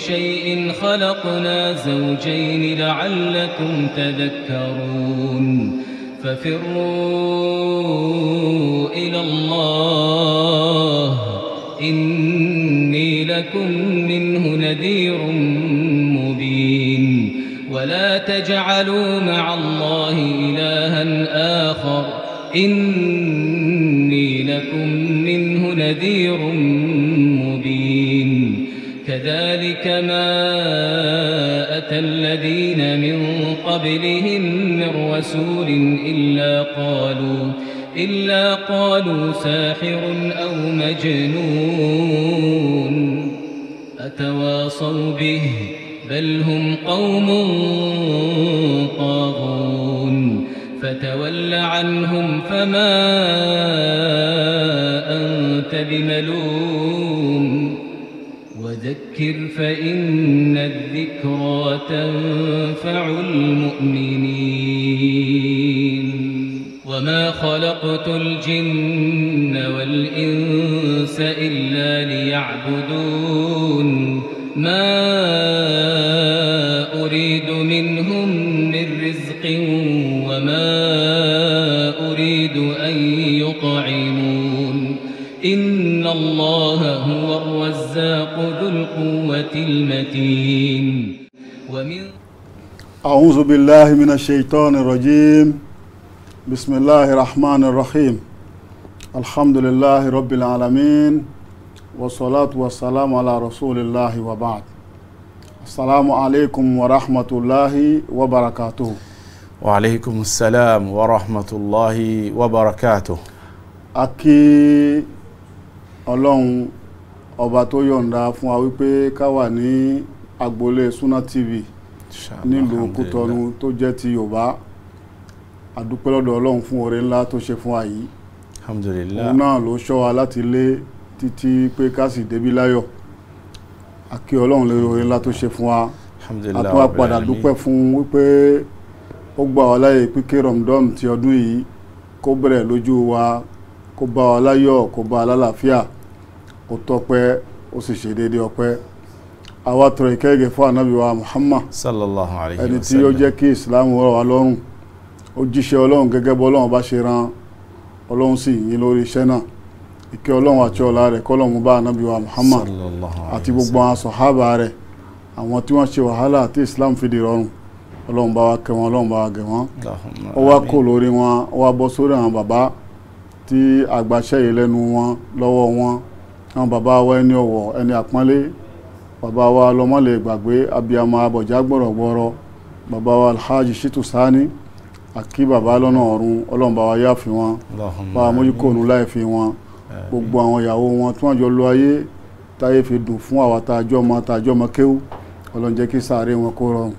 شيء خلقنا زوجين لعلكم تذكرون ففروا إلى الله إني لكم منه نذير مبين ولا تجعلوا مع الله إلها آخر إن كذلك ما أتى الذين من قبلهم من رسول إلا قالوا إلا قالوا ساحر أو مجنون أتواصوا به بل هم قوم طاغون فتول عنهم فما أنت بملوم فذكر فإن الذكرى تنفع المؤمنين وما خلقت الجن والإنس إلا ليعبدون ما أريد منهم من رزق وما أريد أن يطعمون إن الله هو الرزاق ذو القوة المتين ومن أعوذ بالله من الشيطان الرجيم بسم الله الرحمن الرحيم الحمد لله رب العالمين والصلاة والسلام على رسول الله وبعد السلام عليكم ورحمة الله وبركاته وعليكم السلام ورحمة الله وبركاته أكي ألون ọba tó yọ̀ǹda fún wa wípé ká wà ní agboolé Sunna TV nílùú Kútọ́nù tó jẹ́ ti Yorùbá àdúpẹ́ lọ́dọ̀ Ọlọ́run fún oore ńlá tó ṣe fún wa yìí alhamdulillah òun náà ló ṣọ́ wa láti lé títí pé ká sì débi láyọ̀ àkí Ọlọ́run lórí oore ńlá tó ṣe fún wa àtún wa dúpẹ́ fún wípé ó gbà wá láyè pínkẹ́ rọ̀mùdọ́mù ti ọdún yìí kó bẹ̀rẹ̀ lójú wa kó bá wa láyọ̀ kó bá wa lálàáfíà ó tọ́pẹ́ ó sì ṣe déédéé ọpẹ́ àwa tọrọ ìkẹ́gẹ́ fún ànábì wa Muhammad sallallahu alayhi wa sallam ẹni tí ó jẹ́ kí Islam rọ̀ wá lọ́rùn ó jíṣẹ́ ọlọ́run gẹ́gẹ́ bọ́ ọlọ́run bá ṣe ran ọlọ́run sì yìn lórí iṣẹ́ náà ìkẹ́ ọlọ́run àti ọlá rẹ̀ kọ́lọ́run bá ànábì wa Muhammad àti gbogbo àwọn sọ̀hábà rẹ̀ àwọn tí wọ́n ṣe wàhálà àti Islam fi di rọrùn ọlọ́run bá wa kẹ́ wọn ọlọ́run bá wa gẹ̀ wọ́n ó wá kó lórí wọn ó wá bọ́ sórí àwọn bàbá tí àgbàṣẹ́ yìí lẹ́nu wọn lọ́wọ́ wọn àwọn bàbá wa ẹni ọ̀wọ̀ ẹni àpọ́nlé bàbá wa lọ́mọ́lẹ̀ gbàgbé abiyamọ abọ̀já gbọ̀rọ̀gbọ̀rọ̀ bàbá wa alhaji shitu sani àkí bàbá lọ́nà ọ̀run ọlọ́run bá wa yáàfin wọn bá wa mójú kò nù láìfi wọn gbogbo àwọn ìyàwó wọn tí wọ́n jọ lọ ayé táyé fi dùn fún àwa tààjọ́ ọmọ tààjọ́ ọmọ kéwú ọlọ́run kí sàárè wọn kó rọrùn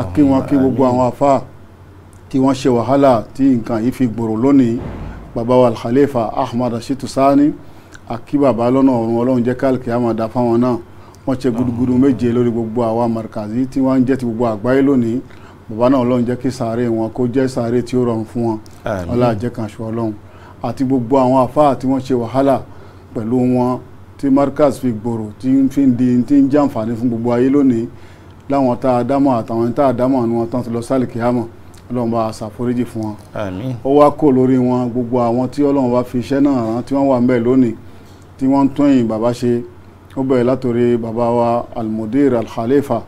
àkí wọn kí gbogbo àwọn àfáà tí wọ́n ṣe wàhálà tí nǹkan yìí fi gbòòrò lónìí bàbá wa alhalefa ahmad shitu sani àkí bàbá lọ́nà ọ̀run ọlọ́run jẹ́ káàlì kìá máa da fáwọn náà wọ́n ṣe gudugudu méje lórí gbogbo àwa markazi tí wọ́n ń jẹ́ ti gbogbo àgbáyé lónìí bàbá náà ọlọ́run jẹ́ kí sàárè wọn kó jẹ́ sàárè tí ó rọrùn fún wọn ọlá àjẹkànṣe ọlọ́run àti gbogbo àwọn àfáà tí wọ́n ṣe wàhálà pẹ̀lú wọn tí markaz fi gbòòrò tí ń fi di tí ń jàǹfààní fún gbogbo ayé lónìí láwọn tá a dámọ̀ àtàwọn tá a dámọ̀ ni wọ́n tán ti lọ sálì kìámọ̀ ọlọ́run bá ṣàforíjì fún wọn. ó wá kó lórí wọn gbogbo àwọn tí ọlọ́run bá fi iṣẹ́ náà rán tí wọ́n wà ń lónìí tí wọ́n ń tún ẹ̀yìn bàbá ṣe ó bẹ̀rẹ̀ látòrí bàbá wa almudir alkhalifa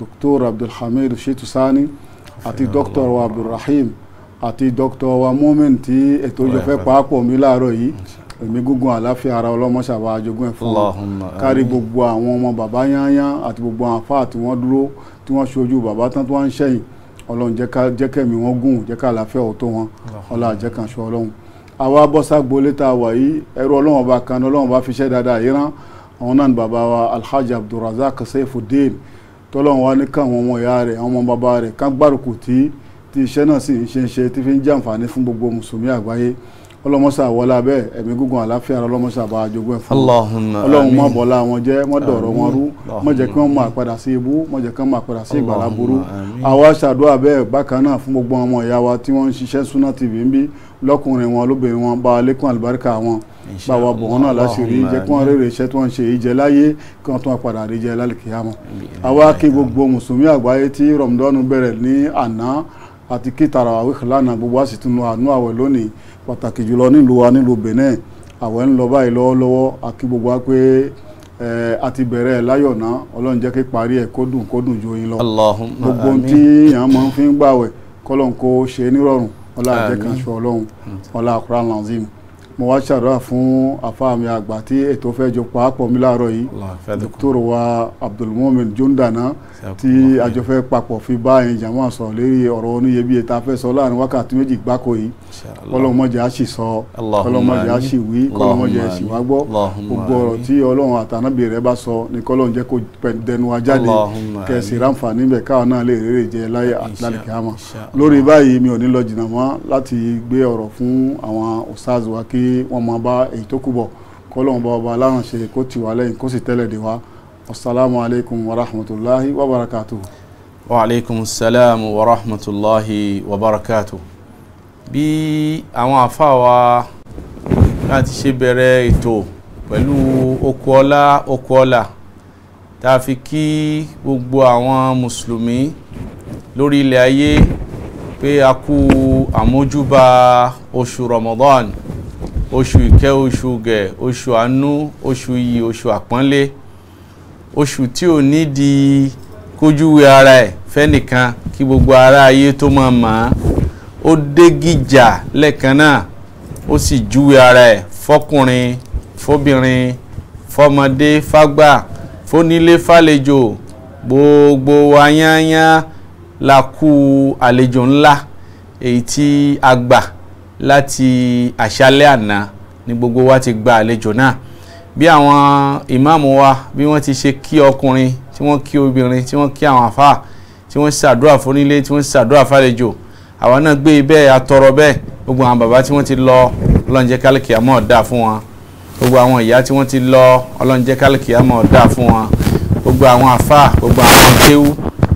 dr abdulhamid shitu sani àti dr wa abdulrahim àti dr wa mumin tí ètò ìjọ fẹ́ pàápọ̀ mi láàárọ̀ yìí èmi gúngun àláfíà ara ọlọ́mọṣàbà àjogún ẹ̀ fún mi kárí gbogbo àwọn ọmọ bàbá yányán àti gbogbo àwọn afá tí wọ́n dúró tí wọ́n ṣojú bàbá tán tí wọ́n ń ṣẹ̀yìn ọlọ́run jẹ́ kẹ́mi gùn jẹ́ àláfíà ọ̀tọ̀ wọn ọlá àjẹkànṣọ́ ọlọ́run àwa bọ́sàgbó létà wà yìí ẹrú ọlọ́wọ́n bá kan ọlọ́wọ́n bá fi ṣẹ́ dáadáa yìí rán àwọn náà ní bàbá wa alhaji abdulrasaq saifuddin tọ́lọ́wọ́n wa ní káwọn ọmọ ìyá rẹ̀ àwọn ọmọ bàbá rẹ̀ ká gbárùkù tí tí iṣẹ́ náà sì ń ṣe ń ṣe tí fi ń jàǹfààní fún gbogbo mùsùlùmí àgbáyé ọlọmọsà wọlé abẹ ẹ̀mí gígùn àlàáfíà ọlọmọsà bá jogún ẹ fún Ọlọ́run má bọlá wọn jẹ́ má dọ̀rọ̀ wọn rú má jẹ́ kí wọn máa padà sí ibú má jẹ́ kí wọn máa padà sí ìgbàlá burú àwa ṣàdúrà bẹ́ẹ̀ bákan náà fún gbogbo ọmọ ìyá wa tí wọn ń ṣiṣẹ́ Sunna TV ń bí lọ́kùnrin wọn lóbìnrin wọn bá alékún àlùbáríkà wọn báwa bò wọn náà láṣìírí jẹ́ kí wọn rèrè iṣẹ́ tí wọn ń ṣe ìjẹ láyé kí wọn tún padà rí jẹ lálùkìyàmọ àwa kí gbogbo mùsùlùmí àgbáyé tí rọmọdọ́nù bẹ̀rẹ̀ ní àná àti kí tàràwá wíkìlánà gbogbo àsìtúnú àánú àwẹ̀ lónìí pàtàkì jùlọ nílùú wa nílùú Benin àwẹ̀ ń lọ báyìí lọ́wọ́lọ́wọ́ àkí gbogbo wa pé a ti bẹ̀rẹ̀ ẹ̀ láyọ̀ ná ọlọ́run jẹ́ kí parí ẹ̀ kó dùn kó dùn ju oyin lọ gbogbo ohun tí èèyàn máa ń fi ń gbàwẹ̀ kọ́lọ́n kó ṣe nírọ̀rùn ọlá àjẹkànṣọ ọlọ́run ọlá àkúrà lanzim mo wá ṣàdúrà fún àfàmì àgbà tí ètò fẹ́ jọ pàápọ̀ mi láàárọ̀ yìí dókítà wa abdulmumin jondana tí àjọfẹ́ papọ̀ fi bá ẹ̀yin jàmọ́ sọ lérí ọ̀rọ̀ oníyebíye tá a fẹ́ sọ láàrin wákàtí méjì gbáko yìí kọlọ́mọdé a sì sọ kọlọ́mọdé a sì wí kọlọ́mọdé a sì wá gbọ́ gbogbo ọ̀rọ̀ tí ọlọ́run àtànábì rẹ̀ bá sọ ni kọlọ́run jẹ́ kó dẹnu wa jáde kẹsì ráǹfààní bẹ̀ káwọn náà lè rere jẹ láyé àtàlẹ́kẹ́ àmọ́ lórí báyìí mi ò ní wọ́n máa bá èyí tó kù bọ̀ kọ́lọ́hún bá ọba aláhànṣe kó tì wá lẹ́yìn kó sì tẹ́lẹ̀ dé wa asalaamu alaykum wa rahmatulahi wa barakatuhu. wa aleykum salaam wa rahmatulahi wa barakatuhu. bí àwọn àfa láti ṣe bẹ̀rẹ̀ ètò pẹ̀lú okuọlá okuọlá tá a fi kí gbogbo àwọn mùsùlùmí lórí ilẹ̀ ayé pé a kú àmójúbà oṣù Ramadan oṣù ìkẹ́ oṣù gẹ̀ oṣù àánú oṣù iyì oṣù àpọ́nlé oṣù tí ò ní di kójúwe ara ẹ̀ fẹ́nìkan kí gbogbo ara ayé tó máa mọ̀ ó dégìjà lẹ́ẹ̀kan náà ó sì júwe ara ẹ̀ fọkùnrin fóbìnrin fọmọdé fágbà fónílé fàlejò gbogbo wáyányá la kú àlejò ńlá èyí tí a gbà láti àṣálẹ́ àná ni gbogbo wa ti gba àlejò náà bí àwọn ìmáàmù wa bí wọ́n ti ṣe kí ọkùnrin tí wọ́n kí obìnrin tí wọ́n kí àwọn àfáà tí wọ́n ṣàdúrà fúnilé tí wọ́n ṣàdúrà fàlejò àwọn náà gbé bẹ́ẹ̀ atọrọ bẹ́ẹ̀ gbogbo àwọn bàbá tí wọ́n ti lọ ọlọ́njẹ́ kálíkì àmọ́ ọ̀dà fún wọn gbogbo àwọn ìyá tí wọ́n ti lọ ọlọ́njẹ́ kálíkì àmọ́ ọ̀dà fún wọn gbogbo àwọn àfáà gbogbo àwọn kéwú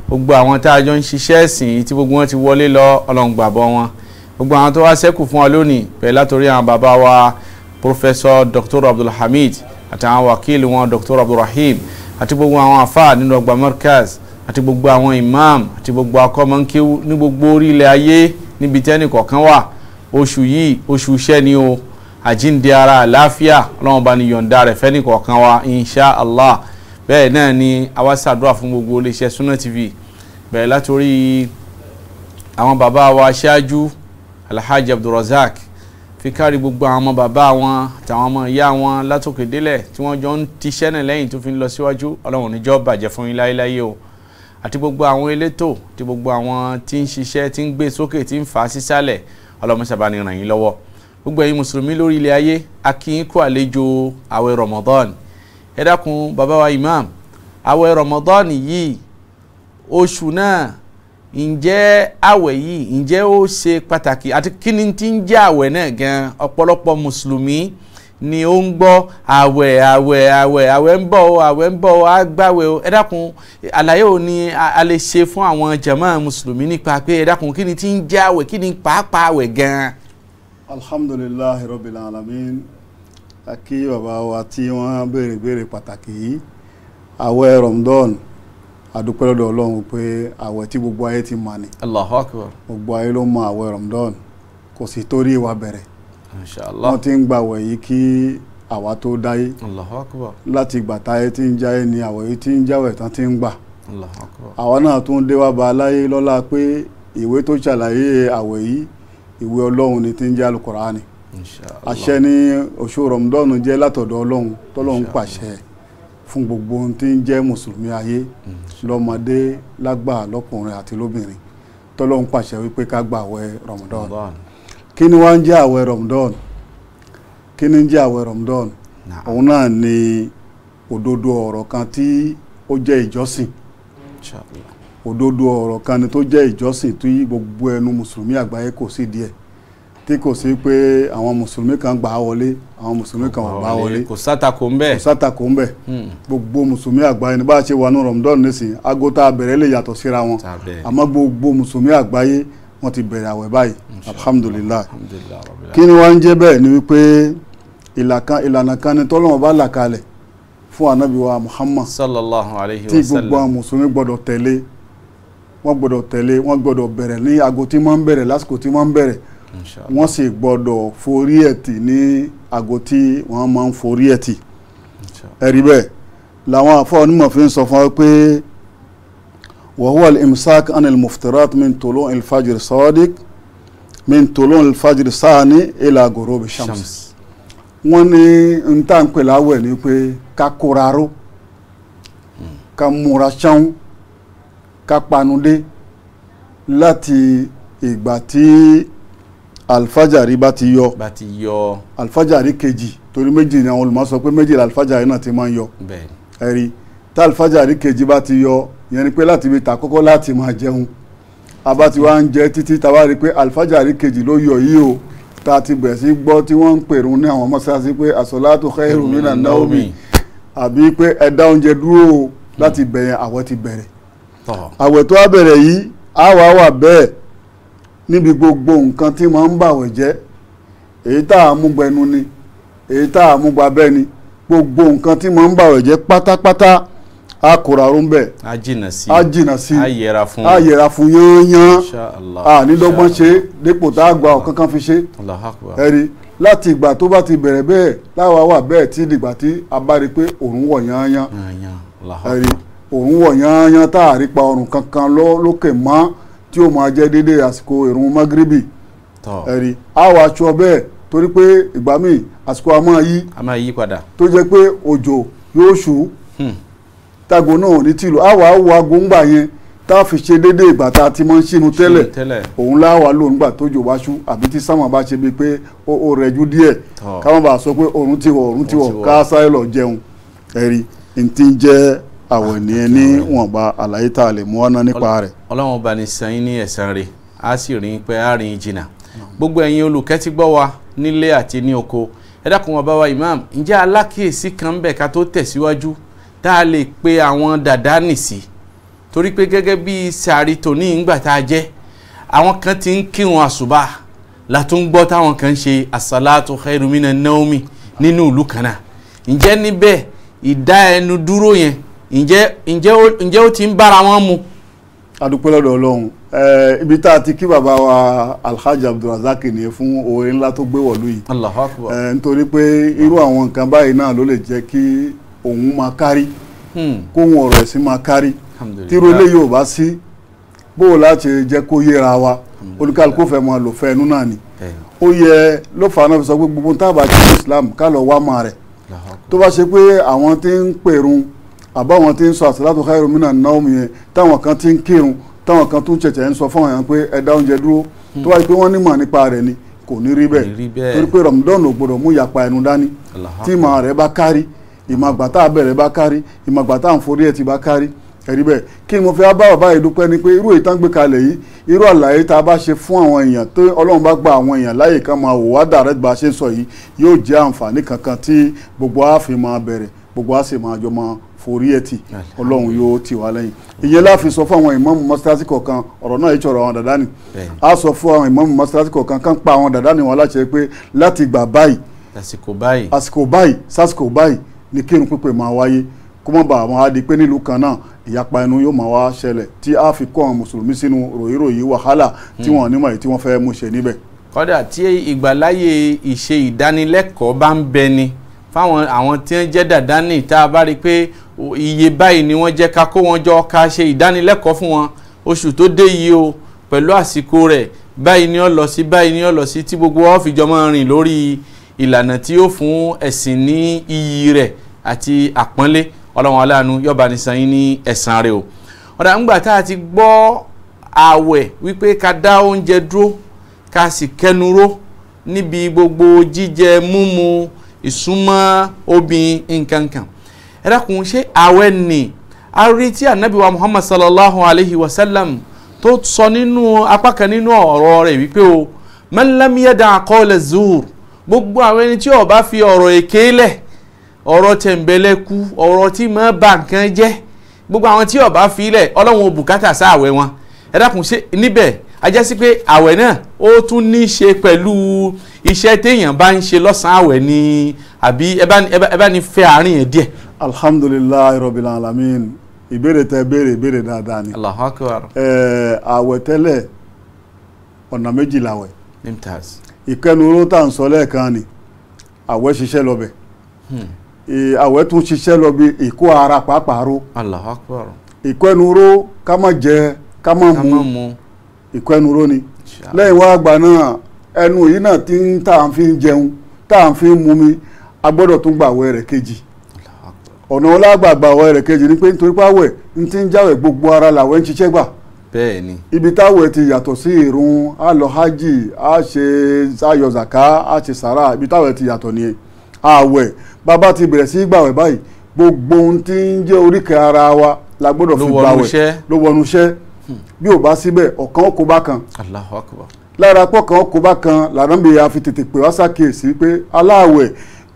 gbogbo àwọn tá ń ṣiṣẹ́ ẹ̀sìn tí gbogbo wọn ti wọlé lọ ọlọ́ngbàbọ̀ wọn gbogbo àwọn tó wá ṣẹ́kù fún wa lónìí bẹ̀rẹ̀ látòrí àwọn bàbá wa Professor Dr. Abdulhamid àtàwọn wákìlì wọn Dr. Abdulrahim àti gbogbo àwọn afa nínú ọgbà Markaz àti gbogbo àwọn imam àti gbogbo akọ́mọ́nkéwú ní gbogbo orílẹ̀ ayé níbi tẹ́nì kọ̀ọ̀kan wà oṣù yìí oṣù iṣẹ́ ni o àjíǹde ara àlàáfíà ọlọ́run bá ní yọ̀ǹda rẹ̀ fẹ́nì kọ̀ọ̀kan wa insha allah bẹ́ẹ̀ náà ni àwa ṣàdúrà fún gbogbo iléeṣẹ́ Sunna TV bẹ̀rẹ̀ látòrí àwọn bàbá wa aṣáájú alhaji abdulrasaq fi kárí gbogbo àwọn ọmọ bàbá wọn àtàwọn ọmọ ìyá wọn látòkè délẹ̀ tí wọ́n jọ ń tiṣẹ́ náà lẹ́yìn tó fi ń lọ síwájú ọlọ́run níjọ́ bàjẹ́ fún yín láéláé o àti gbogbo àwọn elétò àti gbogbo àwọn tí ń ṣiṣẹ́ tí ń gbé sókè tí ń fà á sísàlẹ̀ ọlọ́run sábà ní ràn yín lọ́wọ́ gbogbo ẹ̀yin mùsùlùmí lórí ilẹ̀ ayé a àlejò àwẹ̀ Ramadan ẹ bàbá wa imam àwẹ̀ Ramadan yìí oṣù náà ǹjẹ́ àwẹ̀ yìí ǹjẹ́ ó ṣe pàtàkì àti kí ni ti ń jẹ́ àwẹ̀ náà gan ọ̀pọ̀lọpọ̀ mùsùlùmí ni ó ń gbọ́ àwẹ̀ àwẹ̀ àwẹ̀ àwẹ̀ ń bọ̀ o àwẹ̀ ń bọ̀ o á o ẹ dákun àlàyé ò ní a lè ṣe fún àwọn jàmáà mùsùlùmí nípa pé ẹ dákun kí ni ti ń jẹ́ àwẹ̀ kí ni pàápàá àwẹ̀ gan. alhamdulilayi rabbil alamin a kí bàbá wa tí wọ́n béèrè béèrè pàtàkì yìí àwẹ̀ ramadan adúpẹ́ lọ́dọ̀ ọlọ́run pé àwẹ̀ tí gbogbo ayé ti mà ní. gbogbo ayé ló mọ àwẹ̀ Ramadan kò sì torí ìwà bẹ̀rẹ̀. Inshallah. wọ́n ti ń gbàwẹ̀ yìí kí àwa tó dáyé. Allahu Akbar. láti ìgbà táyé tí ń jáyé ni àwẹ̀ yìí tí ń jáwẹ̀ tán ti ń gbà. àwa náà tún dé wá ba aláyé pé ìwé tó ṣàlàyé àwẹ̀ yìí ìwé ọlọ́run ni ti ń jẹ́ Al-Qur'ani. Inshallah. àṣẹ ni oṣù Ramadan jẹ́ látọ̀dọ̀ ọlọ́run tọ́lọ́run pàṣẹ fún gbogbo ohun tí ń jẹ́ mùsùlùmí ayé. Mm -hmm lọ́mọdé lágbà lọ́kùnrin àti lóbìnrin tọ́lọ́hún pàṣẹ wípé ká gba àwẹ̀ Ramadan kí ni wá ń jẹ́ àwẹ̀ Ramadan kí ni ń jẹ́ àwẹ̀ Ramadan òun náà ni òdodo ọ̀rọ̀ kan tí ó jẹ́ ìjọsìn òdodo ọ̀rọ̀ kan ni tó jẹ́ ìjọsìn tí gbogbo ẹnu mùsùlùmí àgbáyé kò sí díẹ̀ tí kò sí pé àwọn mùsùlùmí kan gbà á wọlé àwọn mùsùlùmí kan ò gbà á wọlé kò sátakò ń bẹ kò sátakò ń bẹ hmm. gbogbo mùsùlùmí àgbáyé ní bá a ṣe wà ní rọmọdọ́n nísìnyí aago tá a bẹ̀rẹ̀ lè yàtọ̀ síra wọn àmọ́ gbogbo mùsùlùmí àgbáyé wọ́n ti bẹ̀rẹ̀ àwẹ̀ báyìí alhamdulillah kí ni wọ́n ń jẹ́ bẹ́ẹ̀ ni wípé ìlànà kan ni tọ́lọ́wọ́n bá là kalẹ̀ fún ànábì muhammad sallallahu alayhi wa sallam tí gbogbo àwọn mùsùlùmí gbọ́dọ̀ tẹ̀lé wọ́n gbọ́dọ̀ tẹ̀lé wọ́n gbọ́dọ̀ bẹ̀rẹ̀ ní wọ́n sì gbọ́dọ̀ forí ẹ̀ tì ní àgọ́ tí wọ́n máa ń forí ẹ̀ tì ẹ̀rí bẹ́ẹ̀ làwọn afọ onímọ̀ fi ń sọ fún wa pé wàhùwà imsak anil muftirat min tolo ilfajir sadiq min tolo ilfajir sani ila gorobi shams wọ́n ní n tá pè láwẹ̀ ni pé ká kóraró hmm. ká múra ṣáwọn ká panudé láti ìgbà tí alfajari bá ti yọ bá ti alfajari kejì torí méjì ni àwọn olùmọ̀ sọ pé méjì alfajari náà ti máa ń yọ ẹ̀rí tá alfajari keji bá ti yọ yẹn ni pé láti ibi ta kọ́kọ́ láti máa jẹun abá ti wá ń jẹ títí tá a rí pé alfajari keji ló yọ yìí o tá a ti bẹ̀rẹ̀ sí gbọ́ tí wọ́n ń pèrún ní àwọn mọ́sáàsì pé àsọ̀látò khairun mina naomi àbí pé ẹ dá oúnjẹ dúró o láti bẹ̀yẹn àwẹ̀ ti bẹ̀rẹ̀ àwẹ̀ tó wá bẹ̀rẹ̀ yìí àwa wà bẹ́ẹ̀ níbi gbogbo nǹkan tí máa ń bàwẹ̀ jẹ́ èyí tá a mú gbẹnu ni èyí tá a mú gbabẹ́ ni gbogbo nǹkan tí máa ń bàwẹ̀ jẹ́ pátápátá a kòrà ló ń bẹ̀. a jìnà sí a jìnà a yẹra fún a yẹra fún yányán a nídọ́gbọ́n ṣe dépò tá a gba ọ̀kan kan fi ṣe ẹ̀rí láti ìgbà tó bá ti bẹ̀rẹ̀ bẹ́ẹ̀ láwa wà bẹ́ẹ̀ tí dìgbà tí a bá rí i pé òun wọ̀ yányán òun wọ̀ yányán tá a rí pa ọrùn kankan lókè mọ́ tí o máa jẹ dédé àsìkò ìrun magrebi a wa aṣọ bẹ́ẹ̀ torí pé ìgbà míì àsìkò a máa yí a máa yí padà tó jẹ pé òjò yóò hmm. tago náà ní a wa wọ aago ńgbà yẹn tá a fi ṣe dédé ìgbà tá a ti máa ń ṣínú tẹ́lẹ̀ òun láwa ló tójò ṣú àbí tí sáwọn bá ṣe bíi pé ó rẹjú díẹ̀ káwọn bá ti wọ̀ ti wọ̀ ká lọ jẹun ẹ̀rí ntí àwọ̀ ní ẹ ní wọ̀nba àlàyé tá a lè mú ọ́nà nípa rẹ̀. ọlọ́run bá ní san yín ní ẹ̀san rẹ̀ á sì rí pé á rìn jìnnà gbogbo ẹ̀yin olùkẹ́tígbọ́ wa nílé àti ní oko ẹ dákun wọn wa imam ǹjẹ́ alákìyèsí kan ń bẹ ká tó tẹ̀síwájú tá a lè pe àwọn dàda nìsí torí pé gẹ́gẹ́ bí sàárì tòní ìgbà tá a jẹ́ àwọn kan ti ń kírun àṣùbà látún gbọ́ táwọn kan ṣe àsálàtò khairumina naomi nínú ìlú kan náà ǹjẹ́ níbẹ̀ ìdá ẹnu dúró yẹn ǹjẹ́ ǹjẹ́ ó ǹjẹ́ ó ti ń bára wọn mu. adúpẹ́ lọ́dọ̀ ọlọ́run ibi tá a ti kí bàbá wa alhaji abdulrasaq nìyẹn fún oore ńlá tó gbé wọ̀lú yìí Allahu Akbar nítorí pé irú àwọn nǹkan báyìí náà ló lè jẹ́ kí òun máa kárí hmm. kóhun ọ̀rọ̀ ẹ̀sìn máa kárí tíró eléyìí ò bá sí bó láti jẹ́ kó yéra wa olùkálùkù fẹ́ máa lò fẹ́ ẹnu náà ni ó yẹ ló fà náà fi sọ pé gbogbo tábà ti Islam ká lọ wá máa rẹ̀ tó bá ṣe pé àwọn tí ń pèrun àbáwọn tí ń sọ àsàlátù khairu minan naum yẹn táwọn kan ti ń kírun táwọn kan tún ṣẹ̀ṣẹ̀ ń sọ fáwọn yẹn pé ẹ dá oúnjẹ dúró hmm. tó wáyé pé wọ́n nímọ̀ nípa rẹ̀ ni kò ní rí bẹ́ẹ̀ torí pé Ramadan ò gbọdọ̀ mú ìyapa ẹnu dání tí ìmọ̀ rẹ̀ bá kárí ìmọ̀ àgbà tá bá kárí ìmọ̀ àgbà tá ẹ̀ ti bá kárí ẹ̀rí bẹ́ẹ̀ kí mo fẹ́ bá bàbá dúpẹ́ ni pé irú ìtàn gbé kalẹ̀ yìí irú àlàyé tá a bá ṣe fún àwọn èèyàn tó ọlọ́run bá gba àwọn èèyàn láyè kan máa wò wá direct bá a ṣe sọ yìí yóò jẹ́ àǹfààní kankan tí gbogbo a fi máa bẹ̀rẹ̀ gbogbo a sì máa jọ máa forí ẹ̀ tì ọlọ́run yóò tì wá lẹ́yìn ìyẹn láàfin sọ fún àwọn ìmáàmù mọ́sálásí kọ̀ọ̀kan ọ̀rọ̀ náà ìṣòro àwọn dàdá ni a sọ fún àwọn ìmáàmù mọ́sálásí kọ̀ọ̀kan kan pa àwọn dàdá ni wọn láṣẹ pé láti gbà báyìí àsìkò báyìí àsìkò báyìí sásìkò báyìí ni kírun pípé máa wáyé kó mọ̀ bá àwọn adi pé nílùú kan náà ìyapa ẹnu yóò máa wá ṣẹlẹ̀ tí a fi kó àwọn mùsùlùmí sínú ròyìnròyìn wàhálà tí wọ́n ní mọ̀ọ́yì tí wọ́n fẹ́ mú ń jẹ́ dàdánì tá a bá rí i pé iye báyìí ni wọ́n jẹ́ ká kó wọn jọ ká ṣe ìdánilẹ́kọ̀ọ́ fún wọn oṣù tó dé yìí o pẹ̀lú àsìkò rẹ̀ báyìí ni ó lọ sí báyìí ni ó lọ sí tí gbogbo wọn fi jọ máa rìn lórí ìlànà tí yóò fún ẹ̀sìn ní iyì rẹ̀ àti àpọ́nlé ọlọ́run aláàánú yọba nìsan yín ní ẹ̀san rẹ̀ o ọ̀dà ńgbà tá a ti gbọ́ àwẹ̀ wípé ká dá oúnjẹ dúró ká sì kẹnuró níbi gbogbo jíjẹ múmu ìsúnmọ́ obìnrin nkankan ẹ dákun ṣé àwẹ̀ ni a rí tí anabi wa muhammad sallallahu alayhi wa sallam tó sọ nínú apá kan nínú ọ̀rọ̀ rẹ̀ wípé o man lam yada qawla zuhur gbogbo àwọn ẹni tí ó bá fi ọ̀rọ̀ èké lẹ̀ ọ̀rọ̀ tẹ̀m̀bẹ̀lẹ̀kù ọ̀rọ̀ tí máa bà nǹkan jẹ́ gbogbo àwọn tí ó bá fi lẹ̀ ọlọ́run ò bùkátà sáàwẹ̀ wọn ẹ ṣe níbẹ̀ a sí pé àwẹ̀ náà ó tún ní í ṣe pẹ̀lú iṣẹ́ téèyàn bá ń ṣe lọ́sàn-án àwẹ̀ ni àbí ẹ bá ní fẹ́ àárín yẹn díẹ̀ alhamdulilayi rabbil alamin ìbéèrè tẹ béèrè ìbéèrè dáadáa ni. Allahu akbar. ẹẹ àwẹ̀ tẹ́lẹ̀ ọ̀nà méjì làwẹ̀. mimtaz. ìkẹnu oró tá à ń sọ lẹ́ẹ̀kan ni àwẹ̀ ṣiṣẹ́ lọ́bẹ̀. Hmm. àwẹ̀ tún ṣiṣẹ́ lọ́bẹ̀ ìkó ara pàápàá ró. Allahu akbar. ìkẹnu oró ká má jẹ ká má mu ìkẹnu oró ni. lẹ́yìn wá àgbà náà ẹnu yìí náà tí tá à ń fi jẹun tá ń fi mumi a tún gbàwẹ̀ rẹ̀ kejì ọ̀nà wọn lágbàgbà ọ̀wọ́ rẹ̀ kejì ni pé nítorí pàwẹ̀ ń ti ń jáwẹ̀ gbogbo ara làwẹ̀ ń ṣiṣẹ́ gbà. bẹ́ẹ̀ni. ibi táwẹ̀ ti yàtọ̀ sí ìrun a lọ hajj a ṣe ayọ̀ zaka a ṣe sàrà ibi táwẹ̀ ti yàtọ̀ nìyẹn. àwẹ̀ bàbá ti bẹ̀rẹ̀ sí gbàwẹ̀ báyìí gbogbo ohun tí ń jẹ́ oríkèé ara wa la gbọ́dọ̀ fi gbàwẹ̀ ló wọnú iṣẹ́ hmm. bí ò bá síbẹ̀ ọ̀kan kó bá kan. Allahu Akbar.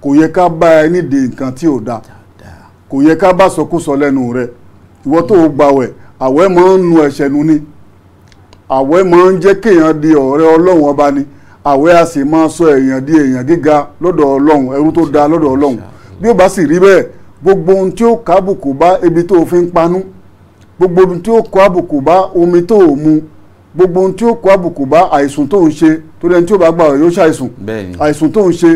kò yẹ ká bá ẹ nídìí nǹkan tí ò dáa kò yẹ ká bá sọkúsọ lẹ́nu rẹ ìwọ tó o gbàwẹ̀ àwẹ̀ máa ń nu ẹ̀ṣẹ̀ nu ni àwẹ̀ máa ń jẹ́ kéèyàn di ọ̀rẹ́ ọlọ́run ọba ni àwẹ̀ a sì máa sọ èèyàn di èèyàn gíga lọ́dọ̀ ọlọ́run ẹrú tó dáa lọ́dọ̀ ọlọ́run bí ó bá sì rí bẹ́ẹ̀ gbogbo ohun tí ó kọ àbùkù bá ebi tó fi ń panú gbogbo ohun tí ó kọ àbùkù bá omi tó mu gbogbo ohun tí ó kọ àbùkù bá àìsùn tó ń ṣe torí ẹni tí ó bá gbà yóò ṣàìsùn àìsùn tó ń ṣe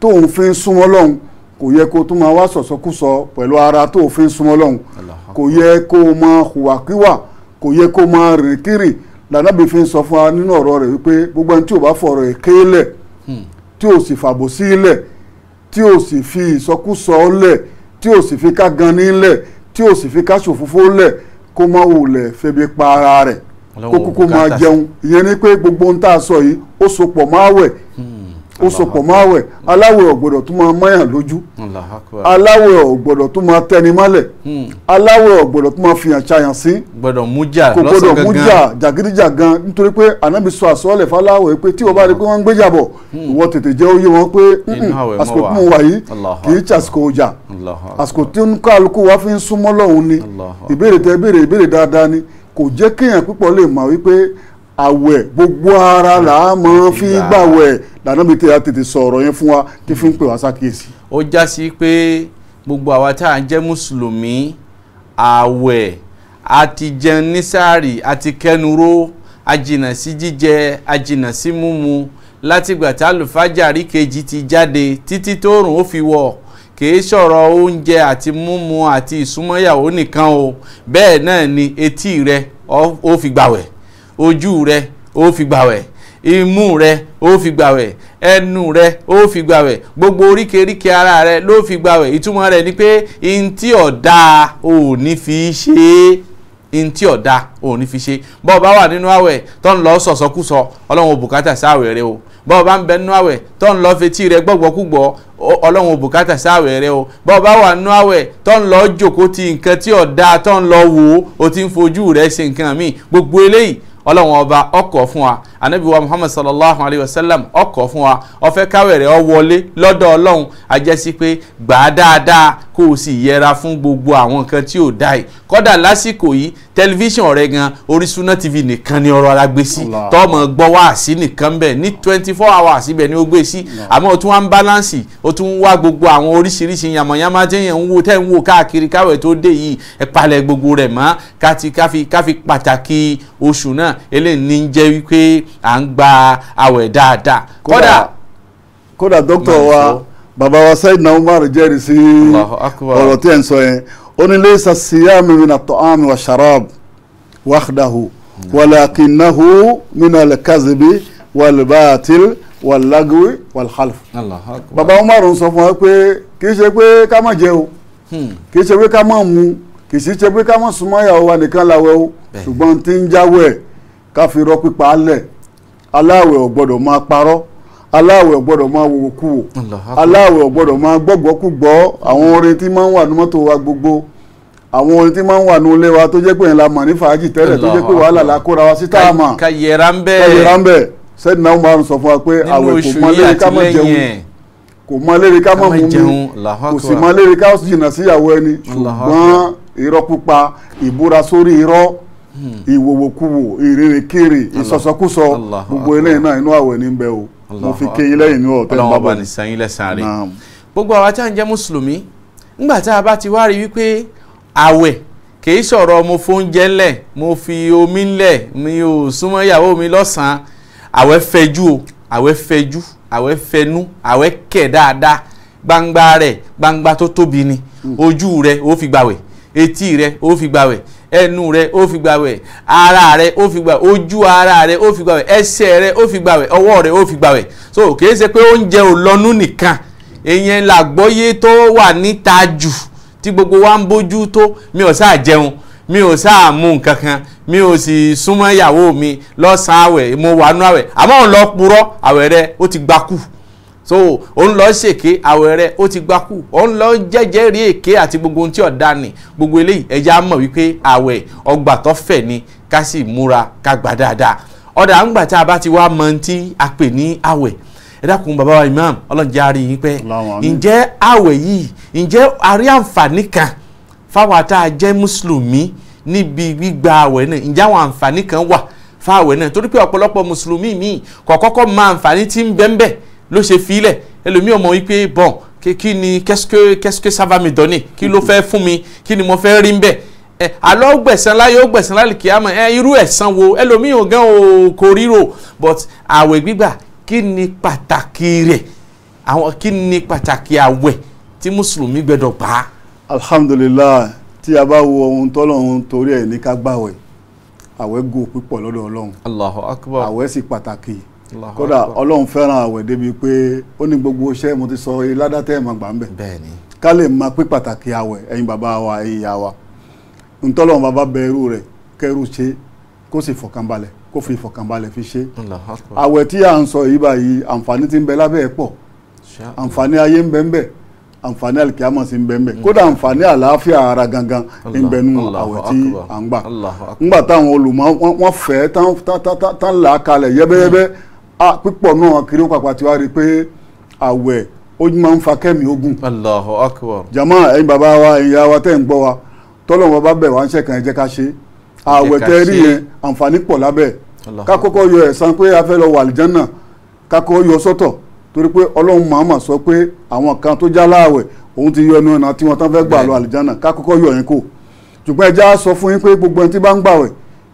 tó ń fi ń súnmọ́ ọlọ́run kò yẹ kó tún máa wá sọ̀sọ́kúsọ pẹ̀lú ara tó fi ń súnmọ́ lọ́hùn kò yẹ kó máa hùwàkíwà kò yẹ kó máa rìn kiri lànàbí fi ń sọ fún wa nínú ọ̀rọ̀ rẹ̀ wípé gbogbo ẹni tí ò bá fọ̀rọ̀ èké lẹ̀ hmm. tí ò sì fàbò sí lẹ̀ tí ò sì fi ìsọkúsọ lẹ̀ tí ò sì fi ká gan lẹ̀ tí ò sì fi ká ṣòfófó lẹ̀ kó má wulẹ̀ febi pa ara rẹ̀ kó kúkú máa jẹun ìyẹn ni pé gbogbo ohun tá a sọ yìí ó so máa wẹ̀ hmm ó sopọ̀ hmm. máa wẹ̀ aláwẹ̀ ọ̀gbọ̀dọ̀ tó máa máyàn lójú aláwẹ̀ ọ̀gbọ̀dọ̀ tó máa tẹni mọ́lẹ̀ hmm. aláwẹ̀ ọ̀gbọ̀dọ̀ tó máa fìyàn ṣàyàn sí gbọ́dọ̀ mú jà lọ́sàn gangan kò gbọ́dọ̀ mú jà jàgídíjà gan nítorí pé ànábì sọ àsọ́ọ̀lẹ̀ fáláwẹ̀ pé tí o bá rí pé wọ́n ń gbéjà bọ̀ hmm. ìwọ tètè jẹ́ oyé wọn pé àsìkò tí mo wà yìí kì í ṣàsìkò ọjà àsìkò tí kálukú wa fi ń súnmọ́ lọ́hùn ni ìbéèrè tẹ ìbéèrè ìbéèrè dáadáa ni kò jẹ́ kéèyàn púpọ̀ lè mọ̀ wípé àwẹ̀ gbogbo ara là á mọ̀ fi gbàwẹ̀ lànà mi tètè tètè sọ̀rọ̀ yẹn fún wa tí fi ń pè wá sákèsì. ó já sí pé gbogbo àwa tá à ń jẹ́ mùsùlùmí àwẹ̀ àti jẹun nísàárì àti kẹnuró ajìnà sí jíjẹ ajìnà sí mímu látìgbà tá àlùfájàrí kejì ti jáde títí tóòrùn ó fi wọ̀ kìí sọ̀rọ̀ oúnjẹ àti mímu àti ìsúnmọ́yàwó nìkan o bẹ́ẹ̀ náà ni etí rẹ ó fi gbàwẹ̀ ojú rẹ ó fi gbàwẹ̀ imú rẹ ó fi gbàwẹ̀ ẹnu rẹ ó fi gbàwẹ̀ gbogbo oríkèéríkèé ara rẹ ló fi gbàwẹ̀ ìtumọ̀ rẹ̀ ni pé ntí ọ̀dà ò ní fi ṣe é ntí ọ̀dà ò ní fi ṣe bọ́ọ̀ bá wà nínú àwẹ̀ tó ń lọ sọ̀sọ́kùsọ ọlọ́run ò bùkátà sáwẹ̀ rẹ o bọ́ọ̀ bá ń bẹ nínú àwẹ̀ tó ń lọ fetí rẹ gbọ́gbọ́kúgbọ́ ọlọ́run ò bùkátà sáwẹ̀ rẹ o bọ́ọ̀ bá wà nínú àwẹ̀ tó ń lọ jòkó ti nǹkan tí ọ̀dà tó ń lọ wò ó ti ń fojú rẹ ṣe nǹkan míì gbogbo eléyìí ọlọ́run ọba ọkọ̀ fún wa anabi wa muhammad sallallahu alayhi wa sallam ọkọ̀ fún wa ọfẹ́ káwẹ̀rẹ̀ ọ wọlé lọ́dọ̀ ọlọ́run ajẹ́sí pé gbà á dáadáa kó o sì yẹra fún gbogbo àwọn nǹkan tí ò dáì kọ́dà lásìkò yìí tẹlifíṣàn rẹ gan oríṣuná tv nìkan ni ọ̀rọ̀ alágbé sí tọ́mọ gbọ́ wá sí nìkan bẹ́ẹ̀ ní twenty four hours ibẹ̀ ni ó gbé sí àmọ́ o tún wá ń báláǹsì o tún wá gbogbo àwọn oríṣiríṣi yàmọ̀yàmọ̀ tí yẹn ń wo tẹ́ ń wo káàkiri káwẹ̀ tó dé yìí ẹ palẹ̀ gbogbo rẹ̀ mọ́ káfi pàtàkì oṣù náà eléyìí ní jẹ́ wípé à ń gba àwẹ̀ dáadáa kódà. kódà dókítà wa bàbá wa Sayyidina Umar jẹ́rìí sí ọ̀rọ̀ tí ẹ̀ ń sọ yẹn ó ní laysa siyami mina ta'ami wa sharab wahdahu walakinahu mina al-kazibi wal-batil wal-lagwi wal-khalf. bàbá Umar ń sọ fún wa pé kì í ṣe pé ká má jẹ o hmm. kì í ṣe pé ká má mu kì í ṣe pé ká má súnmọ́ ìyàwó wa nìkan làwẹ̀ o ṣùgbọ́n tí ń jáwọ́ ẹ̀ ká fi rọ pípa á lẹ̀ aláàwẹ̀ ò máa parọ́ aláàwẹ̀ ò máa wo òkú wò aláàwẹ̀ ò gbọ́dọ̀ àwọn orin tí máa ń wà ní wa gbogbo àwọn orin tí máa ń wà ní ilé wa tó jẹ́ pé la mọ̀ ní fàájì tẹ́lẹ̀ tó jẹ́ pé wàhálà wa sí táàmà ń sẹ́ni náà máa ń sọ fún wa pé àwẹ̀ kò mọ lérí ká má jẹun kò mọ lérí ká má Hmm. ìwòwòkuwò ìrèrèkèrè ìsọsọkúsọ gbogbo eléyìí náà inú àwẹ̀ ní bẹ o mo fi ké yín lẹ́yìn ní ọ̀tẹ́ bàbá mi. ọlọ́wọ́ bá ní sanyín lẹ́sàn-án rẹ̀ gbogbo àwa tí a ń jẹ́ mùsùlùmí ńgbà tá a bá ti wá rí wípé àwẹ̀ kìí sọ̀rọ̀ mo fóúnjẹ ńlẹ̀ mo fi omi ńlẹ̀ mi ò súnmọ́ ìyàwó mi lọ́sàn-án àwẹ̀ fẹjú o àwẹ̀ fẹjú àwẹ̀ fẹnu àwẹ̀ kẹ̀ dáadáa gbangba rẹ̀ gbangba tó tóbi ni hmm. ojú rẹ̀ ó fi gbàwẹ̀ etí rẹ̀ ó fi gbàwẹ̀ ẹnu rẹ ó fi gbàwẹ̀ ara rẹ ó fi gbàwẹ̀ ojú ara rẹ ó fi gbàwẹ̀ ẹsẹ̀ rẹ ó fi gbàwẹ̀ ọwọ́ rẹ ó fi gbàwẹ̀ so kìí ṣe pé oúnjẹ ò lọ́nú nìkan ìyẹn làgbọ́yé tó wà níta jù tí gbogbo wa ń bójú tó mi ò sáà jẹun mi ò sáà mú nǹkan kan mi ò sì súnmọ́ ìyàwó mi lọ́sàn-án àwẹ̀ mo wà nú àwẹ̀ àmọ́ òun lọ purọ́ àwẹ̀ rẹ ó ti gbakú so òun lọ ṣèké àwẹ̀ rẹ̀ ó ti gbákù òun lọ jẹ́jẹ́ rí èké àti gbogbo ohun tí ọ̀dà ni gbogbo eléyìí ẹja mọ̀ wípé àwẹ̀ ọgbà tó fẹ̀ ni ká sì múra ká gbà dáadáa ọ̀dà ńgbà tá a bá ti wá mọ tí a pè ní àwẹ̀ ẹ dákun bàbá wa imam ọlọ́njẹ́ àárí yín pẹ́ ǹjẹ́ àwẹ̀ yìí ǹjẹ́ àrí àǹfààní kan fáwọn tá jẹ́ mùsùlùmí níbi gbígba àwẹ̀ náà ǹjẹ́ àwọn àǹfààní kan wà fáwẹ̀ náà torí pé ọ̀pọ̀lọpọ̀ mùsùlùmí míì kọ̀ọ̀kọ́kọ́ máa àǹfààní tí ń bẹ́ńbẹ́ ló ṣe filẹ̀ ẹlòmíì ọmọ wípé bọ̀n kí ni qu'est-ce que ça va me donner kí ló fẹ́ fún mi kí ni mo fẹ́ rí ń bẹ̀ ẹ alọ́ gbẹ̀sán láyé ó gbẹ̀sán láyé kìámọ̀ ẹ irú ẹ̀san wo ẹlòmíì ò gan o kò ríro but àwẹ̀ gbígbà kí ni pàtàkì rẹ̀ àwọn kí ni pàtàkì àwẹ̀ tí mùsùlùmí gbẹdọ̀ gbà á. alhamdulilayi tí a bá wo ohun tọ́lọ́run torí ẹ̀ ní ká gbàwẹ̀ àwẹ̀ gò púpọ̀ lọ́dọ̀ ọlọ́run Allahu akbar àwẹ̀ sì pàtàkì kódà ọlọ́run fẹ́ràn àwẹ̀ débi pé ó ní gbogbo iṣẹ́ mo ti sọ iládá tẹ́ ẹ̀ máa gbà ń bẹ̀ bẹ́ẹ̀ni ká lè máa pín pàtàkì àwẹ̀ ẹ̀yin bàbá wa ẹ̀yin ìyá wa ntọ́lọ́run bàbá bẹ irú rẹ̀ kẹ́rù ṣe kó sì fọkànbalẹ̀ kó fi ìfọkànbalẹ̀ fi ṣe àwẹ̀ tí à ń sọ yìí báyìí àǹfààní ti ń bẹ lábẹ́ ẹ̀ pọ̀ àǹfààní ayé ń bẹ ń bẹ àǹfààní alikiyama sì ń bẹ ń bẹ mm. kódà àǹfààní àlàáfíà ara gangan ń bẹ nínú àwẹ̀ tí à ń gbà ńgbà táwọn olùmọ̀ wọ́n fẹ́ tán là yẹ́bẹ́yẹ́bẹ́ mm. Ah, pípọ̀ náà wọn kiri pàpà tí wàá rí i pé àwẹ̀ ó máa ń fa kẹ́mi ogun. Allahu akwa. jama ẹ̀yin bàbá wa ẹ̀yin ya wa tẹ́ ń gbọ́ wa tọ́lọ́ wọn bá bẹ̀ wá ń ṣẹ̀kàn ẹ jẹ́ ká ṣe àwẹ̀ tẹ́ rí yẹn àǹfààní pọ̀ lábẹ́ ká kọ́kọ́ yọ ẹ̀san pé a fẹ́ lọ wà àlìjánà ká kọ́kọ́ yọ sọ́tọ̀ torí pé ọlọ́run màmá sọ pé àwọn kan tó já láàwẹ̀ òun ti yọ ẹnu ọ̀nà tí wọ́n tán fẹ́ gbà lọ àlìjánà ká kọ́kọ́ yọ yẹn kò ṣùgbọ́n ẹ já sọ fún yín pé gbogbo ẹni tí bá ń gbàwẹ̀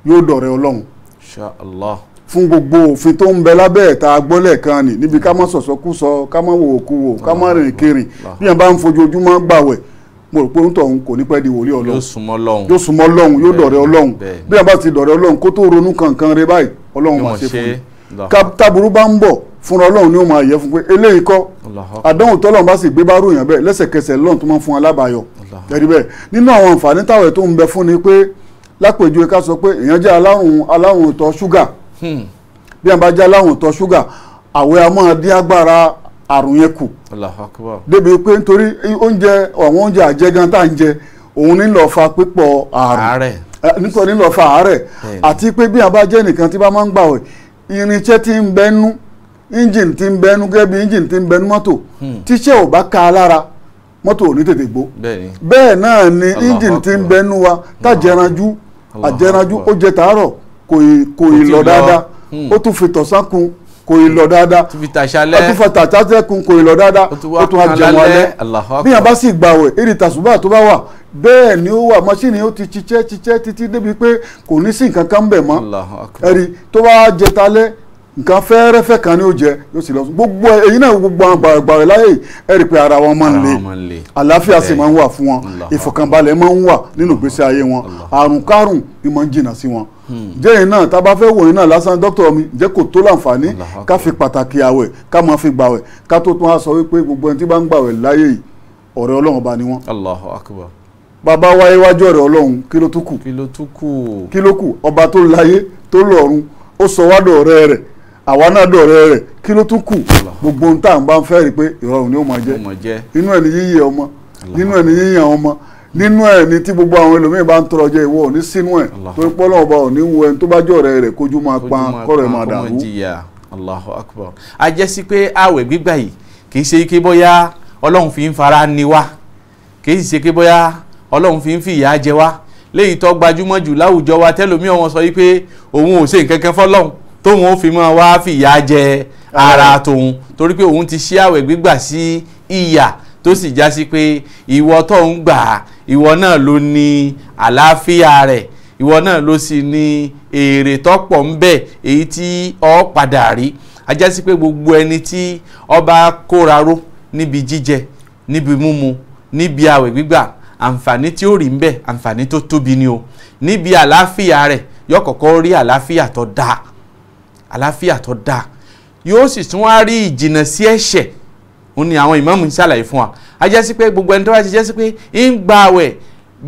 yóò dọ̀rẹ́ ọlọ́run. insha Allah fún gbogbo òfin tó ń bẹ lábẹ́ ẹ̀ta agbọ́lẹ̀ kan nì níbi ká má sọ̀sọ́kúsọ ká má wò òkú wò ká má rìn kiri bí yẹn bá ń fojoojúmọ́ gbàwẹ̀ mo rò pé ń tọ̀hún kò ní pẹ́ di wòlíì ọlọ́run yóò súnmọ́ ọlọ́run yóò súnmọ́ ọlọ́run yóò dọ̀rẹ́ ọlọ́run bí yẹn bá ti dọ̀rẹ́ ọlọ́run kó tó ronú kankan rẹ báyìí ọlọ́run máa ṣe fún mi táburú bá ń bọ̀ fúnra ọlọ́run ni ó máa yẹ fún pé eléyìí kọ́ àdánwò tọ́lọ́run bá sì gbé bá ròyìn bẹ́ẹ̀ lẹ́sẹ̀kẹsẹ̀ lọ́run tó máa ń fún alábàáyọ jẹ́rí bẹ́ẹ̀ nínú àwọn àǹfààní táwẹ̀ tó ń bẹ fún ni pé lápèjúwe ká sọ pé èèyàn jẹ́ alárùn alárùn ìtọ̀ ṣúgà Hmm. bí a bá já láwọn ìtọ̀ ṣúgà àwẹ̀ a máa dín agbára àrùn yẹn kù débi pé nítorí oúnjẹ àwọn oúnjẹ àjẹgan tá à ń jẹ òun pípọ̀ àrùn àti pé bí a bá jẹ́ nìkan tí bá máa ń gbàwẹ̀ irinṣẹ́ ti ń bẹ́nu engine ń bẹ́nu gẹ́gẹ́ bí engine ń bẹ́nu mọ́tò hmm. tíṣẹ́ ò bá ka lára mọ́tò ò ní tètè bẹ́ẹ̀ náà ni engine ń bẹ́nu wa àjẹranjú ó jẹ Hmm. kò ì lọ hmm. dáadáa ó tún fi tọ̀sán kun kò ì lọ dáadáa ó tún fa tàtàtẹ́ kun kò ì lọ dáadáa ó tún wá jẹun alẹ́ bí yàn bá sì gbàwẹ̀ èrè tàṣùbà tó bá wà bẹ́ẹ̀ ni ó wà mọ́ṣíìnì ó ti ṣiṣẹ́ ṣiṣẹ́ títí débi pé kò ní sí nǹkan kan bẹ̀ mọ́ ẹ̀rí tó bá jẹta lẹ́ nǹkan fẹ́ẹ́rẹ́fẹ́ kan ni ó jẹ yóò sì lọ sùn gbogbo èyí náà gbogbo àwọn gbàgbà rẹ láyè ẹ rí i pé ara wọn máa ń le àlàáfíà sì máa ń wà fún wọn ìfọ̀kànbalẹ̀ máa ń wà nínú ìgbésí ayé wọn àrùn kárùn ni máa ń jìnnà sí wọn hmm. jẹ́yìn náà tá a bá fẹ́ wòyìn náà lásán dókítà mi jẹ́ kó tó láǹfààní ká fi pàtàkì àwẹ̀ ká máa fi gbàwẹ̀ ká tó tún á sọ wípé gbogbo ẹni tí bá ń gbàwẹ̀ láyè ọ̀rẹ́ Ọlọ́run bá ni wọ́n. Allahu akbar bàbá wáyé wájú ọ̀rẹ́ Ọlọ́run kí ló tún kù kí ló tún kù kí ọba tó láyé tó lọ́run ó sọ wádọ̀ ọ̀rẹ́ rẹ̀ àwa náà dọ̀rẹ́ rẹ̀ kí ló tún kù gbogbo ohun tá à ń bá ń fẹ́ rí pé ìrọ̀rùn ni ó máa jẹ́ nínú ẹ̀ ni yíyẹ ọmọ nínú ẹ̀ ni yíyàn ọmọ nínú ẹ̀ ni tí gbogbo àwọn ẹlòmíín bá ń tọrọ jẹ ìwọ òní sínú ẹ̀ torí pọ́lọ́ ọba òní wo ẹni tó bá jọ̀rẹ́ rẹ̀ kójú máa pa kọ́rọ̀ máa dàrú. Allahu Akbar a jẹ́ sí pé àwẹ̀ gbígbà yìí kì í ṣe ike bóyá Ọlọ́run fi ń fara ni wá kì í ṣe ike bóyá Ọlọ́run fi ń fi ìyà jẹ wá léyìí tó gbajúmọ̀ jù láwùjọ wa tẹ́lòmíọ̀ wọn sọ yìí pé òun ò ṣe nǹkan kan tóun ó fi mọ́ wá fìyà jẹ ara tòun torí pé òun ti ṣí àwẹ̀ gbígbà sí ìyà tó sì já sí pé ìwọ tó ń gbà ìwọ náà ló ní àlàáfíà rẹ̀ ìwọ náà ló sì ní èrè tọ́pọ̀ ń bẹ èyí tí ọ padà rí ajá sí pé gbogbo ẹni tí ọba kóra ró níbi jíjẹ níbi mímu níbi àwẹ̀ gbígbà àǹfààní tí ó rí ń àǹfààní tó tóbi ni o níbi àlàáfíà rẹ̀ yóò rí àlàáfíà tó dáa àlàáfíà tó dáa yóò sì tún wá rí ìjìnà sí ẹ̀ṣẹ̀ òun ni àwọn ìmáàmù ń ṣàlàyé fún wa a jẹ́ sí pé gbogbo ẹni tó bá ti jẹ́ sí pé ń gba àwẹ̀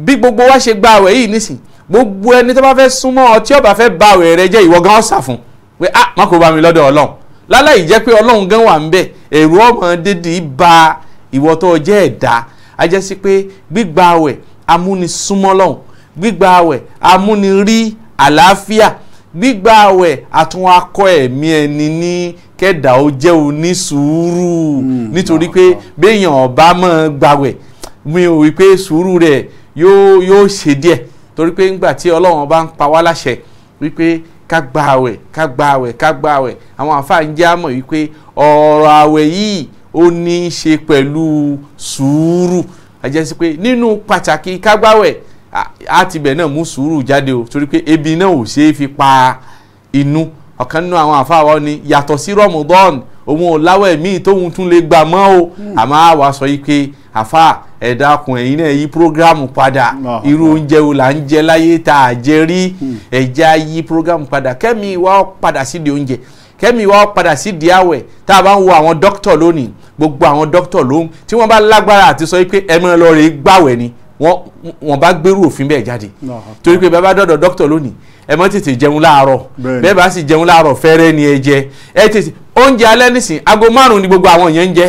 bí gbogbo wa ṣe gba àwẹ̀ yìí nísìn gbogbo ẹni tó bá fẹ́ súnmọ́ ọ tí fẹ́ ba àwẹ̀ rẹ jẹ́ ìwọ gan ọ̀sà fún pé ah má kó bá mi lọ́dọ̀ ọlọ́run láláì jẹ́ pé ọlọ́run gan wà ń bẹ̀ èrò ọmọ dídì ba ìwọ tó jẹ́ ẹ̀dá a jẹ́ sí pé gbígba àwẹ̀ amúnisúnmọ́ lọ́hùn gbígba àwẹ̀ amúnirí àlàáfíà gbígba àwẹ̀ àtún akọ ẹ̀mí ẹni ní kẹ́dà ó jẹ́ onísùúrù hmm. nítorí pé béèyàn ọba máa gbàwẹ̀ mi ò wí pé sùúrù rẹ̀ yóò yóò ṣe díẹ̀ torí pé ńgbà tí ọlọ́run bá ń pa wá láṣẹ wípé ká gba àwẹ̀ ká gba àwẹ̀ ká gba àwẹ̀ àwọn àǹfààní jẹ́ àmọ̀ wípé ọ̀rọ̀ àwẹ̀ yìí ó ní í ṣe pẹ̀lú sùúrù àjẹsí pé nínú pàtàkì ká gbàwẹ̀ á ti bẹ̀ náà mú sùúrù jáde o torí pé ebi náà ò ṣeé fi pa inú ọ̀kan nínú àwọn àfáàwọ̀ ni yàtọ̀ sí rọmọdọ́ọ̀nù òun ò láwẹ̀ míì tóun tún lè gbà mọ́ o àmọ́ hmm. àwa sọ yìí pé àfa ẹ dákun ẹ̀yin náà yí prógrámù padà hmm. ah. irú oúnjẹ wo là ń jẹ láyé tá a jẹ rí hmm. ẹ̀já yí prógrámù padà kẹ́mi wá padà sídìí oúnjẹ kẹ́mi wá padà sí àwẹ̀ tá a bá ń wo àwọn dókítà lónìí gbogbo àwọn dókítà lóhùn tí wọ́n bá lágbára àti sọ pé ẹ mọ́ lọ gbàwẹ̀ ni wọ́n bá gbérú òfin bẹ́ẹ̀ jáde torí pé bàbá dọ̀dọ̀ dókítà lónìí ẹ má tètè jẹun láàárọ̀ bẹ́ẹ̀ bá sì jẹun láàárọ̀ fẹ́rẹ́ ni ẹ jẹ ẹ tètè oúnjẹ alẹ́ nísìn aago márùn ni gbogbo àwọn yẹn ń jẹ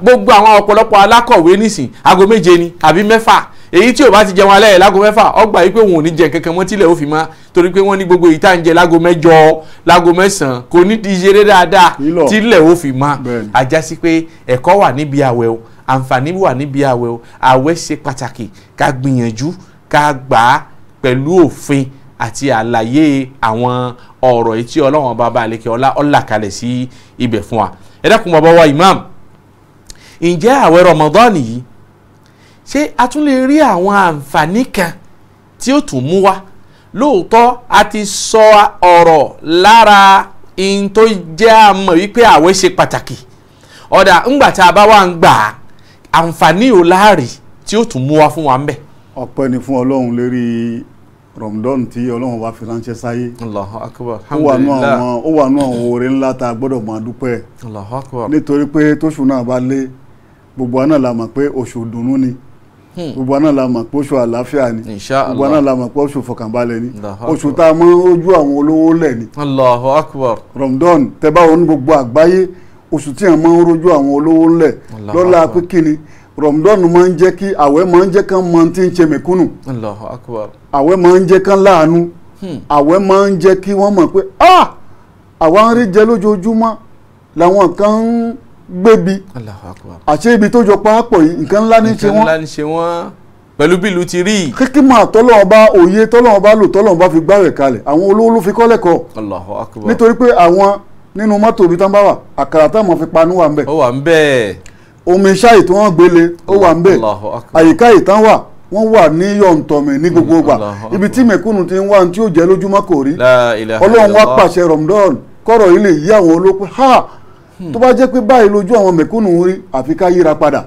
gbogbo àwọn ọ̀pọ̀lọpọ̀ alákọ̀wé nísìn aago méje ni àbí mẹ́fà èyí tí o bá ti jẹun alẹ́ yẹn lágo mẹ́fà ọgbà yìí pé òun ò ní jẹ kankan mọ́ tílẹ̀ ó fi torí pé wọ́n ní gbogbo èyí tá ń jẹ lágo mẹ́jọ lágo mẹ́sàn kò ní ti ṣeré dáadáa tílẹ̀ ó fi mọ́ àjásí pé ẹ̀kọ́ wà níbi àwẹ̀ o àǹfààní wà níbi àwẹ̀ o àwẹ̀ ṣe pàtàkì ká gbìyànjú ká gbà á pẹ̀lú òfin àti àlàyé àwọn ọ̀rọ̀ etí ọlọ́wọ́n bàbá àlekè ọlá ọ̀là kalẹ̀ sí ibẹ̀ fún wa ẹ bàbá wa imam ǹjẹ́ àwẹ̀ Ramadan yìí ṣé a tún lè rí àwọn àǹfààní kan tí ó tún mú wa lóòótọ́ a ti sọ ọ̀rọ̀ lára ihun tó jẹ́ àmọ̀ wípé àwẹ̀ ṣe pàtàkì ọ̀dà ńgbà tá a bá wà ń gbà á àǹfààní ò láàrí tí ó tún mú wa fún wa ń bẹ̀. ọpẹ́ ni fún ọlọ́run lérí rọmdọn tí ọlọ́run wá fi ránṣẹ́ sáyé. Allahu akbar alhamdulilayi ó wà nù àwọn oore ńlá tá a gbọ́dọ̀ máa dúpẹ́. Allahu akbar nítorí pé tóṣù náà bá lé gbogbo àná la mọ̀ pé oṣù dùnnú ni hmm. gbogbo àná la mọ̀ pé oṣù àlàáfíà ni gbogbo àná la mọ̀ pé oṣù fọkànbalẹ̀ ni oṣù tá a mọ ojú àwọn olówó lẹ̀ ni. Allahu akbar rọmdọn tẹ báwo ní gbogbo àgbáyé oṣù tí àwọn máa ń rojú àwọn olówó ńlẹ̀ lọ́la pé kíni rọ̀mùdọ́nù máa ń jẹ́ kí àwẹ̀ máa ń jẹ́ kán mọ tí ń ṣe àwẹ̀ máa ń jẹ́ kán láàánú hmm. àwẹ̀ máa ń jẹ́ kí wọ́n mọ̀ pé ah àwa ń rí jẹ lójoojúmọ́ làwọn kan ń gbébi àṣé ibi tó jọ paápọ̀ yìí nǹkan ńlá ní ṣe wọ́n pẹ̀lú bílù ti rí. kíkí máa tọ́lọ́wọ́n bá òye tọ́lọ́wọ́n bá lò tọ́lọ́wọ́n bá fi gbáwẹ̀ kalẹ̀ àwọn olówó ló fi kọ́ nítorí pé àwọn nínú mọ́tò òbí tán bá wà àkàrà táwọn fi panú wà ń bẹ̀. ó wà ń bẹ̀. omi ṣáì tí wọ́n gbélé ó wà ń bẹ̀ àyíká ìtàn wà wọ́n wà ní yọ̀ǹtọ̀mì ní gbogbo mm, gbà ibi tí mẹ̀kúnnù ti ń wá ní tí yóò jẹ́ lójúmọ́ kò rí ọlọ́run wá pàṣẹ rọ̀mdọ́ọ̀n kọ́rọ̀ yìí lè yí àwọn olóko ha hmm. tó bá jẹ́ pé báyìí lójú àwọn mẹ̀kúnnù rí àfi ká yíra padà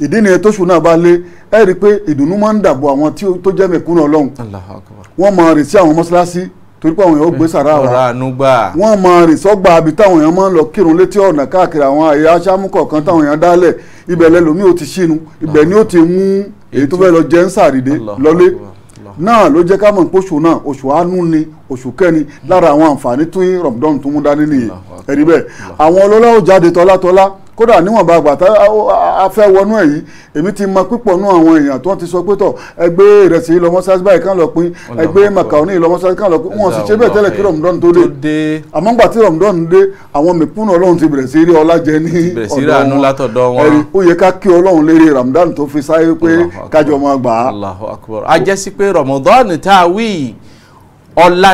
ìdí nìyẹn tó ṣùnà bá lé ẹ rí i pé ìdùnnú máa ń dàbò àwọn tó jẹ́ mẹ̀kúnnù ọlọ́run wọ́n máa rìn sí àwọn mọ́ṣáláṣí torí pé àwọn èèyàn ó gbé sàrà wa wọ́n máa rìn sọ́gbà àbí táwọn èèyàn máa ń lọ kírun létí ọ̀nà káàkiri àwọn àyè aṣáámú kọ̀ọ̀kan táwọn èèyàn dálẹ̀ ibẹ̀ lẹ́lòmíì ó ti ṣínu ibẹ̀ ni ó ti mú èyí tó fẹ́ lọ jẹ́ ń sàrìdé lọlé náà ló jẹ́ ká mọ̀ pé oṣù náà oṣù àánú ni oṣù kẹ́ni lára àwọn àǹfààní tún Ramadan tún mú dání nìyẹn ẹ̀rí bẹ́ẹ̀ àwọn ọlọ́lá ò jáde tọ́látọ́lá kódà níwọ̀nba àgbàtà afẹ́ wọnú ẹ̀ yìí èmi ti mọ pípọ̀ nú àwọn èèyàn tó ń ti sọ pé tọ̀ ẹgbẹ́ ìrẹsì lọ mọ́sáàsì báyìí kan lọ pin ẹgbẹ́ macaroni lọ mọ́sáàsì kan lọ pin wọn sì ṣe bẹ́ẹ̀ tẹ́lẹ̀ kí rọ̀mùdọ́n tó dé àmọ́ ńgbà tí rọ̀mùdọ́n dé àwọn mẹ̀kúnnù ọlọ́run ti bẹ̀rẹ̀ sí rí ọlá jẹ ní ọ̀dọ̀ wọn ó yẹ ká kí ọlọ́run lérí ramadan tó fi sáyé Allahu Akbar a jẹ́ sí pé rọ̀mùdọ́n tá a wí ọlá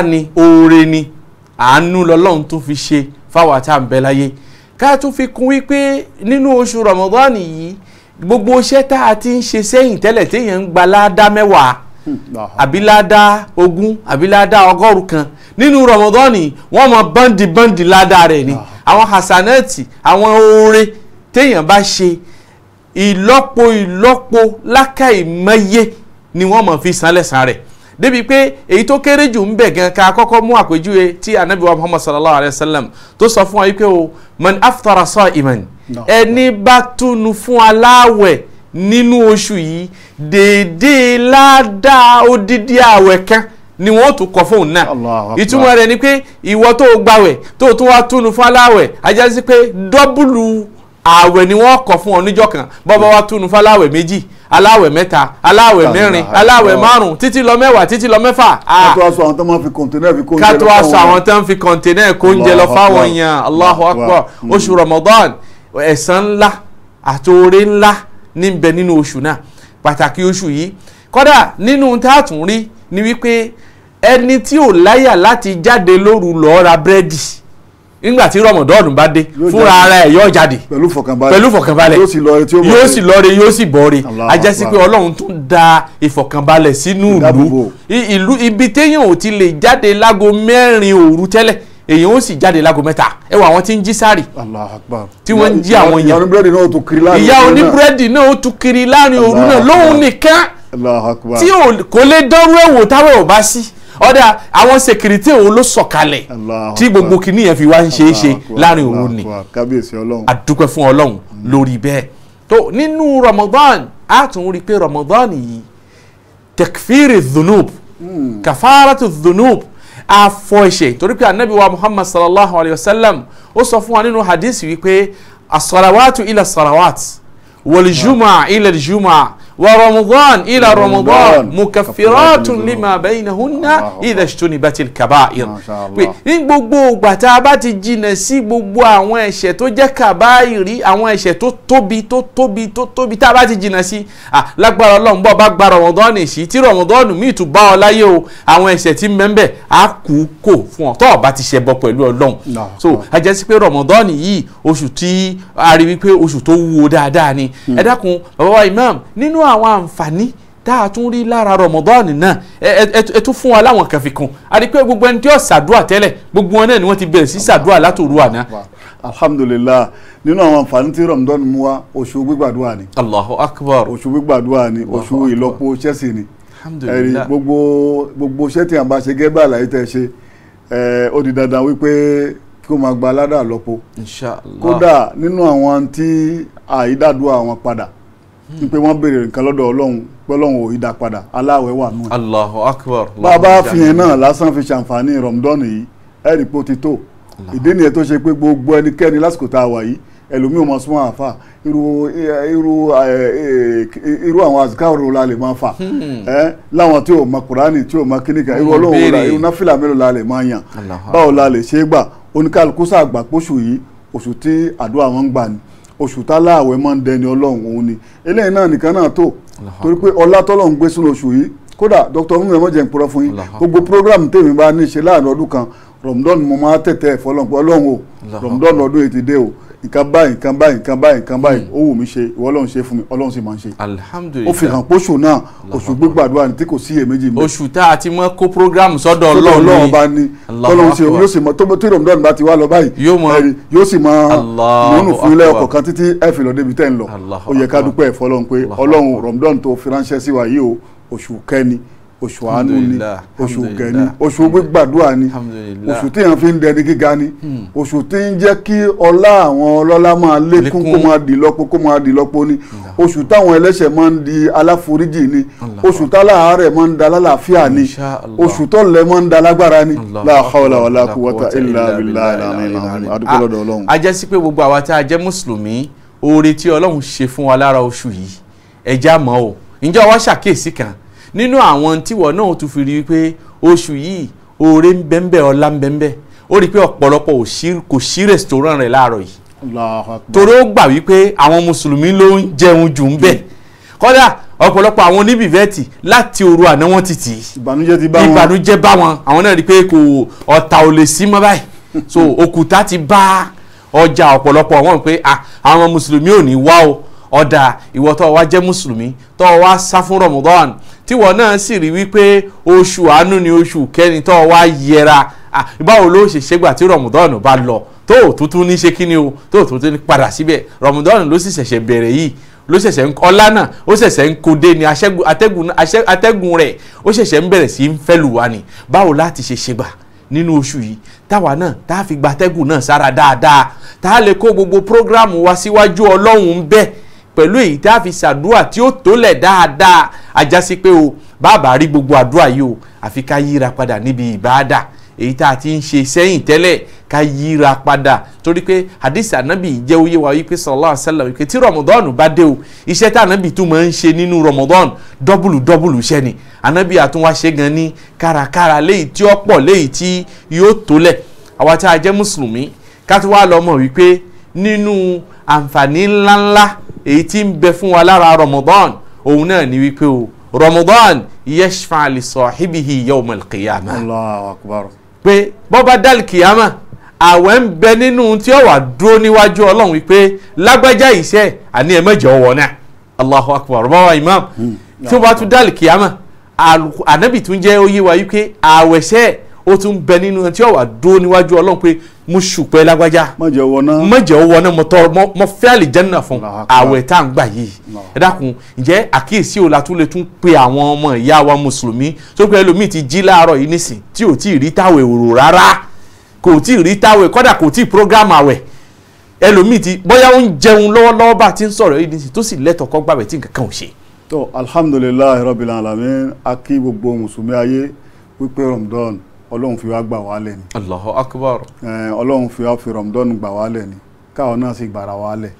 ká tún fi kún wípé nínú oṣù Ramadan yìí gbogbo iṣẹ́ tá a ti ń ṣe sẹ́yìn tẹ́lẹ̀ téèyàn ń gba láàdá mẹ́wàá hmm. àbí láàdá ogún àbí láàdá ọgọ́rùn kan nínú Ramadan yìí wọ́n mọ bandi bọ́ǹdì láàdá rẹ̀ ni ah. àwọn hasanati àwọn oore téèyàn bá ṣe ìlọ́po ìlọ́po lákàìmọye ni wọ́n mọ̀ fi sanlẹ̀sán rẹ̀ débi pé èyí tó kéré jù ń bẹ̀ gan ká kọ́kọ́ mú àpèjúwe tí anabi wa muhammad sallallahu alayhi wa sallam tó sọ fún wa yìí pé o man aftara sa'iman ẹni bá túnu fún aláwẹ̀ nínú oṣù yìí déédéé ládàá odidi àwẹ̀ kan ni wọn tún kọ fóun náà ìtumọ̀ rẹ̀ ni pé ìwọ tó gbàwẹ̀ tó tún wá túnu fún aláwẹ̀ ajá sí pé dọ́bùlù àwẹ̀ ni wọ́n kọ fún ọ níjọ́ kan bọ́bá wá túnu fún aláwẹ̀ méjì aláwẹ̀ mẹ́ta aláwẹ̀ mẹ́rin aláwẹ̀ márùn títí lọ mẹ́wàá títí lọ mẹ́fà. kátó aṣọ àwọn tó máa fi kọ̀ǹtẹ́nà fi kóúnjẹ lọ fáwọn kátó aṣọ àwọn tó ń fi kọ̀ǹtẹ́nà kóúnjẹ lọ fáwọn èèyàn Allahu Akbar mm. oṣù Ramadan ẹ̀san ńlá àtòore ńlá níbẹ̀ nínú oṣù náà pàtàkì oṣù yìí kódà nínú táàtún rí ni wípé ẹni tí ò láyà láti jáde lóru lọ́ọ́ ra búrẹ́dì nígbà tí rọmọdọ́ọ̀nù bá dé fúnra ara ẹ̀ yóò jáde pẹ̀lú fọkànbalẹ̀ yóò sì lọ́re yóò sì bọ́re ajásí pé ọlọ́run tún da ìfọkànbalẹ̀ sínú ìlú ibi téèyàn ò ti lè jáde lágo mẹ́rin òru tẹ́lẹ̀ èyàn ó sì jáde lágo mẹ́ta ẹ wọ àwọn tí ń jí sáré tí wọ́n ń jí àwọn yẹn ìyá oníbúrẹ́dì náà ó tún kiri láàrin òru náà lóhun nìkan tí kò lè dánrú ẹ̀wò táwọn ò bá sí ọ̀dà àwọn sèkìrìtì òun ló sọ̀kalẹ̀ tí gbogbo kìíní yẹn fi wá ń ṣe é ṣe láàrin òun ni àdúpẹ́ fún ọlọ́run lórí bẹ́ẹ̀ tó nínú Ramadan a tún rí i pé Ramadan yìí tekfiri dhunub mm. kafaratu dhunub afọ ẹ̀ṣẹ̀ torí pé anabi wa Muhammad sallallahu alayhi wa sallam ó sọ fún wa nínú hadith wípé asalawatu ila salawat wal juma ila wa ramadan ila ramadan mukaffiratun lima baynahunna idha ijtunibatil kaba'ir. pé ní gbogbo ìgbà tá a bá ti jìnà sí gbogbo àwọn ẹ̀ṣẹ̀ tó jẹ́ kàbáyìrí àwọn ẹ̀ṣẹ̀ tó tóbi tó tóbi tó tóbi tá a bá ti jìnà sí lágbára ọlọ́run bọ́ bá gba ramadan èsì tí ramadan míì tún bá ọ láyé o àwọn ẹ̀ṣẹ̀ tí mẹ́ńbẹ̀ á kú kò fún ọ tó o bá ti ṣẹbọ pẹ̀lú ọlọ́run so a jẹ́ sí pé ramadan yìí oṣù tí a rí wípé oṣù tó wúwo dáadáa ni hmm. ẹ dákun bàbá imam nínú àwọn àǹfààní tá a tún rí lára rọmọdọ́ọ̀nì náà ẹ tún fún wa láwọn kan fi kún a rí pé gbogbo ẹni tí yóò ṣàdúrà tẹ́lẹ̀ gbogbo wọn náà ni wọ́n ti bẹ̀rẹ̀ sí ṣàdúrà látòru àná. alhamdulillah nínú àwọn àǹfààní tí rọmọdọ́ọ̀nì mú wa oṣù gbígbàdúrà ni. allahu akbar oṣù gbígbàdúrà ni oṣù ìlọ́po ṣẹ́sì ni ẹ̀rí gbogbo gbogbo iṣẹ́ tí a bá ṣe gẹ́gbà àlàyé tẹ́ ṣe ó di dandan wípé kí o máa gba aládàá lọ́pọ̀ kódà nínú àwọn tí àìdádúrà wọn padà ní pé wọ́n béèrè nǹkan lọ́dọ̀ ọlọ́run pé ọlọ́run ò yí dá padà aláwẹ̀ wà nù. Allahu akbar. bá a bá fi yẹn náà lásán fi ṣàǹfààní rọ̀mùdọ́nù yìí ẹ̀rì pé ó ti tó ìdí nìyẹn tó ṣe pé gbogbo ẹnikẹ́ni lásìkò tá a wà yìí ẹlòmíì ọmọ súnmọ́ àfà irú àwọn àzìkáwòrò la lè máa fà hmm. ẹ láwọn tí ò mọ kùránì tí ò mọ kíníkà irú hmm, ọlọ́run la irú náfìlà mélòó la lè máa yàn báwo la lè ṣe é gbà oníkàlùkù sàgbà pósù yìí oṣù tí àdúrà wọn gbà ni oṣù táláàwẹ̀ máa ń dẹni ọlọ́run òun ni eléyìí náà nìkan náà tó torí pé ọlá tọ́lọ́run gbé sínú oṣù yìí kódà dr fúnmi ẹ̀ mọ̀jẹ̀ fún yín gbogbo program tèmi bá ní ṣe láàrin ọdún kan rọ̀mùdọ́nù mo máa tẹ̀tẹ̀ ẹ̀fọ́ ọlọ́run o rọ̀mùdọ́nù ọdún ètí dé o nǹkan báyìí nǹkan báyìí nǹkan báyìí nǹkan báyìí hmm. ó wù mí ṣe ìwọ ọlọ́run ṣe fún mi ọlọ́run sì máa ń ṣe. alhamdulilayi ó fi hàn pósù náà oṣù gbígbàdúrà ní tí kò sí èméjì mi. oṣù tá a ti mọ kó program sọ́dọ̀ ọlọ́run ni ọlọ́run bá ní ọlọ́run sì yóò sì mọ tó tí rọmọdọ́nù bá ti wá lọ báyìí yóò sì mọ mọ́nù fún ilé ọkọ̀ kan títí ẹ fi lọ débi tẹ́ ń lọ ó yẹ ká dúpẹ́ fọlọ́run pé ọlọ́run rọmọdọ́nù o oṣù oṣù àánú ni oṣù gẹ̀ẹ́ni oṣù gbígbàdúrà ni oṣù tí èèyàn fi ń dẹni gíga ni hmm. oṣù tí ń jẹ́ kí ọlá àwọn ọlọ́lá máa lékún kó máa dì lọ́pọ̀ kó máa dì lọ́pọ̀ ni oṣù táwọn ẹlẹ́ṣẹ̀ máa ń di aláforíjì ni oṣù táláàárẹ̀ máa ń da lálàáfíà ni oṣù tọ́lẹ̀ máa ń da ni la hawla wala quwwata illa billahi al-aliyyil azim adúgbò ah, lọ́dọ̀ a jẹ́ sí pé gbogbo àwa tá a jẹ́ nínú àwọn tíwọ náà tún fi rí i pé oṣù yìí oore ń bẹ́ńbẹ́ ọlá ń bẹ́ńbẹ́ ó rí i pé ọ̀pọ̀lọpọ̀ kò sí restaurant rẹ̀ láàárọ̀ yìí torí ó gbà wípé àwọn mùsùlùmí ló ń jẹun jù ń bẹ̀ mm. kódà ọ̀pọ̀lọpọ̀ àwọn oníbìvẹ́ẹ̀tì láti òru àná wọn ti tì í ìbànújẹ́ bá wọn àwọn náà rí i pé kò ọ̀tá ò lè sí mọ́ báyìí so òkúta ti bá ọjà ọ̀pọ̀lọpọ̀ wọn pé àwọn mùsùlùmí ò ní wá o ọ̀dà ìwọ tó wá jẹ́ mùsùlùmí tó wá sá fún Ramadan tíwọ náà sì rí wípé oṣù àánú ni oṣù kẹrin tó wá yẹra báwo ló ṣe ṣégbà tí rọmùdọ́ọ̀nù bá lọ tó òtútù ní ṣe kíni o tó òtútù ní padà síbẹ̀ rọmùdọ́ọ̀nù ló sì ṣẹ̀ṣẹ̀ bẹ̀rẹ̀ yìí ló ṣẹ̀ṣẹ̀ ń ọlá náà ó ṣẹ̀ṣẹ̀ ń kode ni atẹ́gùn rẹ̀ ó ṣẹ̀ṣẹ̀ ń bẹ̀rẹ̀ sí í fẹ́lù wa ni báwo láti ṣe ṣégbà nínú oṣù yìí táwa náà tá a fi gbatẹ́gùn náà sára dáadáa tá a lè kó gbogbo prógráàmù wa síwájú ọlọ́run bẹ́ẹ̀ pẹ̀lú èyí tá a fi ṣàdúrà tí ó tólẹ̀ dáadáa àjásí pé o bàbá rí gbogbo àdúrà yìí o àfi ká yíra padà níbi ìbáàdà èyí tá a ti ń ṣe sẹ́yìn tẹ́lẹ̀ ká yíra padà torí pé hadith anabi jẹ́ oyé wa wípé sallallahu alayhi wa sallam wípé tí ramadan bá dé o iṣẹ́ tá anabi tún máa ń ṣe nínú ramadan dọ́bùlù dọ́bùlù iṣẹ́ ni anabi àtúnwá ṣe gan ní kárakára léyìí tí ó pọ̀ léyìí tí yóò tólẹ̀ àwa tá a jẹ́ mùsùlùmí ká tún wá lọ wípé nínú àǹfààní ńláńlá èyí tí ń bẹ fún wa lára Ramadan òun náà ni wípé o Ramadan yashfa li sahibihi yawm al-qiyama. Allahu akbar. pé bọ́ba dal kìyàmà àwẹ̀ ń bẹ nínú tí ó wà dúró níwájú ọlọ́run wípé lágbájá iṣẹ́ àní ẹ̀ mẹ́jọ wọ̀ náà Allahu akbar bọ́wá imam hmm. tí ó bá tún dal kìyàmà ànábì tún jẹ́ ó yé wa wípé àwẹ̀ṣẹ́ ó tún bẹ nínú ẹ tí ó wà dúró níwájú ọlọ́run pé mo ṣùpẹ́ lágbájá mọ̀jẹ̀ wọná mọ̀jẹ̀ wọná mo tọrọ mo fẹ́ àlìjẹ́nà fún àwẹ̀ tá à ń gbà yìí ẹ dákun ǹjẹ́ àkíyèsí o la tún lè tún pe àwọn ọmọ ìyá wa mùsùlùmí tó pé ẹlòmíì ti jí láàárọ̀ yìí nísìn tí ò tí ì rí táwẹ̀ òrò rárá kò tí ì rí táwẹ̀ kódà kò tí ì prógámù àwẹ̀ ẹlòmíì ti bóyá ó ń jẹun lọ́wọ́lọ́wọ́ bá ti ń sọ̀rọ̀ yìí nísìn tó sì lẹ́tọ̀ọ́ kó gbààwẹ̀ tí nǹkan kan ò ṣe. tó alhamdulilayi rabbil alamin aki kí gbogbo mùsùlùmí ayé wípé ramadan ọlọ́run fi wá gbà wálẹ̀ ni. Allahu akbar. ọlọ́run fi wá fi rọ̀mùdọ́nù gbà wálẹ̀ ni káwọn náà sì gbàrà wálẹ̀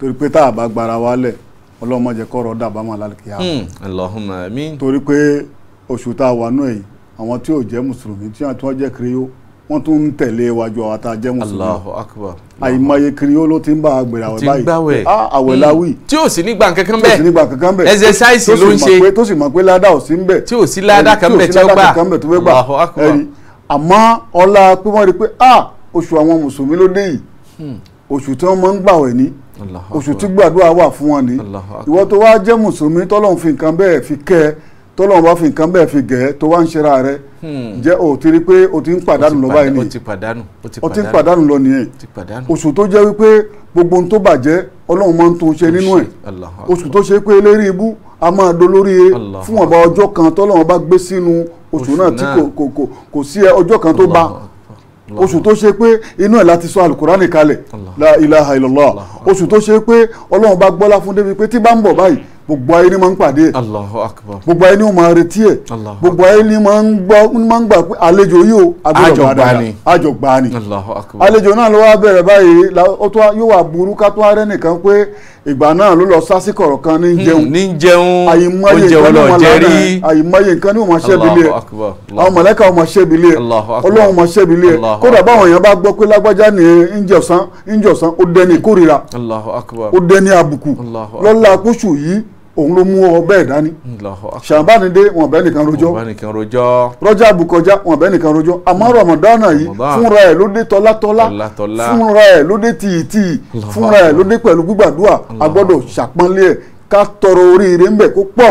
torí pé tá a bá gbàrà wálẹ̀ ọlọ́run má jẹ́ kọ́rọ̀ dàbá mà lálùkìyà. Hmm, Allahumma àmín. torí pé oṣù tá a wà náà yìí àwọn tí ò jẹ́ mùsùlùmí tí wọ́n jẹ́ kiri yóò wọ́n tún ń tẹ̀lé iwájú àwọn tá jẹ́ mùsùlùmí. Allahu Akbar. àìmọye kirió ló ti ń bá a gbèrè àwẹ̀ báyìí. ti ń gbàwẹ̀ ah, àwẹ̀ láwì. Hmm. tí ò sí nígbà kankan bẹ́ẹ̀. tí ò sí nígbà kankan bẹ́ẹ̀. exercise ló ń ṣe. tó sì mọ̀ pé ládà ò sí ń bẹ̀. tí ò sí ládà kan bẹ̀ tí ó gbà. Allahu Akbar. àmọ́ ọlá pé wọ́n rí pé a ah, oṣù àwọn mùsùlùmí ló dé yìí hmm. oṣù tí wọ́n máa ń gbàwẹ̀ ní oṣù tí gbàdúrà wà fún wọn ní ìwọ tó wá jẹ́ mùsùlùmí tọ́lọ́run fi nǹkan bẹ́ẹ̀ fi kẹ́ ẹ tọ́lọ́wọ́n bá fi nǹkan bẹ́ẹ̀ fi gẹ̀ẹ́ tó wá ń ṣera rẹ̀ hmm. jẹ́ o ti rí pé o ti ń pàdánù lọ báyìí nìyí o ti ń pàdánù lọ nìyẹn oṣù tó jẹ́ wípé gbogbo ohun tó bàjẹ́ ọlọ́run máa ń tún ṣe nínú ẹ̀ oṣù tó ṣe pé eléré ibú a máa e fún ọba ọjọ́ kan tọ́lọ́wọ́n bá gbé sínú oṣù náà tí kò sí ọjọ́ kan tó bá oṣù tó ṣe pé inú ẹ̀ láti sọ alukurani kalẹ̀ la ilaha illallah oṣù tó ṣe pé ọlọ́run bá gbọ́lá fún débi pé tí bá ń bọ̀ báyìí gbogbo ayé ni máa ń pàdé ẹ Allahu Akbar gbogbo ayé ni máa ń retí ẹ gbogbo ayé ni máa ń gbọ́ máa ń gbà pé àlejò yìí o àjọgbani àjọgbani Allahu Akbar àlejò náà ló wá bẹ̀rẹ̀ báyìí yóò wà burú ká tó arẹ́ nìkan pé ìgbà náà ló lọ sásì kọ̀rọ̀ kan ní hmm, jẹun ní jẹun oúnjẹ wọn lọ jẹrí àyìnmáyé nǹkan ní òun aṣẹ́bilé ẹ àwọn mọ̀lẹ́ka òun aṣẹ́bilé ọlọ́run òun aṣẹ́bilé kódà báwọn èèyàn bá gbọ́ pé lágbájá ní ìjọsán ó dẹni ìkórira ó dẹni àbùkù lọ́la kóṣù yìí òun ló mú ọwọ́ bẹ́ẹ̀ dání ṣàǹbánidé wọn bẹ́ẹ̀ nìkan rojọ́ rọ́jà bùkọjá wọn bẹ́ẹ̀ nìkan rojọ́ àmọ́ ramadana yìí fúnra ẹ̀ ló dé tọ́látọ́lá fúnra ẹ̀ ló dé tìyìtìyì fúnra ẹ̀ ló dé pẹ̀lú gbígbàdúrà a gbọ́dọ̀ ṣàpọ́nlé ká tọrọ oríire ńbẹ̀ kó pọ̀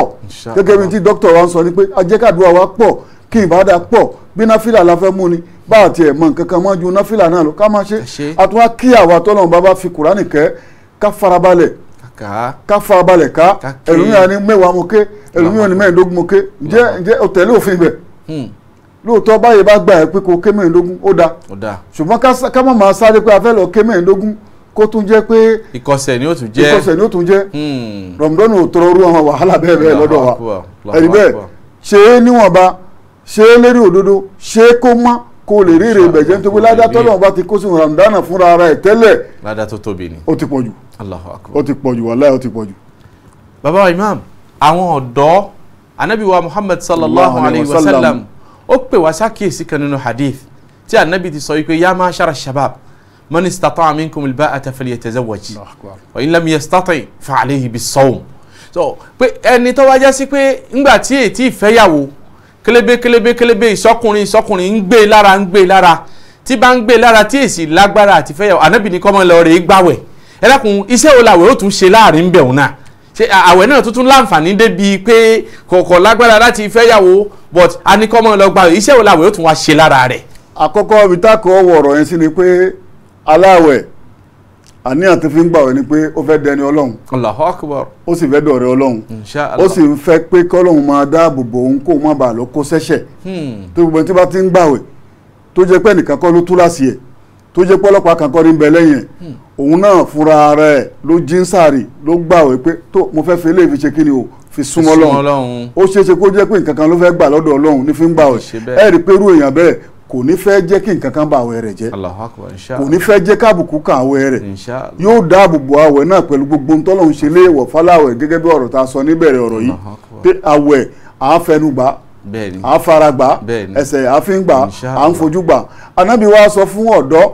gẹ́gẹ́ bí ti dókítà wa ń sọ ni pé ajẹ́kàdúrà wa pọ̀ kí ìbádà pọ̀ bí náfìlà la fẹ́ mú ni bá àti ẹ̀ mọ nǹkan kan mọ́ ju náfìlà náà lọ ká máa ṣe àtúwá kí àwa tọ́lọ́run ká farabalẹ̀ ká ẹlòmíràn ni mẹ́wàá mo ké ẹlòmíràn ni mẹ́ẹ̀ẹ́dógún mo ké ǹjẹ́ ǹjẹ́ o tẹ̀lé òfin bẹ̀ hmm. lóòótọ́ báyìí bá gbà ẹ́ pé kó ké mẹ́ẹ̀ẹ́dógún ó da ṣùgbọ́n ká má máa sáré pé a fẹ́ lọ ké mẹ́ẹ̀ẹ́dógún kó tún jẹ́ pé ìkọsẹ̀ ni ó tún jẹ́ ìkọsẹ̀ ni ó tún jẹ́ hmm. rọ̀mùdọ́nù ò tọrọ orú àwọn wàhálà bẹ́ẹ̀ bẹ́ẹ̀ lọ́dọ̀ kó o lè rí èrè ìbẹ̀jẹ̀ nítorí ládá tọ́lọ́run bá ti kó sínú ràǹdánà fúnra ara ẹ̀ tẹ́lẹ̀. ládá tó tóbi ni. ó ti pọ̀ jù. Allahu akbar. ó ti pọ̀ jù wàláhì ó ti pọ̀ jù. bàbá imam àwọn ọ̀dọ́ anabi wa muhammad sallallahu alayhi wa sallam ó pè wá sákìyèsí kan nínú hadith tí anabi ti sọ wípé yá ma'shara shabab man istata'a minkum al-ba'ata falyatazawwaj wa in lam yastati' fa alayhi bis-sawm. so pé ẹni tó sí pé ńgbà tí èyí tí ì fẹ́yàwó kélébé kélébé kélébé ìsọkùnrin ìsọkùnrin ń gbé lára ń gbé lára tí bá ń gbé lára tí èsì lágbára àti fẹ́yàwó ànábì ní kọ́mọ lọ rèé gbàwẹ̀ ẹ dákun iṣẹ́ wo làwẹ̀ ó tún ṣe láàrin bẹ̀ òun náà ṣe àwẹ̀ náà tuntun láǹfààní débi pé kọ̀ọ̀kọ̀ lágbára láti fẹ́yàwó but a ní kọ́mọ lọ gbàwẹ̀ iṣẹ́ wo làwẹ̀ ó tún wá ṣe lára rẹ̀. àkọ́kọ́ bitako wọ̀rọ̀ yẹn sí ni pé aláwẹ̀ àníyàn tó fi ń gbàwẹ̀ ni pé ó fẹ́ dẹni ọlọ́run. Allahu Akbar. ó sì fẹ́ dọ̀rẹ́ ọlọ́run. Insha Allah. ó sì ń fẹ́ pé kọ́lọ́run máa dáàbò bò òun kó má bàa lọ kó sẹ́sẹ̀. Hmm. tó gbogbo ẹni tí bá ti ń gbàwẹ̀ tó jẹ́ pé ẹnìkan kọ́ ló tú láṣì ẹ̀ tó jẹ́ pé ọlọ́pàá kan kọ́ ní bẹ lẹ́yìn ẹ̀ hmm. òun náà fúnra ara ló jí ló gbàwẹ̀ pé tó mo fẹ́ fi eléyìí fi ṣe kí ni o fi súnmọ́ ọlọ́run ó ṣeéṣe kó jẹ́ pé nǹkan kan ló fẹ́ gbà lọ́dọ̀ ọlọ́run ní fi ń gbàwẹ̀ ẹ̀ rí pé irú èèyàn bẹ́ẹ̀ kò ní fẹ́ jẹ́ kí nǹkan kan bá àwẹ̀ rẹ̀ jẹ́ kò ní fẹ́ jẹ́ kábùkù kan àwẹ̀ rẹ̀ yóò dáàbò bo àwẹ̀ náà pẹ̀lú gbogbo ntọ́lọ̀ ń ṣe léèwọ̀ fáláwẹ̀ gẹ́gẹ́ bí ọ̀rọ̀ ta sọ níbẹ̀rẹ̀ ọ̀rọ̀ yìí pé àwẹ̀ àáfẹnugbà àáfaragbà ẹsẹ̀ àáfíngbà àáfojúgbà anábì wa sọ fún ọ̀dọ́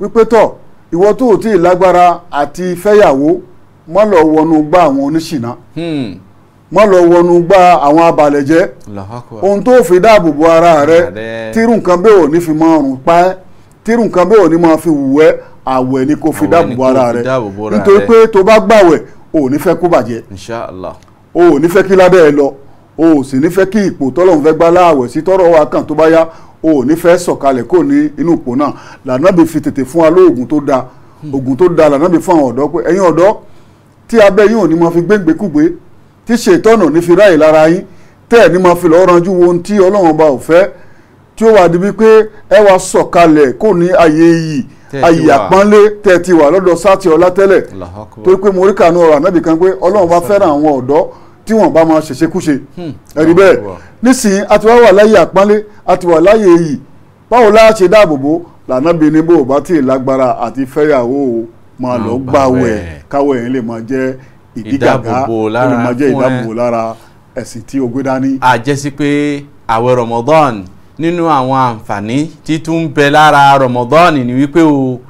wípé tọ̀ ìwọ tó ò tí ì lágbára àti fẹ́yàwó mọ́ lọ wọnú gbá àwọn oníṣìná hmm má lọ wọnú gba àwọn abàlẹ̀jẹ́ ohun tó fi dáàbò bo ara rẹ tírù nǹkan bẹ́ẹ̀ ò ní fi máa rùn pa ẹ́ tírù nǹkan bẹ́ẹ̀ ò ní máa fi wù ẹ́ àwẹ̀ ni kò fi dáàbò bo ara rẹ nítorí pé tó bá gbàwẹ̀ o ò ní fẹ́ kó bàjẹ́ o ò ní fẹ́ kí ládẹ́ ẹ lọ o ò sì ní fẹ́ kí ipò tọ́lọ́run fẹ́ gbá láàwẹ̀ sí tọ́rọ̀ wa kàn tó bá yá o ò ní fẹ́ sọ̀kalẹ̀ kò ní inú ipò náà lànàbì fi tètè fún wa lóògùn tó da oògùn hmm. tó da lànàbì fún àwọn ọ̀dọ́ pé ẹ̀yin ọ̀dọ́ tí abẹ́ yín ò ní máa fi gbéǹgbé kúgbé tí ṣètọ́nà ní fi ráyè lára yín tẹ́ ẹ̀ ní máa fi lọ́ọ́ ranjú wo ohun tí ọlọ́run ọba ò fẹ́ tí ó wà débi pé ẹ wá sọ̀kalẹ̀ kò ní àyè iyì àyè àpọ́nlé tẹ́ ẹ ti wà lọ́dọ̀ sátì ọlá tẹ́lẹ̀ torí pé mo rí kànú ọ̀rọ̀ ànábì kan pé ọlọ́run bá fẹ́ràn àwọn ọ̀dọ́ tí wọ́n bá máa ṣẹ̀ṣẹ̀ kúṣe hmm. ẹ̀rí bẹ́ẹ̀ nísìnyí a ti wá wà láyè àpọ́nlé a ti wà láyè iyì báwo la ṣe dáàbò bò lànàbí ní bó o bá ti lágbára àti fẹ́yàwó máa lọ gbàwẹ̀ káwẹ̀ yẹn lè máa jẹ́ ìdígàgá olùmọ̀jẹ́ ìdáàbòbò lára ẹ̀sìn tí o gbé dání. àjẹsí pé àwẹ̀ Ramadan nínú àwọn àǹfààní tí tún ń bẹ lára Ramadan ni wípé o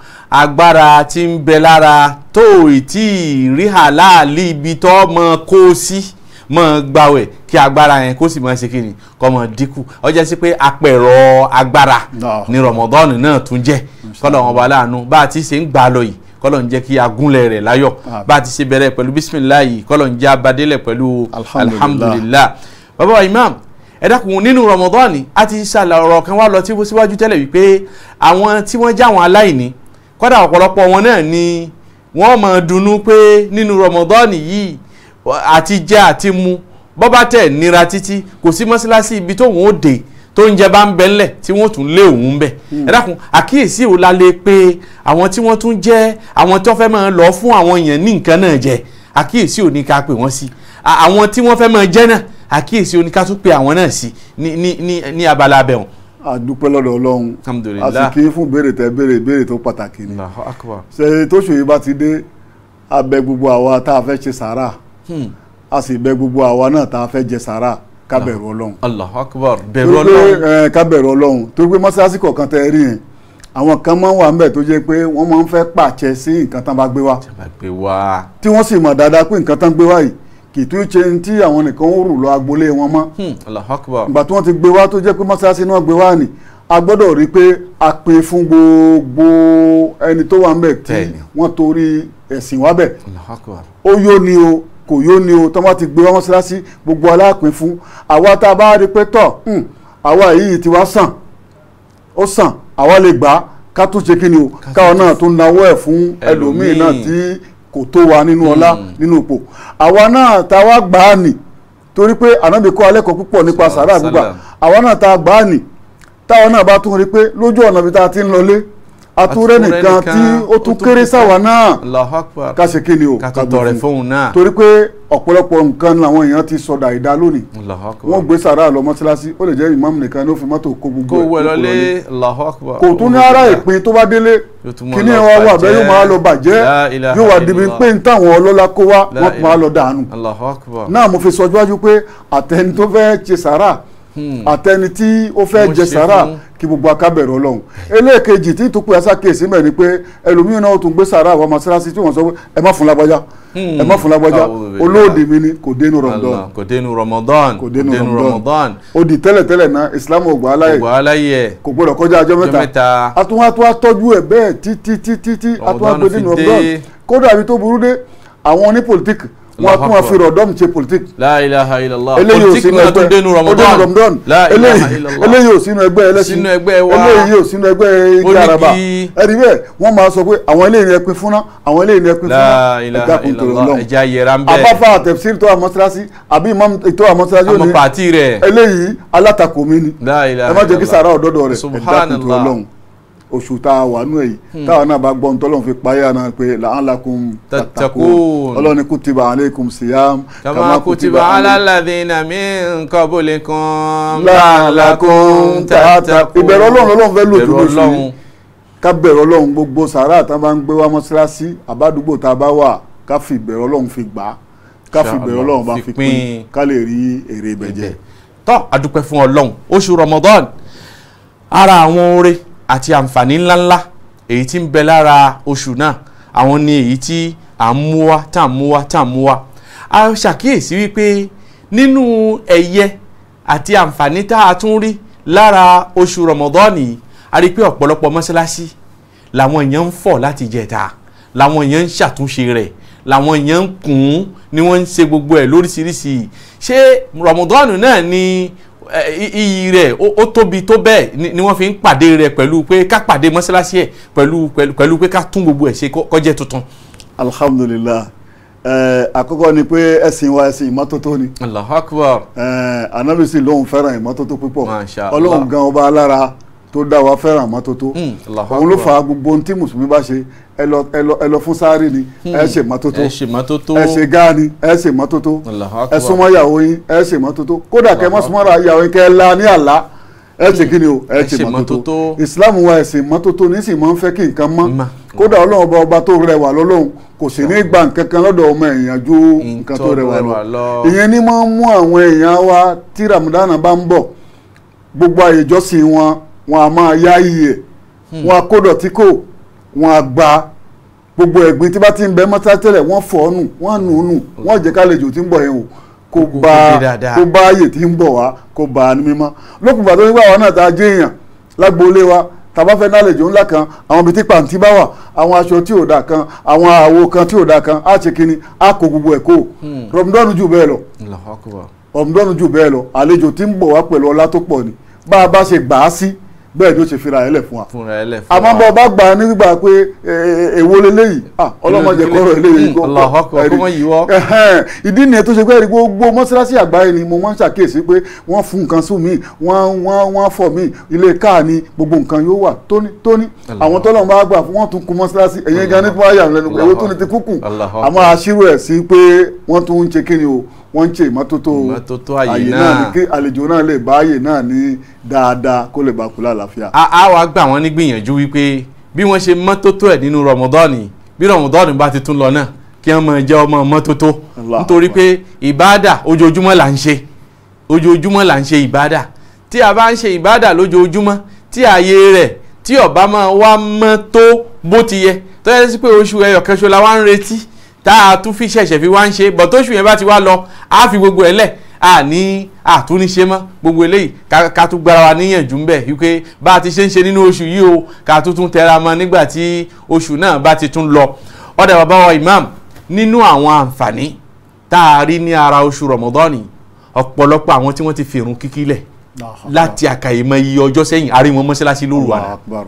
agbára tí ń bẹ lára tó ìtì rí àláàlì ibi tó mọ kó sí mọ gbàwẹ̀ kí agbára yẹn kó sì mọ ṣe kíni kó mọ dínkù ó sí pé apẹ̀rọ agbára ni Ramadan náà tún jẹ́ kọ́lọ̀ wọn bá láàánú bá a ti ṣe ń gbà lọ yìí kọ́lọ̀ ń jẹ́ kí agúnlẹ̀ rẹ̀ láyọ̀ bá a ti ṣe bẹ̀rẹ̀ pẹ̀lú bisimilayi kọ́lọ̀ ń jẹ́ abadélẹ̀ pẹ̀lú alhamdulilah bàbá wa imam ẹ dákun Ramadan, rọmọdọ́ọ̀nì a ti ṣàlà ọ̀rọ̀ kan wá lọ tí wọ́n síwájú tẹ́lẹ̀ wípé àwọn tí wọ́n já àwọn aláìní kọ́dà ọ̀pọ̀lọpọ̀ wọn náà ni wọ́n máa dunnú pé nínú rọmọdọ́ọ̀nì yìí àti jẹ àti mu bọ́bá tẹ̀ nira títí kò sí mọ́ṣáláṣí ibi tóun ó dé tó ń jẹ bá ń bẹ ńlẹ̀ tí wọ́n tún lé òun bẹ̀. Hmm. ẹ dákun àkíyèsí ò la lè pé àwọn tí wọ́n tún jẹ́ àwọn tó fẹ́ máa lọ fún àwọn èèyàn ní nǹkan náà jẹ àkíyèsí ò ní ká pè wọ́n sí àwọn tí wọ́n fẹ́ máa jẹ́ náà àkíyèsí ò ní ká tún pè àwọn náà sí ní abala abẹ́ wọn. a dúpẹ́ lọ́dọ̀ ọlọ́run a sì kí fún béèrè tẹ béèrè béèrè tó pàtàkì ni ṣe tó ṣòye bá ti dé a bẹ̀ gbogbo àwa tá a fẹ́ ṣe sàrà hmm. a sì bẹ̀ gbogbo àwa náà tá a fẹ́ jẹ sàrà ká bẹ̀rù ọlọ́run. Allah Akbar bẹ̀rù ọlọ́run. Eh, ká bẹ̀rù ọlọ́run torí pé mọ́ṣáláṣí kọ̀ọ̀kan tẹ rí yẹn àwọn kan máa ń wà ńbẹ̀ tó jẹ́ pé wọ́n máa ń fẹ́ pàṣẹ sí nǹkan tán bá gbé wá. tí wọ́n sì mọ̀ dáadáa pé nǹkan tán gbé wá yìí kì í tún ṣe ní tí àwọn nìkan ń rù lọ agboolé wọn mọ́. Hmm, Allahu Akbar. ìgbà tí wọ́n ti gbé wá tó jẹ́ pé mọ́ṣáláṣí náà gbé wá ni a gbọ́dọ̀ rí i pé a pè fún gbogbo ẹni tó wà ńbẹ̀ tí wọ́n torí ẹ̀sìn wá bẹ̀. Allahu Akbar. ó yó ni o kò yóò ní o tọ́mọ́ ti gbé wọn mọ́ṣáláṣí gbogbo aláàpín fún àwa tá a bá rí pé tọ̀ hmm, àwa yìí ti wá sàn ó sàn àwa lè gbà á ká tún ṣe kí ni o káwọn náà tún nawọ́ ẹ̀ fún ẹlòmíì náà tí kò tó wa nínú ọlá hmm. nínú ipò àwa náà tá a wá gbà á nì torí pé ànábì kọ́ alẹ́kọ̀ọ́ púpọ̀ nípa sàrà àgbègbà àwa náà tá a gbà á nì táwọn náà bá tún rí pé lójú ọ̀nà bí tá a ti ń lọlé atúrẹ́ nìkan tí ó tún kéré sáwa náà ká ṣe kí ni o ká tọrẹ fóun náà torí pé ọ̀pọ̀lọpọ̀ nǹkan làwọn èèyàn ti sọ̀dà ìdá lónìí wọ́n gbé sàrà lọ mọ́ṣáláṣí ó lè jẹ́ ìmáàmù nìkan ló fi mọ́tò kó gbogbo ẹ̀ kó kò tún ní ara ìpín tó bá délé kíní wa wà bẹ́ẹ̀ yóò máa lọ bàjẹ́ yóò wà dìbí pé n táwọn ọlọ́lá kó wá wọ́n máa lọ dànù náà mo fi sọ síwájú pé àtẹni tó fẹ́ ṣe sàrà hmm. àtẹni tí ó fẹ́ jẹ sàrà kí gbogbo akábẹ̀rẹ̀ ọlọ́run eléèkejì tí ìtúpẹ́ asákèésí mẹ́rin ni pé ẹlòmíràn náà tún gbé sàrà àwọn mọ́sálásí tí wọ́n sọ pé ẹ má fún lágbájá hmm. ẹ má fún lágbájá olóòdì mi ni kò dénú ramadan kò dénú ramadan kò dénú ramadan odi tẹ́lẹ̀tẹ́lẹ̀ náà islam ògbà aláyẹ kò gbọdọ̀ kọjá ajọ́ mẹ́ta àtúwátúwá tọ́jú ẹ̀ bẹ́ẹ̀ títí títí àtúwá gbé dénú ramadan kódà àbí tó burú dé àwọn onípolitíkì wọn kún wọn fi rọdọm ṣe politik. la ilaha illallah politik náà tún dénú ramadan la ilaha illallah eléyìí ò sínú ẹgbẹ́ ẹlẹ́sìn eléyìí ò sínú ẹgbẹ́ ìjàràbà ẹ̀rí bẹ́ẹ̀ wọ́n máa sọ pé àwọn eléyìí ni ẹ pín fúnná àwọn eléyìí ni ẹ pín fúnná ẹ̀dá kùn tó lọ́n ẹ̀já yẹra ń bẹ́ẹ̀ abáfa àtẹ̀síri tó àmọ́síláṣí àbí imam tó àmọ́síláṣí ò ní eléyìí alátakò mi ni ẹ má jẹ́ kí sàrà ọ̀dọ́dọ̀ rẹ̀ ẹ̀dá kùn tó lọ́n oṣù tá a wà nù èyí hmm. táwọn náà bá gbọ́ ohun tọ́lọ́run fi payé àná pé la'allakum tattaqun ọlọ́run ní kutiba siyam kama kutiba ala alladhina min qablikum la'allakum tattaqun. ìbẹ̀rù ọlọ́run ọlọ́run fẹ́ lò tó lóṣù yìí ká bẹ̀rù ọlọ́run gbogbo sàrà tá a bá ń gbé wá mọ́ṣáláṣí àbádúgbò tá a bá wà ká fi ìbẹ̀rù ọlọ́run fi gbà á ká fi ìbẹ̀rù ọlọ́run bá fi pín ká lè rí èrè ibẹ̀ tọ́ a fún ọlọ́run oṣù Ramadan ara àwọn oore àti àǹfààní ńláńlá èyí tí ń bẹ lára oṣù náà àwọn ni èyí tí à ń mú wá tá à ń mú wá tá à ń mú wá a ṣàkíyèsí wípé nínú ẹ̀yẹ àti àǹfààní tá a tún rí lára oṣù rọmọdọ́ọ̀nì a rí i pé ọ̀pọ̀lọpọ̀ mọ́ṣáláṣí làwọn èèyàn ń fọ̀ láti jẹ̀ta làwọn èèyàn ń ṣàtúnṣe rẹ̀ làwọn èèyàn ń kùn ún ni wọ́n ń ṣe gbogbo ẹ̀ lóríṣiríṣi ṣé rọmọdọ́ọ̀nù náà ni iyì rẹ̀ ó tóbi tó bẹ́ẹ̀ ni wọ́n fi ń pàdé rẹ̀ pẹ̀lú pé ká pàdé mọ́sálásí ẹ̀ pẹ̀lú pẹ̀lú pé ká tún gbogbo ẹ̀ ṣe kó jẹ́ tuntun. alhamdulillah eh, àkọ́kọ́ ni pé ẹ̀sìn wa ẹ̀sìn ìmọ́tótó ni. Allahu akbar. anabi eh, sì lóun fẹ́ràn ìmọ́tótó púpọ̀ ọlọ́run gan ọba alára tó dá wa fẹ́ràn mọ́tótó hmm, òun ló fa gbogbo ohun tí mùsùlùmí bá ṣe ẹ lọ fún sáré ni hmm, ẹ ṣe mọ́tótó ẹ ṣe mọ́tótó ẹ ṣe gáà ni ẹ ṣe mọ́tótó ẹ súnmọ́ ìyàwó yín ẹ ṣe mọ́tótó kódà kẹ́ mọ́ súnmọ́ ra ìyàwó yín kẹ́ ẹ la ní àlá ẹ ṣe hmm, kí ni o ẹ ṣe mọ́tótó ìsìláàmù wa ẹ̀sìn mọ́tótó ní sì máa ń fẹ́ kí nǹkan mọ́ kódà ọlọ́run ọba ọba tó rẹwà lọ́lọ́run kò sì ní gba nǹkan kan lọ́dọ̀ ọmọ èèyàn ju nǹkan tó rẹwà lọ ìyẹn ni máa ń mú àwọn èèyàn wa tí ramadana bá ń bọ̀ gbogbo àyèjọ́sìn wọn wọn a máa yá iye hmm. wọn a kó dọ̀tí kò wọn a gba gbogbo ẹ̀gbin tí bá ti ń bẹ mọ́tá tẹ́lẹ̀ wọ́n fọ̀ ọ́nù wọ́n nù ú nù hmm. wọ́n jẹ́ kálejò tí ń bọ̀ yẹn o kò bá kò bá ààyè tí ń bọ̀ wá kò bá a ní mímọ́ lókùn bàtọ́ nígbà wọn náà ta jẹ́ èèyàn lágboolé wa tàbá fẹ́ nálejò ńlá kan àwọn ibi pàǹtí bá wà àwọn aṣọ tí ò da kan àwọn àwo kan tí ò da kan á ṣe kínní á kó gbogbo ẹ̀ kó hmm. rọ̀mùdọ́nù jù bẹ́ẹ̀ lọ rọ̀mùdọ́nù jù bẹ́ẹ̀ lọ àlejò tí ń bọ̀ wá pẹ̀lú ọlá tó pọ̀ ni bá a bá ṣe gbà á sí bẹ́ẹ̀ ló ṣe fira ẹlẹ̀ fún wa àmọ́ bọ́ bá gbà ní gbà pé èwo leléyìí ọlọ́mọdé kọ́rọ̀ eléyìí kọ́ ìdí nìyẹn tó ṣe pé gbogbo mọ́ṣáláṣí àgbáyé ni mo máa ń ṣàkíyèsí pé wọ́n fún nǹkan sùn mí wọ́n wọ́n wọ́n fọ̀ mí ilé káà ni gbogbo nǹkan yóò wà tónítóní àwọn tọ́lọ̀ bá gbà fún wọ́n tún kú mọ́ṣáláṣí ẹ̀yìn gan nípa àyà lẹ́nu pé owó tó ní wọ́n ń ṣe ìmọ́tótó àyè náà kí àlejò náà lè bá àyè náà ní dáadáa kó lè bá kú lálàá àlàáfíà. a wá gbà wọ́n nígbìyànjú wípé bí wọ́n ṣe mọ́tótó ẹ̀ nínú rọmọdọ́ọ̀nì bí rọmọdọ́ọ̀nì bá ti tún lọ náà kí wọ́n máa jẹ́ ọmọ mọ́tótó nítorí pé ìbáàdà ojoojúmọ́ là ń ṣe ojoojúmọ́ là ń ṣe ìbáàdà tí a bá ń ṣe ìbáàdà lójoojúmọ́ tí ààyè rẹ̀ tí ọba máa wá mọ́ tó bó ti yẹ tó sí pé oṣù ẹyọ̀kan la wá ń retí tá a tún fi ṣẹ̀ṣẹ̀ fi wá ń ṣe bọ̀ yẹn bá ti wá lọ á fi gbogbo ẹ̀ lẹ̀ àní àtúnṣe mọ́ gbogbo eléyìí ká tún gbára wa níyànjú ń bẹ̀ wípé bá a ti ṣe ń ṣe nínú oṣù yìí o ká tún tún tẹra mọ́ nígbà tí oṣù náà bá ti tún lọ ọ̀dà bàbá wa imam nínú àwọn àǹfààní tá a rí ní ara oṣù rọmọdọ́ọ̀nì ọ̀pọ̀lọpọ̀ àwọn tí wọ́n ti fèrún kíkílẹ̀ láti àkàyèmọ iye ọjọ́ sẹ́yìn àárín wọn mọ́ṣáláṣí lóru àná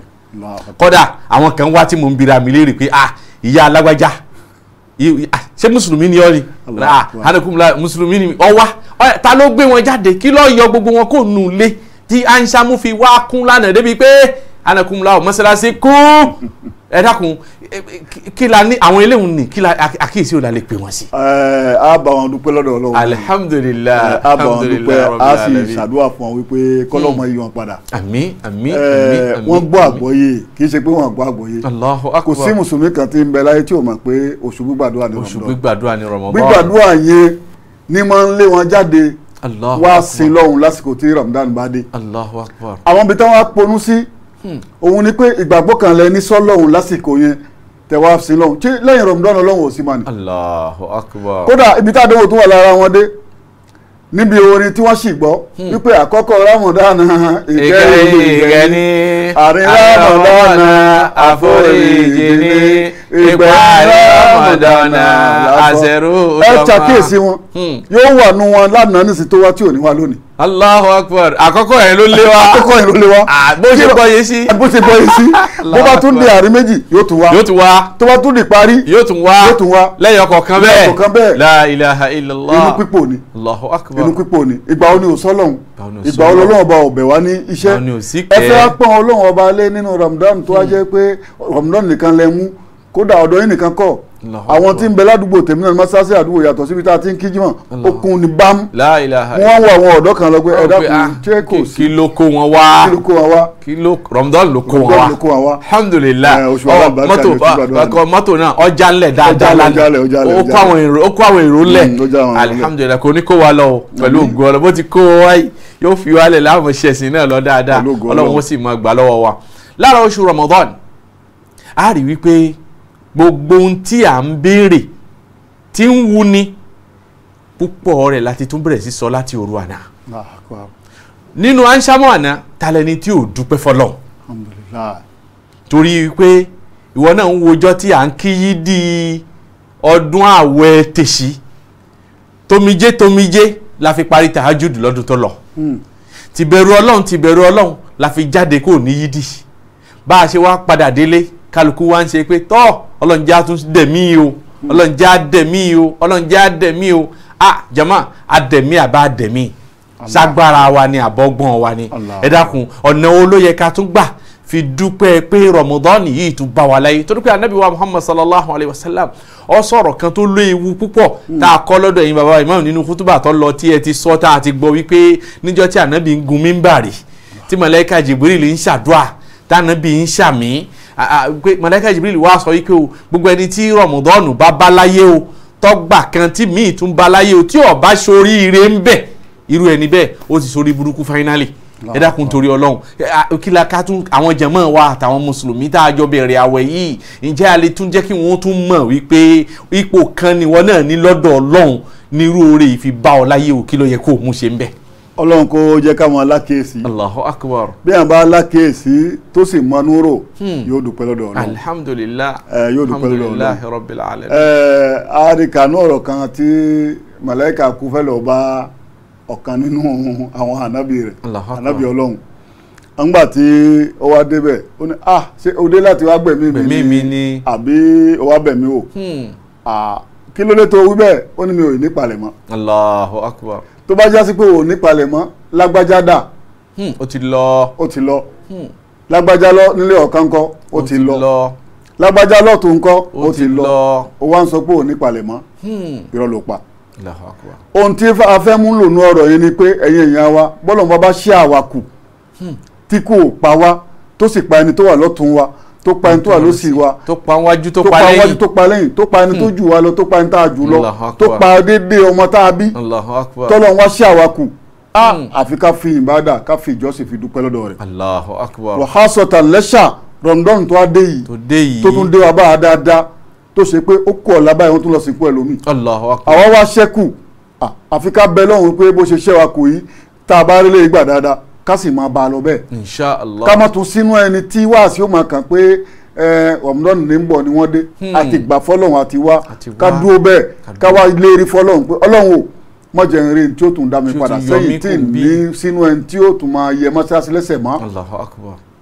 kódà àwọn kan wá tí mo ń bira mi léèrè pé ah ìyá alágbájá Ah, ṣé mùsùlùmí ni ọ ni anakunmula ah, mùsùlùmí ni ọ wá ta ló gbé wọn jáde kí ló yọ gbogbo wọn kó nù lé tí ansamu fi wá kún lánàá débi pé anakunmula ọ mọ́sálásí kún ẹ dákun kí la ní àwọn eléhùn ní kí la àkíyèsí ò la lè pè wọn sí. ẹ á bá wọn dúpẹ́ lọ́dọ̀ ọlọ́run. alihamudulilayi á bá sì ṣàdúrà fún wọn wípé kọ́lọ́mọ yìí wọn padà. àmín àmín àmín àmín. gbọ́ àgbọ́yé kì í ṣe pé wọ́n gbọ́ àgbọ́yé. Allahu akbar kò sí mùsùlùmí kan tí ń bẹ láyé tí ò mọ̀ pé oṣù gbígbàdúrà ni rọmọdún. oṣù gbígbàdúrà ni rọmọdún. gbígbàdúrà yẹn ni máa ń lé wọn jáde wá sí lọ́hùn lásìkò tí Ramadan bá dé. Allahu akbar. àwọn ibi táwọn òun ni pé ìgbàgbọ́ kan lẹ ní sọ́lọ́hún lásìkò yẹn tẹ̀wá sí lọ́hún tí lẹ́yìn rọ̀mùdọ́nà ọlọ́hún ò sí máa Allahu akbar. kódà ibi tá a dánwò tó wà lára wọn dé níbi orin tí wọ́n sì gbọ́ hmm. wípé àkọ́kọ́ ramadan ìgẹ́rin ìgẹ́ni àrin ramadan àforíjì ni ìgbà ramadan àṣẹrú. ẹ ṣàkíyèsí wọn hmm. yóò wà nù wọn lánàá nísìsiyìí tó tí ò ní wá lónìí. Allahu Akbar àkọ́kọ́ ẹ̀ ló lé wa àkọ́kọ́ ẹ̀ ló lé wa bó ṣe bọ́yé sí bó ṣe bọ́yé sí bó bá tún di àárín méjì yóò tún wá yóò tún wá tó bá tún di parí yóò tún wá yóò tún wá lẹ́yìn ọkọ̀ kan bẹ́ẹ̀ lẹ́yìn ọkọ̀ kan bẹ́ẹ̀ la ilaha illallah inú pípò ni Allahu Akbar inú pípò ni ìgbà wo ni ò sọ́lọ́hún ìgbà wo lọ́wọ́ ọba ọ̀bẹ̀ wá ní iṣẹ́ ẹ fẹ́ pọ́n ọlọ́wọ́ ọba alẹ́ nínú Ramadan tó wá hmm. jẹ́ pé Ramadan nìkan lẹ mú kódà ọ̀dọ̀ yín nìkan kọ́ àwọn tí ń bẹ ládùúgbò tèmi náà ni mọ́sáàsì àdúgbò yàtọ̀ síbi tá a ti ń kíjìmọ̀ okun ni bámú wọ́n wọ àwọn ọ̀dọ́ kan lọ́gbẹ́ ẹ̀dá kan ṣé kò sí. kí ló kó wọn wá kí ló kó wọn wá rọmdọ́n ló kó wọn wá alhamdulilayi eh, mọ́tò ah, ọkọ mọ́tò náà ọjà ńlẹ̀ dáadáa lánàá ó kó àwọn èrò ńlẹ̀ mm, alhamdulilayi kò ní kó wa lọ pẹ̀lú mm. ògùn ọlọ́ bó ti kó wa yóò fi wálẹ̀ láwọn ṣẹ̀sìn náà lọ dáadáa ọlọ́run ó sì mọ gbà lọ́wọ́ wa lára oṣù rọmọdọ́n a rí wípé gbogbo ohun tí à ń béèrè tí ń wuni púpọ̀ rẹ̀ láti tún bẹ̀rẹ̀ sí sọ láti òru àná nínú ansámọ́ àná talẹ́ni tí ò dúpẹ́ fọlọ́ torí pé ìwọ náà ń wojọ́ tí à ń kí yí di ọdún àwẹ̀ tèṣí tomijé tomijé la fi parí tahajud lọ́dún tó lọ hmm. tìbẹ̀rù ọlọ́run tìbẹ̀rù ọlọ́run la fi jáde kó ní yídì bá a ṣe wá padà délé kálukú wá ń ṣe pé tọ́ ọlọ́njá tún dẹ̀mí o ọlọ́njá dẹ̀mí o ọlọ́njá dẹ̀mí o ah jama adẹ̀mí àbá dẹ̀mí sagbára wa ni àbọ̀gbọ́n wa ni ẹ dákun ọ̀nà wo ló yẹ ká tún gbà fi dúpẹ́ pé rọmọdọ́ọ̀nì yìí tún bá wa láyé torí pé anabi wa muhammad sallallahu alayhi wa sallam ọ sọ̀rọ̀ kan tó lé ewu púpọ̀ hmm. tá a kọ́ lọ́dọ̀ ẹ̀yin bàbá imam nínú kútùbà tó lọ tí ẹ ti sọ tá a ti gbọ́ wípé níjọ́ tí anabi ń gun mímbàrì tí màláíkà jibril ń ṣàdúà tànàbí ń ṣàmì Ah, ah, mọ̀lẹ́kà Jibril wá sọ wípé o gbogbo ẹni tí rọ̀mùdọ́ọ̀nù bá bá láyé o tọ́gbà kan tí míì tún bá láyé o tí ó bá sórí ire ń bẹ̀ irú ẹni bẹ́ẹ̀ ó ti sórí burúkú finally ẹ dákun torí Ọlọ́run ah, kí la ká tún àwọn jẹmọ wa àtàwọn mùsùlùmí tá a jọ bẹ̀rẹ̀ àwẹ̀ yìí ǹjẹ́ a lè tún jẹ́ kí wọ́n tún mọ̀ wípé ipò kan ni wọ́n náà ní lọ́dọ̀ Ọlọ́run nírú oore ìfi bá ọ o kí ló yẹ kó o mú ṣe ń bẹ́ẹ̀ ọlọ́run kó jẹ́ káwọn alákèésí. Allahu akbar. bí àwọn bá alákèésí tó sì mọnú rò hmm. yóò dúpẹ́ lọ́dọ̀ ọlọ́run. alhamdulilah yóò dúpẹ́ lọ́dọ̀ ọlọ́run. alhamdulilah rabbil alamin. àríkànú ọ̀rọ̀ kan tí màláíkà kú fẹ́ lọ bá ọ̀kan nínú àwọn ànábì rẹ̀ ànábì ọlọ́run ńgbà tí ó wá débẹ̀ ó ní ah ṣé o dé láti wá gbẹ̀mí mi ni àbí o wá bẹ̀mí o hmm. kí ló dé tó wí bẹ́ẹ̀ ó ní mi ò ní palẹ̀mọ́. Allahu akbar tó bá jásí pé o ò nípalẹ̀ mọ́ lágbájá dà. ó hmm, ti lọ. ó ti lọ. Hmm. lágbájá lọ nílé ọ̀kan kọ́ ó ti lọ. lágbájá lọ tó ń kọ́ ó ti lọ. ó wá ń sọ pé o ò nípalẹ̀ mọ́ hmm. irọ́ ló pa. ohun tí a fẹ́ mú lòun ọ̀rọ̀ yẹn ni pé ẹ̀yin èèyàn wa bọ́lọ̀ bá bá ṣí àwa tí kò pa wá tó sì pa ẹni tó wà lọ́tún wa. Hmm tó pa ẹni tó wà lósì wa tó pa wájú tó pa lẹ́yìn tó pa lẹ́yìn tó pa ẹni tó hmm. jù wá lọ tó pa ẹni tá a jù lọ tó pa dédé ọmọ tá a bí tọ́lọ́ wá sí àwa kù àfi ká fi ìbádà ká fi ìjọsìn fi dúpẹ́ lọ́dọ̀ rẹ̀. Allahu akbar. wàhálà sọ̀tà lẹ́ṣà rọ̀ǹdọ́n tó a dé yìí tó tún dé wa bá a dáadáa tó ṣe pé ó kú ọ̀la báyìí wọ́n tún lọ sìnkú ẹ̀ lómi. Allahu akbar. àwa wá ṣẹ́kù àfi ká bẹ lọ́hùn pé bó ṣe ṣẹ́ wa kù yìí tá a bá rí lè gbà dáadáa ká sì máa bá a lọ bẹ́ẹ̀. inshallah ká má tún sínú ẹni tí wáàsí ó máa kàn pé ọ̀mùdọ́nù ní ń bọ̀ ni wọ́n dé àti hmm. gbà fọ́lọ́hún àti wá ká dúró bẹ́ẹ̀ ká wá lérí fọ́lọ́hún pé ọlọ́hún o mọ jẹ n rí n tí ó tún dá mi padà sẹ́yìn tí n ní sínú ẹni tí ó tún máa yẹ mọ́ṣáláṣí lẹ́sẹ̀ mọ́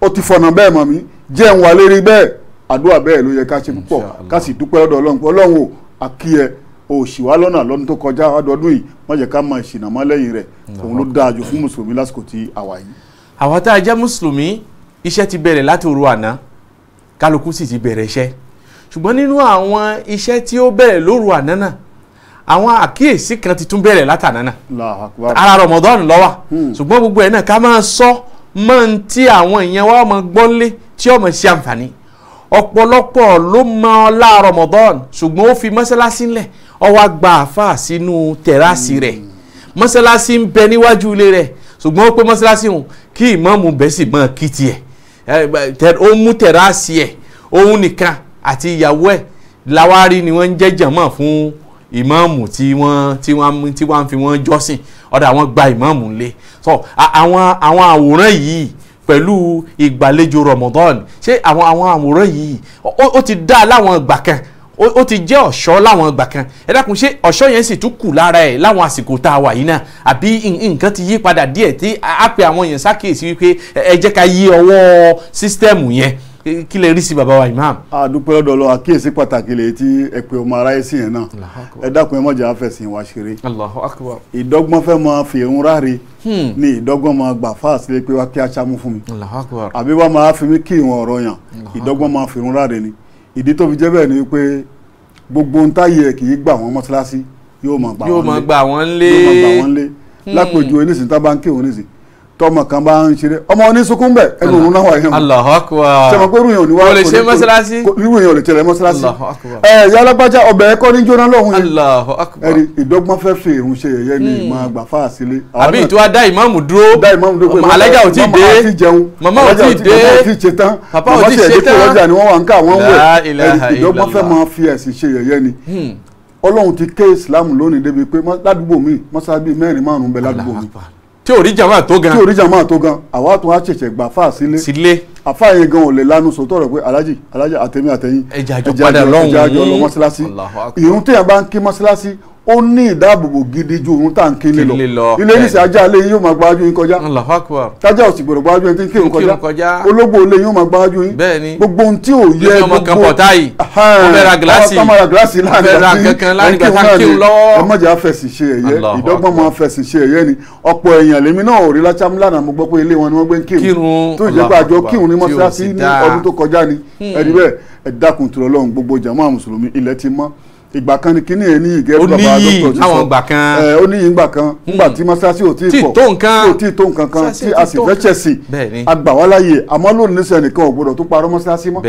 ó ti fọ̀nà bẹ́ẹ̀ mọ̀ mí jẹ́ n wà lérí bẹ́ẹ̀ àdúrà bẹ́ẹ̀ ló yẹ ká ṣe púpọ̀ ká sì dúpẹ́ lọ́dọ̀ ọlọ́run pé ọlọ́run ò àkíyẹ o ṣì wá lọ́nà lọ́dún tó kọjá ọdọọdún yìí má jẹ́ ká máa ṣìnà mọ́ lẹ́yìn rẹ̀ òun ló dáa jù fún mùsùlùmí lásìkò tí àwa yìí. àwa tá a jẹ́ mùsùlùmí iṣẹ́ ti bẹ̀rẹ̀ láti òru àná kálukú sì ti bẹ̀rẹ̀ iṣẹ́ ṣùgbọ́n nínú àwọn iṣẹ́ tí ó bẹ̀rẹ̀ lóru àná náà àwọn àkíyèsí kan ti tún bẹ̀rẹ̀ látàná náà ara Ramadan ló wà hmm. ṣùgbọ́n gbogbo ẹ̀ náà ká máa sọ mọ́ ń tí àwọn èèyàn wa máa gbọ́nlé ọ̀pọ̀lọpọ̀ ló mọ ọlá Ramadan ṣùgbọ́n ó fi mọ́sálásí ńlẹ̀ ó wá gba àáfàá sínú tẹ̀ráàsì rẹ̀ hmm. mọ́sálásí ń bẹ níwájú ilé rẹ̀ ṣùgbọ́n ó pé mọ́sálásí òun kí ìmáàmù bẹ́ẹ̀ sì mọ́ kí tiẹ̀ ó mú tẹ̀ráàsì ẹ̀ òun nìkan àti ìyàwó ẹ̀ láwárí ni wọ́n ń jẹ́ jàmọ́ fún ìmáàmù tí wọ́n tí wọ́n tí wọ́n fi wọ́n jọ́sìn ọ̀dọ̀ àwọn gba ìmáàmù ńlẹ̀ so àwọn àwọn àwòrán yìí pẹ̀lú ìgbàlejò Ramadan ṣé àwọn àwọn àwòrán yìí ó ti dá láwọn ìgbà kan ó ti jẹ́ ọ̀ṣọ́ láwọn ìgbà kan ẹ dákun ṣé ọ̀ṣọ́ yẹn sì tún kù lára ẹ̀ láwọn àsìkò tá a wà yìí náà àbí nǹkan ti yí padà díẹ̀ tí a pe àwọn èèyàn ṣàkíyèsí wípé ẹ jẹ́ ká yí ọwọ́ sísítẹ́ẹ̀mù yẹn kí lè rí sí bàbá wa imam. a dúpẹ́ lọ́dọ̀ lọ àkíyèsí pàtàkì lè ti ẹ pé ọmọ aráyé sí yẹn náà ẹ dákun ẹ má jẹ́ wa ṣeré ìdọ́gbọ́n fẹ́ máa fi irun ráre hmm. ni ìdọ́gbọ́n máa gbà fáàsì lè pé wá kí aṣáámú fún mi àbí wá máa fi mí kí ìwọ̀n ọ̀rọ̀ yàn ìdọ́gbọ́n máa fi irun ráre ni ìdí tó fi jẹ́ bẹ́ẹ̀ ni pé gbogbo ohun táyé ẹ̀ kì í gbà wọ́n mọ́ṣáláṣí yóò mọ̀ gbà wọ́n lé yóò mọ̀ gbà wọ́n lé hmm. lápèjú oníṣìí tá bá ń kéwọn oníṣìí tọmọ kan bá ń ṣeré ọmọ onísunkún bẹ ẹnu òun náà wà yẹn Allahu Akbar sẹmọ pé ròyìn òní wà kò lè ṣe mọ́ṣáláṣí ròyìn òní tẹ̀lé mọ́ṣáláṣí Allahu Akbar ẹ yálàgbájá ọbẹ̀ ẹ̀kọ́ ní jóná lọ́hùn yẹn Allahu Akbar ẹ̀rí ìdọ́gbọ́n fẹ́ fi ìhun ṣe yẹ̀yẹ́ ni ìmọ̀ hmm. àgbà fà sílé. àbí ìtú wa dá ìmáàmù dúró dá ìmáàmù dúró pé alájà ò tí dé màmá ò tí dé papa ò tí ṣe tán ọjà ni wọ́n wà ń ká wọ́n wẹ̀ ẹ̀rí ìdọ́gbọ́n fẹ́ máa ṣe yẹ̀yẹ́ ni hmm. ọlọ́run ti ké ìsìlámù lónìí débi pé ládùúgbò mi mọ́sáábí mẹ́rin márùn-ún bẹ ládùúgbò mi tí ò rí jàmá tó gan. tí ò rí jàmá tó gan àwa tó wá ṣẹ̀ṣẹ̀ gbà fà sílé. sílé. àfà yẹn gan ò lè lanu sòtọ́ rẹ̀ pé alájì alájì àtẹ̀mí àtẹ̀yìn. ẹja àjọ padà lọ́hùn-ún ẹja àjọ lọ mọ́ṣáláṣí. ìrun bá ń kí mọ́ṣáláṣí ó ní ìdáàbòbò gidi ju òun tá à ń kílè lọ ilé nísì ajá ilé yóò máa gbájú yín kọjá tájà òsì gbọdọ̀ gbájú yín tí ń kírun kọjá ológbò ilé yóò máa gbájú yín gbogbo ohun tí ò yẹ gbogbo ọmọ kan pọ̀tá yìí wọ́n fẹ́ ra gíláàsì wọ́n fẹ́ ra kankan láàrin kankan kí n lọ́wọ́. ẹ mọ̀jà fẹ̀sìn ṣe ẹ̀yẹ ìdọ́gbọ́n máa fẹ̀sìn ṣe ẹ̀yẹ ni ọ̀pọ̀ èèyàn lèmi náà ò rí lásámúlànà mo gbọ́ pé ilé wọn ni wọ́n gbé ń kírun tó ìjẹ́pẹ́ àjọ kírun ní mọ́ṣáláṣí ní ọdún tó kọjá ni hmm. ẹ̀rí bẹ́ẹ̀ ẹ dákun tó lọ́run gbogbo jàmáà mùsùlùmí ilẹ̀ ti mọ́ ìgbà kan ni kíní ẹ ní ìgẹ́ bàbá dókítà sísọ ó níyì àwọn ìgbà kan ẹ ó níyì ìgbà kan hmm. nígbà tí mọ́sáàsì ò tí ì pọ̀ tí ò tí ì tó nǹkan kan tí a sì fẹ́ ṣẹ̀sìn agbàwáláyè àmọ́ lónìí nísìnyí nìkan ò gbọdọ̀ tó parọ́ mọ́sáàsì mọ́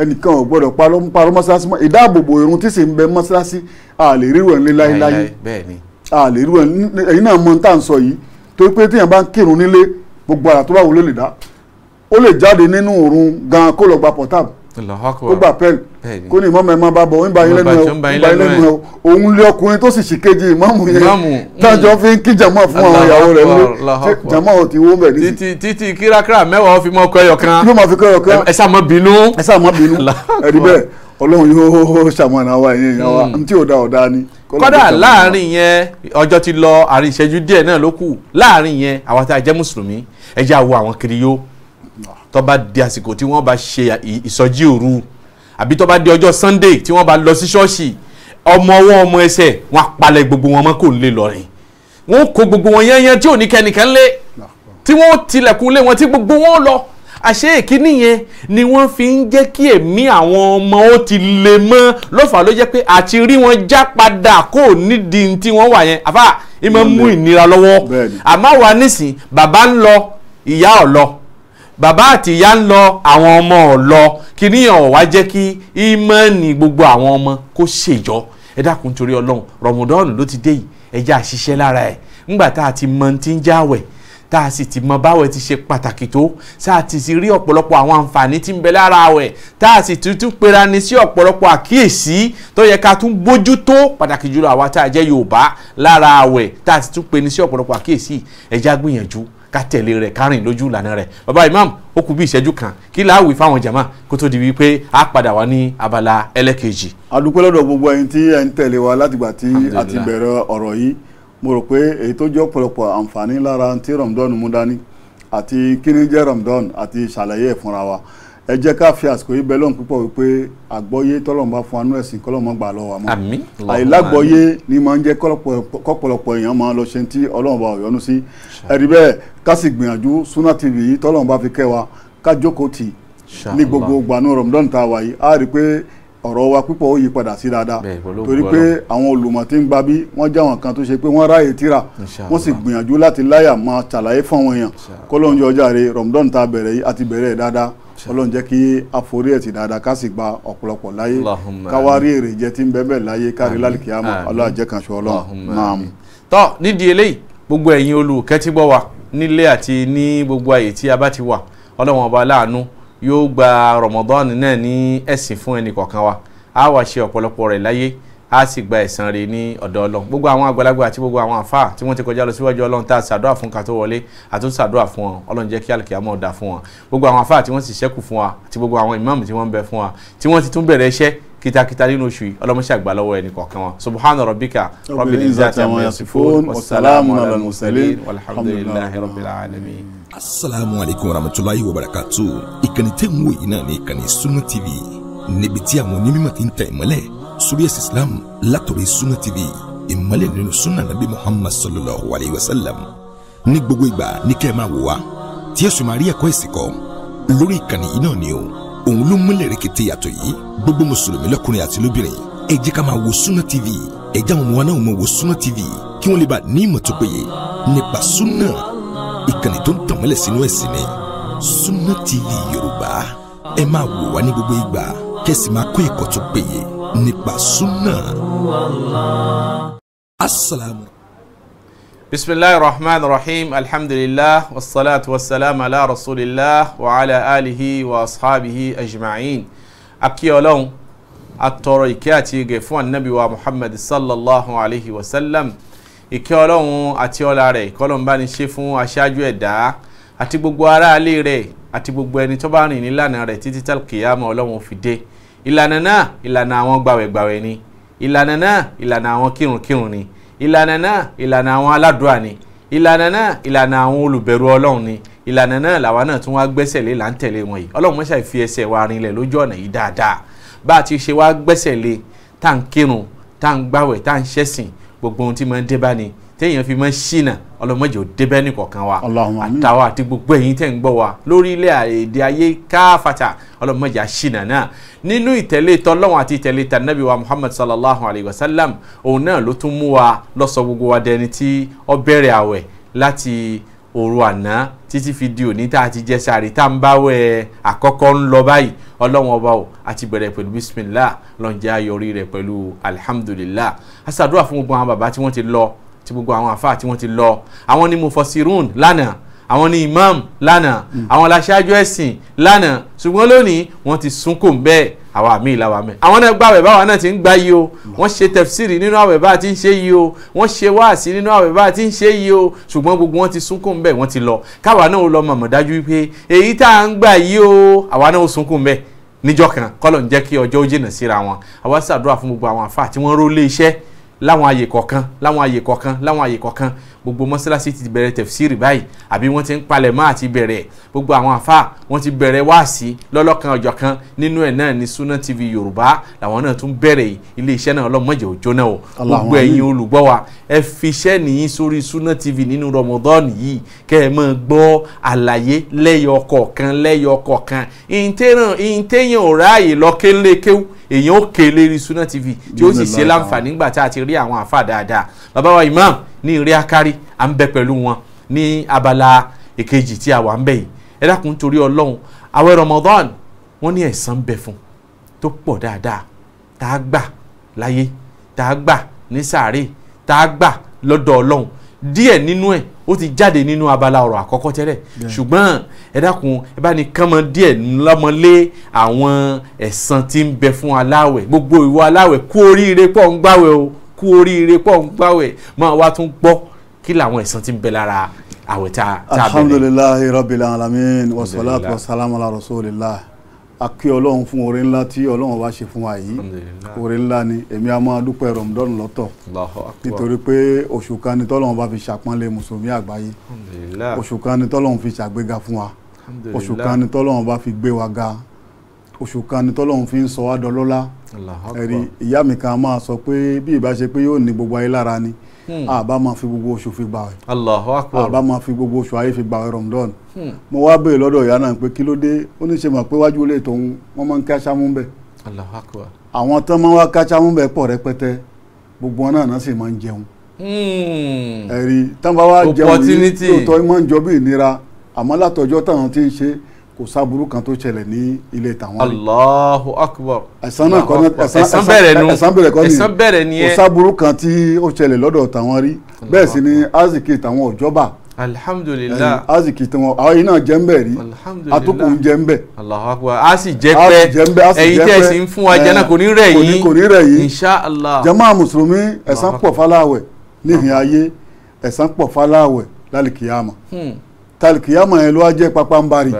ẹnìkan ò gbọdọ̀ parọ́ mọ́sáàsì mọ́ ìdáàbòbò irun tí sì ń bẹ mọ́sáàsì a lè rí wọn lé láyéláyé a lè rí wọn ẹ̀yin náà mọ tá à ń sọ dá ó lè jáde nínú òrun gan-an kó lọ gba pọ̀táàbù kó ní ìmọ̀mọ̀ ẹ̀ máa bá bọ̀ ń ba ilé nu ẹ̀ òun lé ọkùnrin tó sì sì kejì ìmọ̀mù yẹn tájọ́ mm. fi ń kí jàmọ́ fún àwọn ìyàwó rẹ̀ ló jàmọ́ ò ti wó bẹ̀ ní. títí títí kírakíra mẹ́wàá fi mọ́ ọkọ ẹyọ kan yóò máa fi kọ́ ẹyọ kan ẹ sàmọ́ bínú ẹ sàmọ́ bínú ẹ̀rí bẹ́ẹ̀ ọlọ́run yóò ṣàmọ̀nà wa ẹ̀yìn ìyàwó mm. ntí ò da ọ̀dà ni. kọ́dà láàrin yẹn ọjọ́ ti lọ àrùn ìṣẹ́jú díẹ̀ náà ló kù láàrin yẹn àwọn tá a jẹ́ mùsùlùmí ẹ jẹ́ àwọ àwọn kiri yó mm. tó bá di àsìkò tí wọ́n bá ṣe ìsọjí òru àbí tó bá di ọjọ́ sunday tí wọ́n bá lọ sí ṣọ́ọ̀ṣì ọmọ ọwọ́ ọmọ ẹsẹ̀ wọn apalẹ̀ gbogbo wọn mọ́ kò lè lọ rìn wọn kó gbogbo wọn yẹnyẹn tí ò ní kẹnìkan lé tí wọn tilẹ̀kùn lé wọn tí gbogbo wọn lọ àṣé ìkíní yẹn ni wọ́n fi ń jẹ́ kí ẹ̀mí àwọn ọmọ ó ti lè mọ́ lọ́fà ló jẹ́ pé àti rí wọn já padà kó nídìí tí wọ́n wà yẹn àfà ìmọ̀ mú ìnira lọ́wọ́ àmọ́ wa nísìn bàbá ń lọ ìyá ọ̀ lọ bàbá àti ìyá ń lọ àwọn ọmọ ọ̀ lọ kí níyàn ọ̀ wá jẹ́ kí ímọ̀ọ́nì gbogbo àwọn ọmọ kó ṣèjọ́ ẹ dákun torí ọlọ́run rọmọdọ́ọ̀nù ló ti dé yìí ẹ jẹ́ àṣiṣẹ́ lára ẹ̀ ńgbà tá a ti mọ ti ń jáwẹ̀ tá a sì ti mọ báwẹ̀ ti ṣe pàtàkì tó tá a ti rí ọ̀pọ̀lọpọ̀ àwọn àǹfààní tí ń bẹ lára wẹ̀ tá a sì tuntun pera ni sí ọ̀pọ̀lọpọ̀ àkíyèsí tó yẹ ká tún bójú tó pàtàkì jùlọ àwa tá a jẹ́ Yorùbá lára wẹ̀ tá a sì tún pe ni sí ọ̀pọ̀lọpọ̀ àkíyèsí ẹ já gbìyànjú ká tẹ̀lé rẹ̀ ká rìn lójú ìlànà rẹ̀ bàbá imam ó kù bí ìṣẹ́jú kan kí láàwì fáwọn jàmá kó tó di wípé a padà wá ní abala ẹlẹ́kejì. a dúpẹ́ lọ́dọ̀ gbogbo ẹ̀yin tí ẹ ń tẹ̀lé wa látìgbà tí a ti bẹ̀rẹ̀ ọ̀rọ̀ yìí mo rò pé èyí tó jẹ́ ọ̀pọ̀lọpọ̀ àǹfààní lára tí Ramadan mú àti kíni jẹ́ Ramadan àti ṣàlàyé ẹ̀ fúnra wa ẹ jẹ́ ká fi àsìkò yìí bẹ́ẹ̀ lọ́n púpọ̀ wípé àgbọ́yé tọ́lọ́run bá fún anú ẹ̀sìn kọ́lọ́mọ gbà lọ́wọ́ àmọ́ àìlágbọ́yé ni máa ń jẹ́ kọ́pọ̀lọpọ̀ èèyàn máa lọ ṣe tí ọlọ́run bá yọ́nú sí ẹ̀rí bẹ́ẹ̀ ká sì gbìyànjú Sunna TV yìí tọ́lọ́run bá fi kẹ́ wa ká jókòó tì ní gbogbo gbanú rọ̀mùdọ́n tá a wà yìí á rí i pé ọ̀rọ̀ wa púpọ̀ ó yí padà sí dáadáa torí pé àwọn olùmọ̀ tí ń gba bí wọ́n jẹ́ àwọn kan tó ṣe pé wọ́n ráàyè tíra wọ́n sì gbìyànjú láti láyà máa ṣàlàyé fún àwọn èèyàn kọ́lọ́ọ̀njọ́ ọjà rẹ̀ rọ̀mùdọ́n tá bẹ̀rẹ̀ yìí àti bẹ̀rẹ̀ dáadáa ọlọ́run jẹ́ kí àforí ẹ̀ ti dáadáa ká sì gba ọ̀pọ̀lọpọ̀ láyé káwá rí èrè jẹ tí ń bẹ bẹ́ẹ̀ láyé kárí lálùkì àmọ́ ọlọ́run jẹ́ kan ṣọ ọlọ́run tọ́ nídìí eléyìí gbogbo ẹ̀yin olùkẹ́ tí gbọ́ wa nílé àti ní gbogbo àyè tí a bá ti wà ọlọ́run ọba láàánú yóò gba Ramadan náà ní ẹ̀sìn fún ẹnì kọ̀ọ̀kan wa á wá ṣe ọ̀pọ̀lọpọ̀ rẹ̀ láyé a sì gba ẹ̀san rẹ̀ ní ọ̀dọ̀ ọlọ́run gbogbo àwọn àgbàlagbà àti gbogbo àwọn àfa tí wọ́n ti kọjá lọ síwájú ọlọ́run tá a ṣàdúrà fún ká tó wọlé àtún ṣàdúrà fún wọn ọlọ́run jẹ́ kí àlùkìyámọ̀ ọ̀dà fún wọn gbogbo àwọn àfa tí wọ́n sì ṣẹ́kù fún wa àti gbogbo àwọn ìmáàmù tí wọ́n ń bẹ fún wa tí wọ́n ti tún bẹ̀rẹ̀ iṣẹ́ kitakita nínú oṣù yìí ọlọ́mọṣẹ́ àgbà lọ́wọ́ ẹnì kọ̀ọ̀kan wọn rabbika rabbil izzati amma níbi tí àwọn onímọ̀ ti ń tẹ̀ mọ́lẹ̀ sórí ẹ̀sìn islam látòrí sunna tv ìmọ̀lẹ̀ nínú sunna nabi muhammad sallallahu alayhi wa sallam ní gbogbo ìgbà ní kẹ́ ẹ̀ máa wò wá tí ẹ sì máa rí ẹ̀sìn kọ́ lórí ìkànnì yìí náà ni o òun ló múlẹ̀ rẹ̀kẹ̀tẹ̀ yàtọ̀ yìí gbogbo mùsùlùmí lọ́kùnrin àti lóbìnrin ẹ jẹ́ ká máa wo sunna tv ẹ jẹ́ àwọn ọmọ náà mọ̀ wo sunna tv kí wọ́n lè bá ní ìmọ̀ tó péye nípa sunna ìkànnì tó ń tàn sínú ẹ̀sìn ni sunna tv yorùbá ẹ máa wò wá ní gbogbo ìgbà kẹ́sì máa kó ẹ̀kọ́ tó péye nípa súnà. asalaamu. bisimilahi rahman rahim alhamdulilah wasalaatu wasalaam ala rasulillah wa ala alihi wa ashabihi ajma'in akí ọlọ́run atọrọ ìkẹ́ àti ìgẹ̀ fún anabi wa muhammad sallallahu alayhi wa sallam ìkẹ́ ọlọ́run àti ọlá rẹ̀ kọ́lọ́n bá ní ṣe fún aṣáájú ẹ̀dá àti gbogbo aráalé rẹ̀ àti gbogbo ẹni tó bá rìn nílànà rẹ̀ títí tàlkìyàmọ̀ ọlọ́run fi dé ìlànà náà ìlànà àwọn gbàwẹ̀gbàwẹ̀ ni ìlànà náà ìlànà àwọn kírunkírun ni ìlànà náà ìlànà àwọn aládùúà ni ìlànà náà ìlànà àwọn olùbẹ̀rù ọlọ́run ni ìlànà náà làwa náà tún wá gbẹ́sẹ̀ lé là ń tẹ̀lé wọn yìí ọlọ́run mọ́ṣáì fi ẹsẹ̀ wa rinlẹ̀ lójú ọ̀nà yìí dáadáa bá a ti ṣe wá gbẹ́sẹ̀ lé tá ń kírun tá ń gbàwẹ̀ tá ń ṣẹ̀sìn gbogbo ohun tí mo ń dé ni téèyàn fi mọ́ ṣìnà ọlọ́mọdé ò débẹ́ ní kọ̀ọ̀kan wa àtàwọn àti gbogbo ẹ̀yin tẹ̀ ń gbọ́ wa lórí ilé èdè ayé káfàtà ọlọ́mọdé àṣìnà náà nínú ìtẹ̀lé tọ́lọ́wọ́n àti ìtẹ̀lé tànàbí wa Muhammad sallallahu alayhi wa sallam òun náà ló tún mú wa lọ́sọ gbogbo wa dẹni tí ó bẹ̀rẹ̀ àwẹ̀ láti òru àná títí fi di òní tá a ti jẹ sáré tá a ń báwẹ̀ àkọ́kọ́ ń lọ báyìí ọlọ́run ọba o àti bẹ̀rẹ̀ pẹ̀lú bismillah lọ́njẹ́ ayọ̀rí rẹ̀ pẹ̀lú alhamdulillah a ṣàdúrà fún gbogbo àwọn bàbá tí wọ́n ti lọ tí gbogbo àwọn àfa tí wọ́n ti lọ àwọn ni mufasirun lánàá àwọn ni imam lánàá hmm. àwọn aláṣáájú ẹ̀sìn lánàá ṣùgbọ́n lónìí wọ́n ti sunkún bẹ́ẹ̀ àwa àmì ìlàwà mẹ́. àwọn náà gbàwẹ̀ báwa náà ti ń gba yìí o wọ́n ṣe tẹ̀fsìrì nínú àwẹ̀ bá a ti ń ṣe yìí o wọ́n ṣe wáàsí nínú àwẹ̀ bá a ti ń ṣe yìí o ṣùgbọ́n gbogbo wọn ti sunkún bẹ́ẹ̀ wọ́n ti lọ káwa náà ó lọ mọ̀mọ́ dájú wípé èyí tá à ń gbà yìí o àwa náà ó sunkún bẹ́ẹ̀ níjọ́ kan kọ́lọ̀ ń jẹ́ kí ọjọ́ ó jìnà síra wọn àwa ṣàdúrà fún gbogbo àwọn àfáà tí wọ́n rólé iṣẹ́ láwọn àyè kọ̀ọ̀kan láwọn àyè kọ̀ọ̀kan láwọn àyè kọ̀ọ̀kan gbogbo mọ́sálásí ti bẹ̀rẹ̀ tẹ̀fsíìrì báyìí àbí wọ́n ti ń palẹ̀ mọ́ àti bẹ̀rẹ̀ gbogbo àwọn àfa wọ́n ti bẹ̀rẹ̀ wáàsí lọ́lọ́kan ọ̀jọ̀kan nínú ẹ̀ náà ní Sunna TV Yorùbá làwọn náà tún bẹ̀rẹ̀ ilé iṣẹ́ náà ọlọ́mọdé òjò náà o gbogbo ẹ̀yin olùgbọ́ wa ẹ fi iṣẹ́ nìyí sórí Sunna TV nínú Ramadan yìí kẹ́ ẹ máa gbọ́ àlàyé lẹ́yọ kọ̀ọ̀kan lẹ́yọ kọ̀ọ̀kan ìǹtẹ̀yìn ò ráàyè lọ kélékéw èèyàn ó kélérí imam ní eré akárí à ń bẹ pẹ̀lú wọn ní abala èkejì tí a wà ń bẹ yìí ẹ torí ọlọ́run àwẹ̀ Ramadan wọ́n ní ẹ̀san bẹ fún tó pọ̀ dáadáa tá a gbà láyé tá a gbà ní sàárè tá a gbà lọ́dọ̀ ọlọ́run díẹ̀ nínú ẹ̀ ó ti jáde nínú abala ọ̀rọ̀ àkọ́kọ́ tẹ́lẹ̀ ṣùgbọ́n ẹ dákun ẹ bá ní kánmọ díẹ̀ lọ́mọlé àwọn ẹ̀san tí ń bẹ fún aláwẹ̀ gbogbo ìwọ aláwẹ̀ kú oríire pọ̀ ń gbàwẹ̀ o kú oríire pọ̀ ń gbàwẹ̀ máa wá tún gbọ́ kí làwọn ẹ̀san tí ń bẹ lára àwẹ̀ tá a bẹ̀rẹ̀. alhamdulilayi rabbil alamin wasalaatu wasalaamu ala rasulillah a kí ọlọ́run fún oore ńlá tí ọlọ́run bá ṣe fún wa yìí oore ńlá ni èmi a máa dúpẹ́ rọ̀mùdọ́nù lọ́tọ̀ nítorí pé oṣù kan ni tọ́lọ́run bá fi ṣàpọ́nlé mùsùlùmí àgbáyé oṣù kan ni tọ́lọ́run fi ṣàgbéga fún wa oṣù kan ni tọ́lọ́run bá fi gbé wa ga oṣù kan ni tọ́lọ́run fi ń sọ wá dọlọ́lá ẹ̀rí ìyá mi kan máa sọ pé bí ìbá ṣe pé yóò ní gbogbo ayé lára ni àbá hmm. máa fi gbogbo oṣù fi gbà ẹ̀ àbá máa fi gbogbo oṣù ayé fi gbà ẹ̀ rọ̀mùdọ́n hmm. mo wá béèrè lọ́dọ̀ ìyá náà pé kí ló dé ó ní ṣe mọ̀ pé wájú ilé tòun wọ́n máa ń kí aṣámú bẹ̀ àwọn tán máa ń wá kí aṣámú bẹ̀ pọ̀ rẹpẹtẹ gbogbo wọn náà náà sì máa ń jẹun hmm. ẹ̀rí tán bá wá jẹun yìí lóòótọ́ máa kò sáburú kan tó ṣẹlẹ̀ ní ilé tàwọn. Allahu Akbar. ẹ̀san náà kọ́ ẹ̀san ẹ̀san bẹ̀rẹ̀ nu ẹ̀san bẹ̀rẹ̀ kọ́ ni ẹ̀san bẹ̀rẹ̀ ni ẹ. kò sáburú kan tí ó ṣẹlẹ̀ lọ́dọ̀ tàwọn rí bẹ́ẹ̀ sì ni azikì tàwọn ọ̀jọ́bà. alhamdulilah azikì tàwọn àwọn yìí náà jẹ́ ń bẹ̀ rí atukù jẹ́ ń bẹ̀. Allahu Akbar a sì jẹ́ pẹ́ ẹ̀yin tẹ́ ẹ sì ń fún wa jẹ́ náà kò ní rẹ̀ yín kò ní rẹ̀ yín inshallah. jama mùsùlùmí ẹ̀san pọ̀ fáláwẹ̀ níhìn ayé ẹ̀san pọ̀ fáláwẹ̀ lálìkìyàmọ̀. Hmm talikiyama yẹn ló wá jẹ́ papambari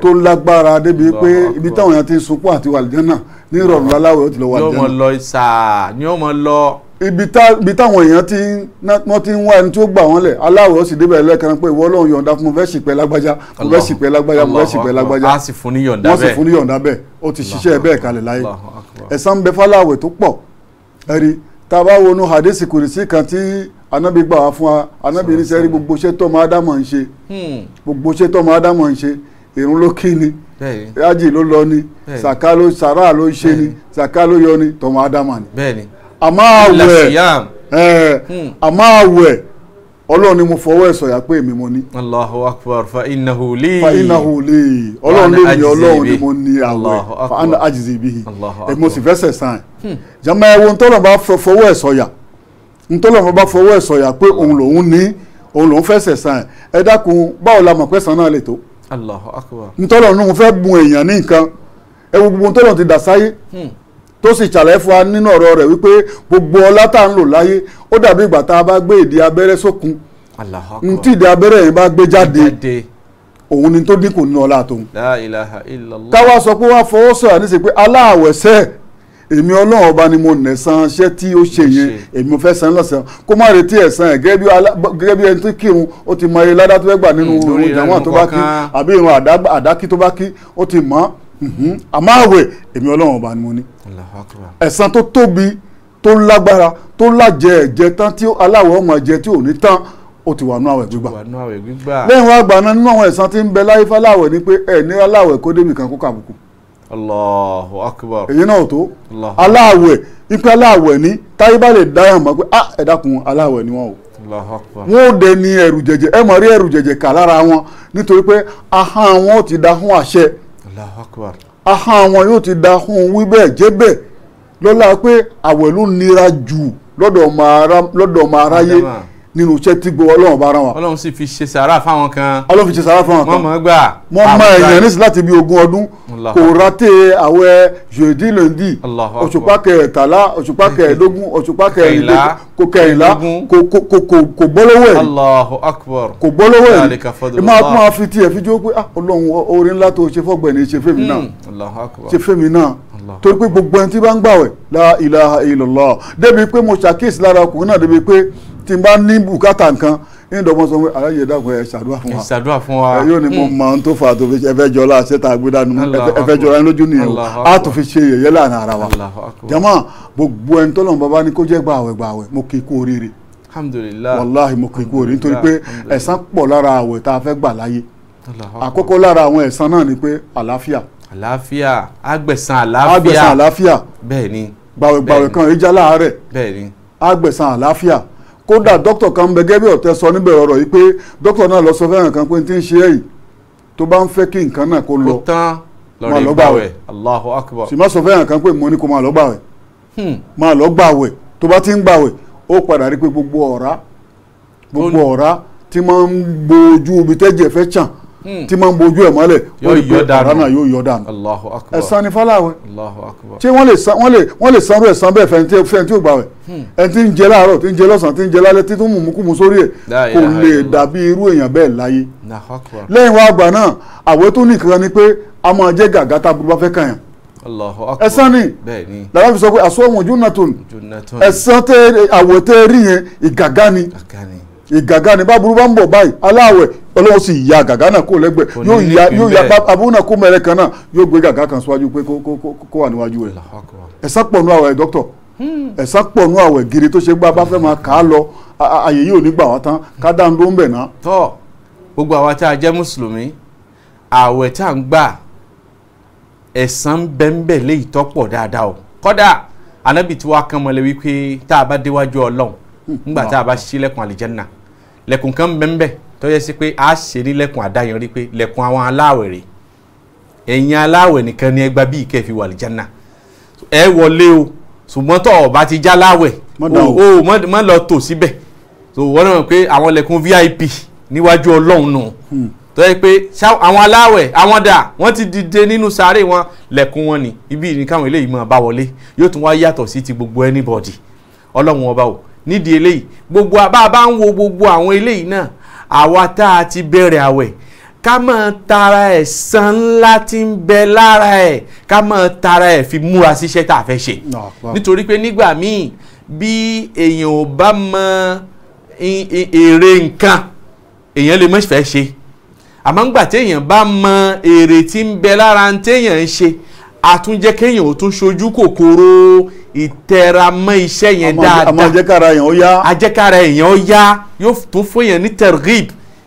tó lágbára débi pé ibi táwọn yẹn ti ń sunkún àti wàlìjánà ní ìrọ̀rùn láláwẹ̀ ó ti lọ wàlìjánà. yóò mọ lọ ìsà ni yóò mọ lọ. ibi táwọn èèyàn ti wọ́n ti ń wá ẹni tí ó gbà wọ́n lẹ̀ aláwẹ̀ ó sì débẹ̀ lẹ́ẹ̀kan pé ìwọ ọlọ́run yọ̀ǹda fún mo fẹ́ ṣìpẹ̀ lágbájá mo fẹ́ ṣìpẹ̀ lágbájá mo fẹ́ ṣìpẹ̀ lágbájá wọ́n sì fún ní yọ̀ǹda bẹ́ẹ̀ ó ti ṣiṣẹ́ bẹ́ẹ̀ kalẹ̀ láyé ẹ̀san ń bẹ fáláwẹ̀ tó pọ̀ ẹ̀rí tá a bá wọnú hadisi kùrìsì kan tí anabi gbà wá fún wa anabi níṣẹ́ rí gbogbo iṣẹ́ tọ́mọ ádámọ̀ ń ṣe hmm. gbogbo iṣẹ́ tọ́mọ ádámọ̀ ń ṣe ìrun ló kí ni yájì ló lọ ni sàká ló sàrà ló ṣe ni sàká ló yọ ni tọ́mọ ádámọ̀ ni àmọ́ àwẹ̀ àmọ́ àwẹ̀ ọlọ́run ni mo fọwọ́ ẹ̀ sọ̀yà pé èmi mo ní. Allahu akbar fa innahu li. fa innahu li ọlọ́run lè ní ọlọ́run ni mo ní àwẹ̀ fa ana ajizi bihi ẹ̀ mo sì fẹ́ sẹ̀ sàn ẹ̀ jàmbá ẹ̀ wo ń bá fọwọ́ ẹ̀ sọ̀yà ntọ́lọ́mọ bá fọwọ́ ẹ̀ sọ̀yà pé òun lòun ní òun lòun fẹsẹ̀ sàn ẹ dákun báwo la mọ̀ pé sàn náà lè tó. Allahu akbar. ntọ́lọ̀ nù fẹ́ bùn èèyàn ní nǹkan ẹ wo gbogbo ntọ́lọ̀ ti dà sáyé hmm. tó sì ṣàlàyé fún wa nínú ọ̀rọ̀ rẹ̀ wípé gbogbo ọlá tá à ń lò láyé ó dàbí ìgbà tá a bá gbé ìdí abẹ́rẹ́ sókun ntí ìdí abẹ́rẹ́ yẹn bá gbé jáde òun ni tó dínkù nínú ọlá tóun. La ilaha illallah. káwa sọ pé wọ́n fọwọ́ sọ̀rọ̀ àníṣe pé aláàwẹ̀sẹ̀ èmi ọlọ́run ọba ni mo nẹ̀ san iṣẹ́ tí ó ṣe yẹn èmi ò fẹ́ san lọ́sàn-án kó má retí ẹ̀san ẹ̀ gẹ́gẹ́ bí ẹni tó kírun ó ti mọ iye ládá tó fẹ́ gbà nínú irun hmm, jàmọ́ tó bá kí àbí irun àdákí tó bá kí ó ti mọ̀ hmm, àmọ́ àwẹ̀ èmi ọlọ́run ọba ni mo ní. ẹ̀san tó tóbi tó lágbára tó lájẹ ẹ̀jẹ̀ tán tí aláwọ̀ ọmọ ẹ̀jẹ̀ tí ò ní tán ó ti wà nú àwẹ̀ gbígbà lẹ́yìn wá gbà náà nínú àwọn ẹ̀san tí ń bẹ láyé fáláwẹ̀ ni pé ẹ̀ ní aláwẹ̀ kó débì kan kó kàbùkù Allahu akbar. èyí náà tó aláàwẹ̀ ipe aláàwẹ̀ ní táyé bá lè dáyà mọ́ pé ah ẹ dákun aláàwẹ̀ ni wọ́n o wọn ò dẹ ní ẹrù jẹjẹ ẹ mọ̀ rí ẹrù jẹjẹ kà lára wọn nítorí pé ahọ́n wọn ti da hún àṣẹ ahọ́n wọn yóò ti da hún wí bẹ́ẹ̀ jẹ́ bẹ́ẹ̀ lọ́la pé àwẹ̀ ló nira jù lọ́dọ̀ ọmọ aráyé nínú iṣẹ́ tí gbowó ọlọ́run bá rán wa. ọlọ́run sì fi ṣe sàárà fáwọn kan. ọlọ́run fi ṣe sàárà fáwọn kan. wọ́n mọ̀ ẹ́ gbà. wọ́n mọ èèyàn nísìsiyìí láti bí ogún ọdún kò ráté àwẹ̀ jeudi lundi òṣùpá kẹtàlá òṣùpá mm-hmm. kẹẹ̀ẹ́dógún òṣùpá kẹrìnlá kò kẹrìnlá kò gbọ́lọ́wọ́ ẹ̀. Allahu Akbar kò gbọ́lọ́wọ́ ẹ̀ ẹ máa kún máa fi tiẹ̀ fi jó pé ah, ọlọ́run orin ńlá tó ṣe fọ́gbẹ̀ ní ṣe fẹ́mi náà mm, ṣe fẹ́mi náà torí pé gbogbo ẹni tí bá ń gbàwẹ̀ la ilaha illallah débi pé mo ṣàkíyèsí lára ọkùnrin náà débi pé tí n bá ní bùkátà nǹkan ní ìdọ̀gbọ́n sọ pé aláyè dàgbọ́ ẹ ṣàdúrà fún wa ẹ ṣàdúrà fún wa yóò ní mo hmm. mọ ohun tó fà tó fi ṣe ẹfẹ́ jọlá ṣẹta agbẹ́dànù ẹfẹ́ jọlá lójú nìyẹn o a tó fi ṣe yẹ̀yẹ́ láàrin ara wa jama gbogbo ẹni tó lọ́n bàbá ní kó jẹ́ gbààwẹ̀ gbààwẹ̀ mo kì í kú oríire alhamdulillah wàláhì mo kì í kú oríire nítorí pé ẹ̀san pọ̀ lára àwẹ̀ tá a fẹ́ gbà láyé àkọ́kọ́ lára àwọn ẹ̀san náà ni pé àlàáfíà àlàáfíà agbẹ̀san àlàáfíà kódà dókítà kan bẹ gẹ́gẹ́ bí ọ̀tẹ́ sọ níbẹ̀ ọ̀rọ̀ yìí pé dókítà náà lọ sọ fẹ́ràn kan pé tí ń ṣe èyí tó bá ń fẹ́ kí nǹkan náà kó lọ máa lọ gbàwẹ̀ Allahu sì má sọ fẹ́ràn kan pé mo ní kó máa lọ hmm. máa lọ gbàwẹ̀ tó bá ti ń gbàwẹ̀ ó padà rí pé gbogbo ọ̀rá gbogbo ọ̀rá ti máa ń gbójú ibi tẹ́jẹ̀ fẹ́ Hmm. tí máa ń bojú ẹ̀ mọ́lẹ̀ wọ́n lè pé kòránà yóò yọ dànù ẹ̀san ni fáláwẹ̀ tí wọ́n lè sanwó ẹ̀san bẹ́ẹ̀ fẹ́ni tí ò gbà wẹ̀ hmm. ẹni tí ń jẹ láàárọ̀ tí ń jẹ lọ́sàn-án tí ń jẹ lálẹ́ tí tó mú mú kú mu sórí ẹ̀ kò lè dàbí irú èèyàn bẹ́ẹ̀ láyé lẹ́yìn wá àgbà náà àwẹ̀ tó nìkan ni pé a máa jẹ́ gàgá tá a burú bá fẹ́ kàn yàn ẹ̀san ni làwọn fi sọ pé àsọ̀wọ̀n júnatò ẹ̀san àwẹ̀ tẹ́ rí yẹn ìgàgá ni ìgàgá ni báburú bá ń bọ̀ báyìí aláwẹ̀ ọlọ́run sì ya gàgá náà kó lẹ́gbẹ̀ẹ́ yóò ya yóò ya aburú náà kó mẹ́rẹ̀ kan náà yóò gbé gàgá kan síwájú pé kó wà níwájú rẹ̀ ẹ̀sán pọ̀ nú àwẹ̀ dókítọ̀ hmm. ẹ̀sán pọ̀ àwẹ̀ gírí tó ṣe gbá bá fẹ́ máa kà á lọ àyè yìí ò ní gbà wá tán ká dá ń ló ń bẹ̀ ná. tọ́ gbogbo àwa tá a jẹ́ mùsùlùmí àwẹ̀ tá à ń gbà ẹ̀sán bẹ́ńbẹ̀ léyìí tọ́pọ̀ dáadáa o kọ́dà anábì tí wàá kàn mọ́lẹ̀ wípé tá a bá déwájú ọlọ́run hmm. nígbà tá a bá ṣílẹ̀kùn àlìjẹ́nà lẹ́kùn kan bẹ́ńbẹ́ tó yẹ sí pé a ṣe ní lẹ́kùn àdáyanrí pé lẹ́kùn àwọn aláwẹ̀ rè ẹ̀yin aláwẹ̀ nìkan ni ẹ gba bí ìkẹ́ fi wà lìjánà ẹ wọlé o ṣùgbọ́n tó o bá ti já láwẹ̀ o mọ̀ lọ tò síbẹ̀ tó wọ́n náà pé àwọn lẹ́kùn VIP níwájú ọlọ́run nù hmm. tó yẹ pé àwọn aláwẹ̀ àwọn dà wọ́n ti dìde nínú sáré wọn lẹ́kùn wọn ni ibi ìrìnkáwọn eléyìí máa bá wọlé yóò tún wá yàtọ̀ sí ti gbogbo anybody ọlọ́run ọba o nídìí eléyìí gbogbo bá a bá ń wo gbogbo àwọn eléyìí náà àwa tá a ti bẹ̀rẹ̀ àwẹ̀ ká máa tara ẹ̀san ńlá tí ń bẹ lára ẹ̀ ká máa tara ẹ̀ fi múra síṣẹ́ tá a fẹ́ ṣe nítorí pé nígbà míì bí èèyàn ò bá mọ èrè nǹkan èèyàn lè má fẹ́ ṣe àmọ́ ńgbà téèyàn bá mọ èrè tí ń bẹ lára téèyàn ń ṣe àtúnjẹ́ kéèyàn ò tún ṣojú kòkòrò ìtẹramọ́ iṣẹ́ yẹn dáadáa àmọ́ àjẹkára èèyàn ó yá àjẹkára èèyàn ó yá yóò tún fún èèyàn ní tergib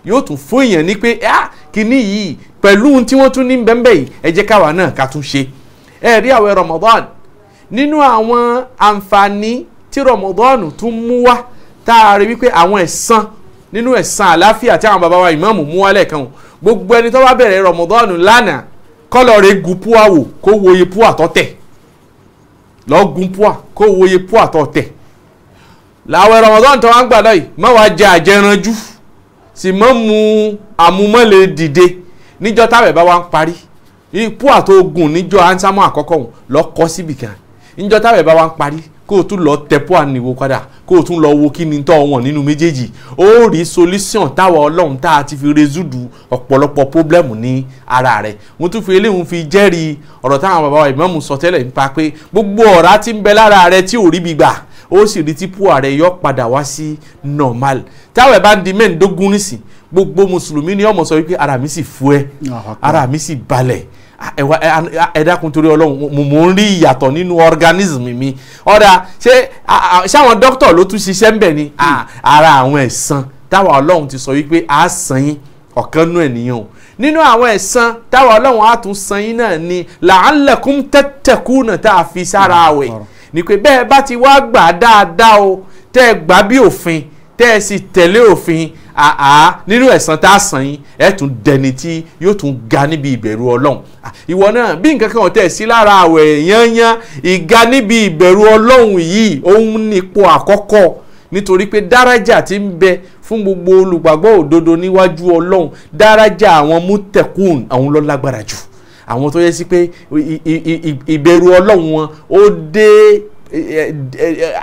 yóò tún fún èèyàn ní pé ah kínní yìí pẹ̀lú tí wọ́n tún ní bẹ́ńbẹ́ yìí ẹ káwa náà ká tún ṣe ẹ rí àwẹ̀ Ramadan nínú àwọn àǹfààní tí Ramadan tún mú wá tá a rí wípé àwọn ẹ̀san nínú ẹ̀san àláfíà tí àwọn bàbá wa ìmáàmù mú wá lẹ́ẹ̀kan gbogbo ẹni tó bá bẹ̀rẹ̀ Ramadan lánàá kọ́lọ̀ rẹ̀ gun púà wò kó wo iye púà tó tẹ̀ lọ́ọ́ gun púà kó wo iye púà tó tẹ̀ làwọn Ramadan tó wá ń gbà lọ́yìí má wàá jẹ àjẹranjú sì mọ́ mu àmúmọ́lẹ̀ dìde níjọ́ táwẹ̀ bá wá ń parí púà tó gùn níjọ́ ansámọ́ àkọ́kọ́ òun lọ́ọ́ kọ́ síbìkan níjọ́ táwẹ̀ bá wá ń parí kó o tún lọ tẹpọ àníwò padà kó o tún lọ wo kí ni tọ́ wọn nínú méjèèjì ó rí solution táwa ọlọ́run tá a ti fi rezudu ọ̀pọ̀lọpọ̀ pọ́blẹ́mù ní ara rẹ̀ mo tún fi eléhùn fi jẹ́rìí ọ̀rọ̀ táwọn bàbá wa ìmáàmù sọ tẹ́lẹ̀ nípa pé gbogbo ọ̀rá tí ń bẹ lára rẹ̀ tí ò rí bí gbà ó sì rí tí púà yọ padà wá sí normal táwọn ẹ̀ bá ń di mẹ́ǹdógún nísìn gbogbo mùsùlùmí ni ọmọ sọ wípé ara mi sì fú ẹ ara mi sì balẹ̀ ẹ dákun torí ọlọ́run mò ń rí ìyàtọ̀ nínú organism mi ọ̀dà ṣé ṣáwọn dókítà ló tún ṣiṣẹ́ ń bẹ̀ ni ara àwọn ẹ̀san táwa ọlọ́run ti sọ wípé a san yín ọ̀kan nú ènìyàn o nínú àwọn ẹ̀san táwa ọlọ́run á tún san yín náà ni làálẹ̀kùn tẹ́tẹ̀kù náà tá a fi sára àwẹ̀ ni pé bẹ́ẹ̀ bá ti wá gbà dáadáa o tẹ́ ẹ gbà bí òfin tẹ́ ẹ sì tẹ̀lé òfin Ah, ah, nínú ẹ̀san tá a san yín ẹ̀ tún dẹni tí yóò tún ga níbi ìbẹ̀rù ọlọ́run ah, ìwọ náà bí nǹkan kan tẹ̀ sí lára àwẹ̀ yányán ìga níbi ìbẹ̀rù ọlọ́run yìí òun nípò àkọ́kọ́ nítorí pé dárájà ti ń bẹ fún gbogbo olùgbàgbọ́ òdodo níwájú ọlọ́run dárájà àwọn mútẹ̀kùn àwọn ló jù àwọn tó yẹ sí pé ìbẹ̀rù ọlọ́run wọn ó dé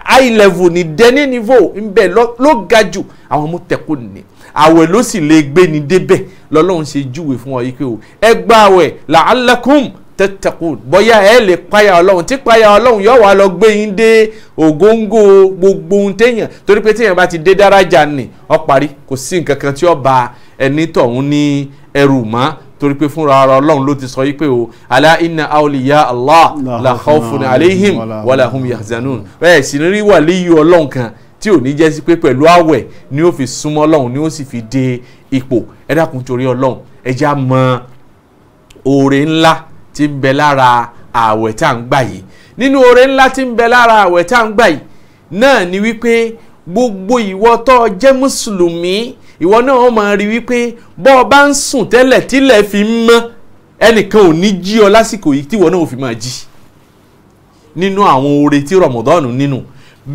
high level ní dẹ́ni niveau ńbẹ ló ga jù àwọn ọmọ tẹ̀kọ́ nìyẹn àwẹ̀ ló sì lè gbé ni débẹ̀ lọ́lọ́run ṣe júwe fún ọ yìí pé o ẹ gba àwẹ̀ làálàkùn tẹ́tẹ̀kù bóyá ẹ lè páyà ọlọ́run tí páyà ọlọ́run yóò wá lọ gbé yín dé ògóńgó gbogbo ohun téèyàn torí pé téèyàn bá ti dé dáràjà nì ọ parí kò sí nǹkan kan tí ó ba ẹni tọ̀hún ní ẹrù mọ́ torí pé fúnra ara ọlọ́run ló ti sọ yí pé o ala inna awliya allah la khawfun alayhim wala hum yahzanun bẹ́ẹ̀ sì ní rí wàlíyù ọlọ́run kan tí ò ní jẹ́ sí pé pẹ̀lú àwẹ̀ ni ó fi súnmọ́ ọlọ́run ni ó sì fi dé ipò ẹ torí ọlọ́run ẹ mọ oore ńlá tí ń bẹ lára àwẹ̀ tá à ń gbà yìí nínú oore ńlá tí ń bẹ lára àwẹ̀ tá à ń gbà yìí náà ni wípé gbogbo ìwọ jẹ́ mùsùlùmí ìwọ náà wọ́n máa rí wípé bọ́ ọ bá ń sùn tẹ́lẹ̀ tílẹ̀ fi ń mọ́ ẹnìkan ò ní jí ọ lásìkò yìí tíwọ náà ò fi máa jí nínú àwọn oore tí rọmọdọ́ọ̀nù nínú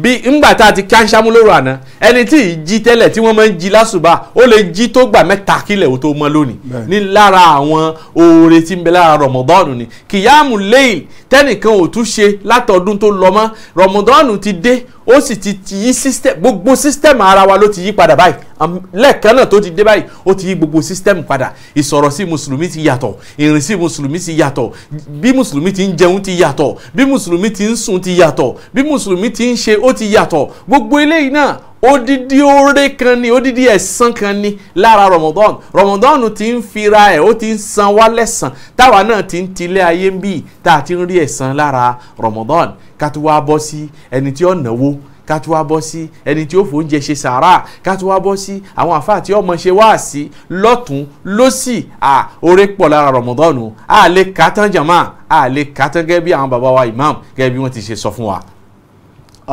bí ńgbà tá a ti kíáṣámú lóru àná ẹni tí ì jí tẹ́lẹ̀ tí wọ́n máa ń jí lásùbà ó lè jí tó gbà mẹ́ta kílẹ̀ ò tó mọ́ lónìí ní lára àwọn oore tí ń bẹ lára rọmọdọ́ọ̀nù ni kìyàmù léyìí tẹ́nìkan ò tún ṣe látọdún tó lọ mọ́ rọmọdọ́ọ̀nù ti dé ó sì ti ti yí system gbogbo system ara wa ló ti yí padà báyìí lẹ́ẹ̀kan náà tó ti dé báyìí ó ti yí gbogbo system padà ìsọ̀rọ̀ sí mùsùlùmí ti yàtọ̀ ìrìn sí mùsùlùmí ti yàtọ̀ bí mùsùlùmí ti ń jẹun ti yàtọ̀ bí mùsùlùmí ti ń sùn ti yàtọ̀ bí mùsùlùmí ti ń ṣe ó ti yàtọ̀ gbogbo eléyìí náà odidi oore kan ni odidi ẹ̀san kan ni lára Ramadan Ramadan ti ń fira ẹ̀ ó ti ń san wá lẹ́san táwa náà ti ń tilẹ̀ ayé ń bì tá a ti ń rí ẹ̀san lára Ramadan ká tó wá bọ́ sí ẹni tí ó náwó ká tó wá bọ́ sí ẹni tí ó fòúnjẹ ṣe sàárà ká tó wá bọ́ sí àwọn àfáà tí ọmọ ṣe wá sí lọ́tún lọ́sì à oore pọ̀ lára Ramadan o a lè kà jàmá a lè kà á tán àwọn bàbá wa imam gẹ́gẹ́ bí wọ́n ti ṣe sọ fún wa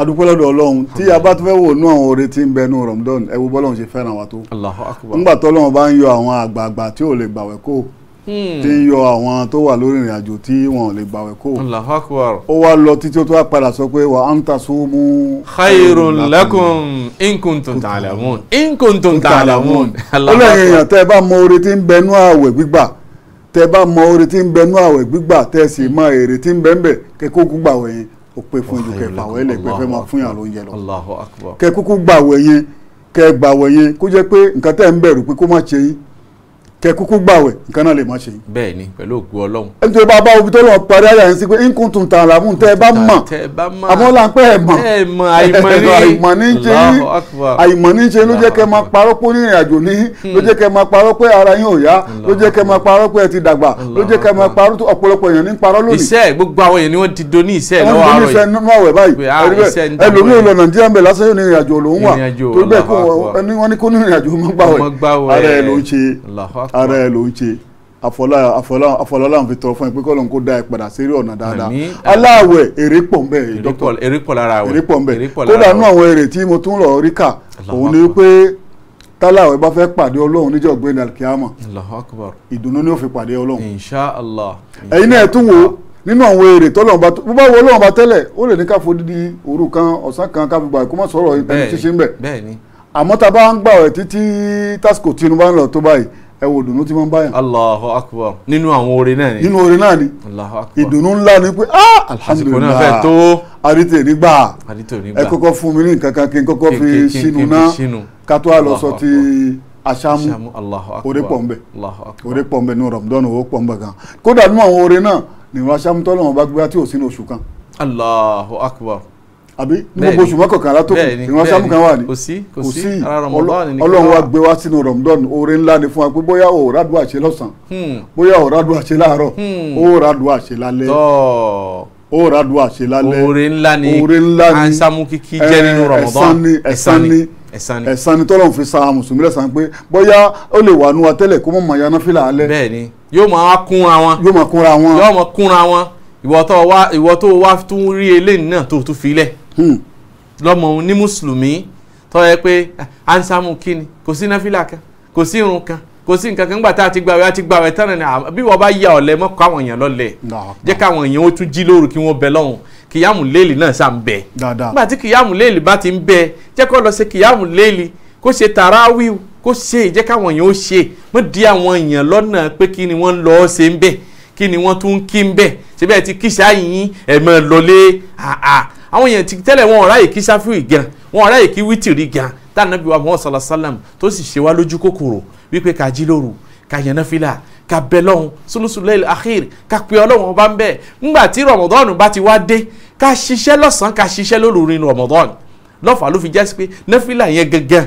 adúpẹ́ lọ́dọ̀ ọlọ́run tí a bá tún fẹ́ wò nú àwọn oore tí ń bẹnu Ramadan ẹ wo bọ́lọ́run ṣe fẹ́ràn wa tó ńgbà tọ́lọ́run bá ń yọ àwọn àgbààgbà tí ò lè gbàwẹ̀ kó hmm. tí ń yọ àwọn tó wà lórí ìrìn àjò tí wọn ò lè gbàwẹ̀ kó ó wá lọ títí ó tó wá padà sọ pé wa an tasumu khairun lakum in kuntum ta'lamun in ta'lamun ó lẹ́yìn èèyàn tẹ́ ẹ bá mọ oore tí ń bẹnu àwẹ̀ gbígbà tẹ́ ẹ bá mọ oore tí ń bẹnu àwẹ̀ gbígbà tẹ́ ẹ sì mọ èrè tí ń bẹ́ńbẹ̀ kẹ́kọ́ gbígbà wẹ̀yìn ó pé fún ìlú kẹfà àwọn ẹlẹgbẹ fẹ́ máa fún yàn lóúnjẹ lọ Allahu Akbar kẹ kúkú gbàwẹ̀ yẹn kẹ gbàwẹ̀ yẹn kó jẹ́ pé nǹkan tẹ́ ń bẹ̀rù pé kó má ṣe yín kẹ kúkú gbàwẹ̀ nǹkan náà lè má ṣe. bẹ́ẹ̀ ni pẹ̀lú òkú Ọlọ́run. ẹni tó bá bá obi tó lọ parí àyà yẹn sí pé nkún tún tàn làmú tẹ ẹ bá mọ̀ àmọ́ là ń pẹ́ ẹ̀ mọ̀ àìmọ̀ ní ṣe ní àìmọ̀ ní ṣe ló jẹ́ kẹ́ máa parọ́ pé ní ìrìnàjò ní hmm. ló jẹ́ kẹ́ máa parọ́ pé ara yín ò yá ló jẹ́ kẹ́ máa parọ́ pé ẹ ti dàgbà ló jẹ́ kẹ́ máa parọ́ ọ̀pọ̀lọpọ̀ èèyàn ní parọ́ lónìí. iṣẹ́ gbogbo àwọn ara ẹ ló ń ṣe àfọlá àfọlá àfọlá làwọn fi tọrọ fún ẹ pé kọlọ́n kó dá ẹ padà sí rí ọ̀nà dáadáa aláàwẹ̀ èrè pọ̀ nbẹ̀ dọ́kítọ̀ èrè pọ̀ lára wẹ̀ èrè pọ̀ nbẹ̀ kódà nú àwọn èrè tí mo tún lọ rí kà òun ni pé tálàwẹ̀ bá fẹ́ pàdé ọlọ́run níjọ́ gbẹ̀ndà kíámà ìdùnnú ni ó fi pàdé ọlọ́run insha Allah ẹ̀yin náà tún wo nínú àwọn èrè tọ́lọ́run bá bó bá wo ọlọ́run bá tẹ́lẹ̀ ó lè ní ká fodidi òru kan ọ̀sán kan ká kó má sọ̀rọ̀ ìpinnu ṣíṣe ń bẹ̀ àmọ́ tá bá ń gbà ẹ̀ títí tásìkò tí inú ń lọ tó báyìí ẹ wo ìdùnnú tí wọ́n bá yàn. Allahu akbar nínú àwọn oore náà ni. nínú oore náà ni. Allahu akbar ìdùnnú ńlá ni pé ah alhamdulilayi àsìkò náà fẹ́ tó. àrítè nígbà ẹ kọ́kọ́ fún mi ní nǹkan kan kí n kọ́kọ́ fi sínú náà ká tó àlọ́ sọ ti aṣámú oore pọ̀ nbẹ oore pọ̀ nbẹ ní Ramadan owó pọ̀ nbẹ gan kódà nínú àwọn oore náà nínú aṣámú tọ́lọ́mọba gbé wá tí ò sínú oṣù kan. Allahu akbar àbí ní gbogbo oṣù mọ́kànlá tó kù ìran sáàmù kan wà ní kò sí kò sí ọlọ́run wa gbé wá sínú rọ̀mùdọ́nù oore ńlá ni fún wa pé bóyá o ràdù àṣẹ lọ́sàn-án hmm. bóyá o ràdù àṣẹ láàárọ̀ o hmm. ràdù àṣẹ lálẹ́ o ràdù àṣẹ lálẹ́ oore ńlá ni ansamu kìkì jẹ́ eh, nínú rọ̀mùdọ́nù ẹ̀san ni ẹ̀san ni ẹ̀san ni tọ́lọ́run fi sa mùsùlùmí lẹ́san pé bóyá ó lè wà nù wa tẹ́lẹ̀ kó mọ̀ mọ̀ yaná fìlà alẹ́ bẹ́ẹ̀ ni yóò máa kúnra wọn yóò máa kúnra wọn ìwọ tó wá tún rí eléyìí náà tó tún fi lẹ̀ Hmm. lọ́mọ òun ní mùsùlùmí tó yẹ pé ah, ansamu kíni kò sí náfìlà kan kò sí irun kan kò sí nǹkan kan gbà tá a ti gbàwé a ti gbàwé tán ni bí wọ́n bá ya ọ̀lẹ mọ́ kó àwọn èèyàn lọ́lẹ̀ jẹ́ káwọn èèyàn ó tún jí lóru kí wọ́n bẹ lọ́hùn kìyàmù léèlì náà sá ń bẹ nígbà tí kìyàmù léèlì bá ti ń bẹ jẹ́ kó lọ ṣe kìyàmù léèlì kó ṣe tàràwíw kó ṣe jẹ́ káwọn èèyàn ó ṣe mọ́ di àwọn èèyàn lọ́nà pé kí ni wọ́n lọ ṣe ń bẹ̀ kí ni wọ́n tún kí ń bẹ̀ ṣe bẹ́ẹ̀ ti kíṣà yìnyín ẹ̀ mọ́ lọlé àà àwọn èèyàn ti tẹ́lẹ̀ wọn ọ̀rá yìí kí sáfìrì gan wọn ọ̀rá yìí kí wítìrì gan tá ànábì wa muhammad sallallahu alayhi wa sallam tó sì ṣe wá lójú kòkòrò wípé ká jí lóru ká yànnà fìlà ká bẹ lọ́hùn sulusulẹ́lì akhir ká pe ọlọ́run ọba ń bẹ̀ ńgbà tí rọmọdọ́ọ̀nù bá ti wá dé ká ṣiṣẹ́ lọ́sàn-án ká ṣiṣẹ́ lóru nínú rọmọdọ́ọ̀nù lọ́fà ló fi jásí pé nẹ́fìlà yẹn gangan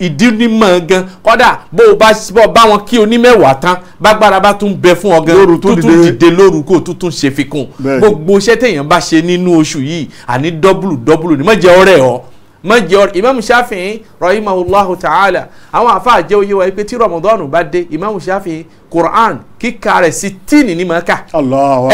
ìdúnímọ̀ gan kọ́dà bó o bá bá wọn kí onímẹ̀wàá tán bágbára bá tún bẹ fún ọ gan tuntun dìde lóru kó tuntun ṣe fi kún gbogbo iṣẹ́ téèyàn bá ṣe nínú oṣù yìí àní dọ́bùlù dọ́bùlù ni mọ̀jẹ̀ ọ̀rẹ́ ọ mọ̀jẹ̀ ọ̀rẹ́ imam shafi'i rahimahullahu ta'ala àwọn àfáà jẹ́ oyé wa pé tí ramadan bá dé imam shafi'i quran kíka rẹ̀ sí tíìnì ní mọ̀ọ́kà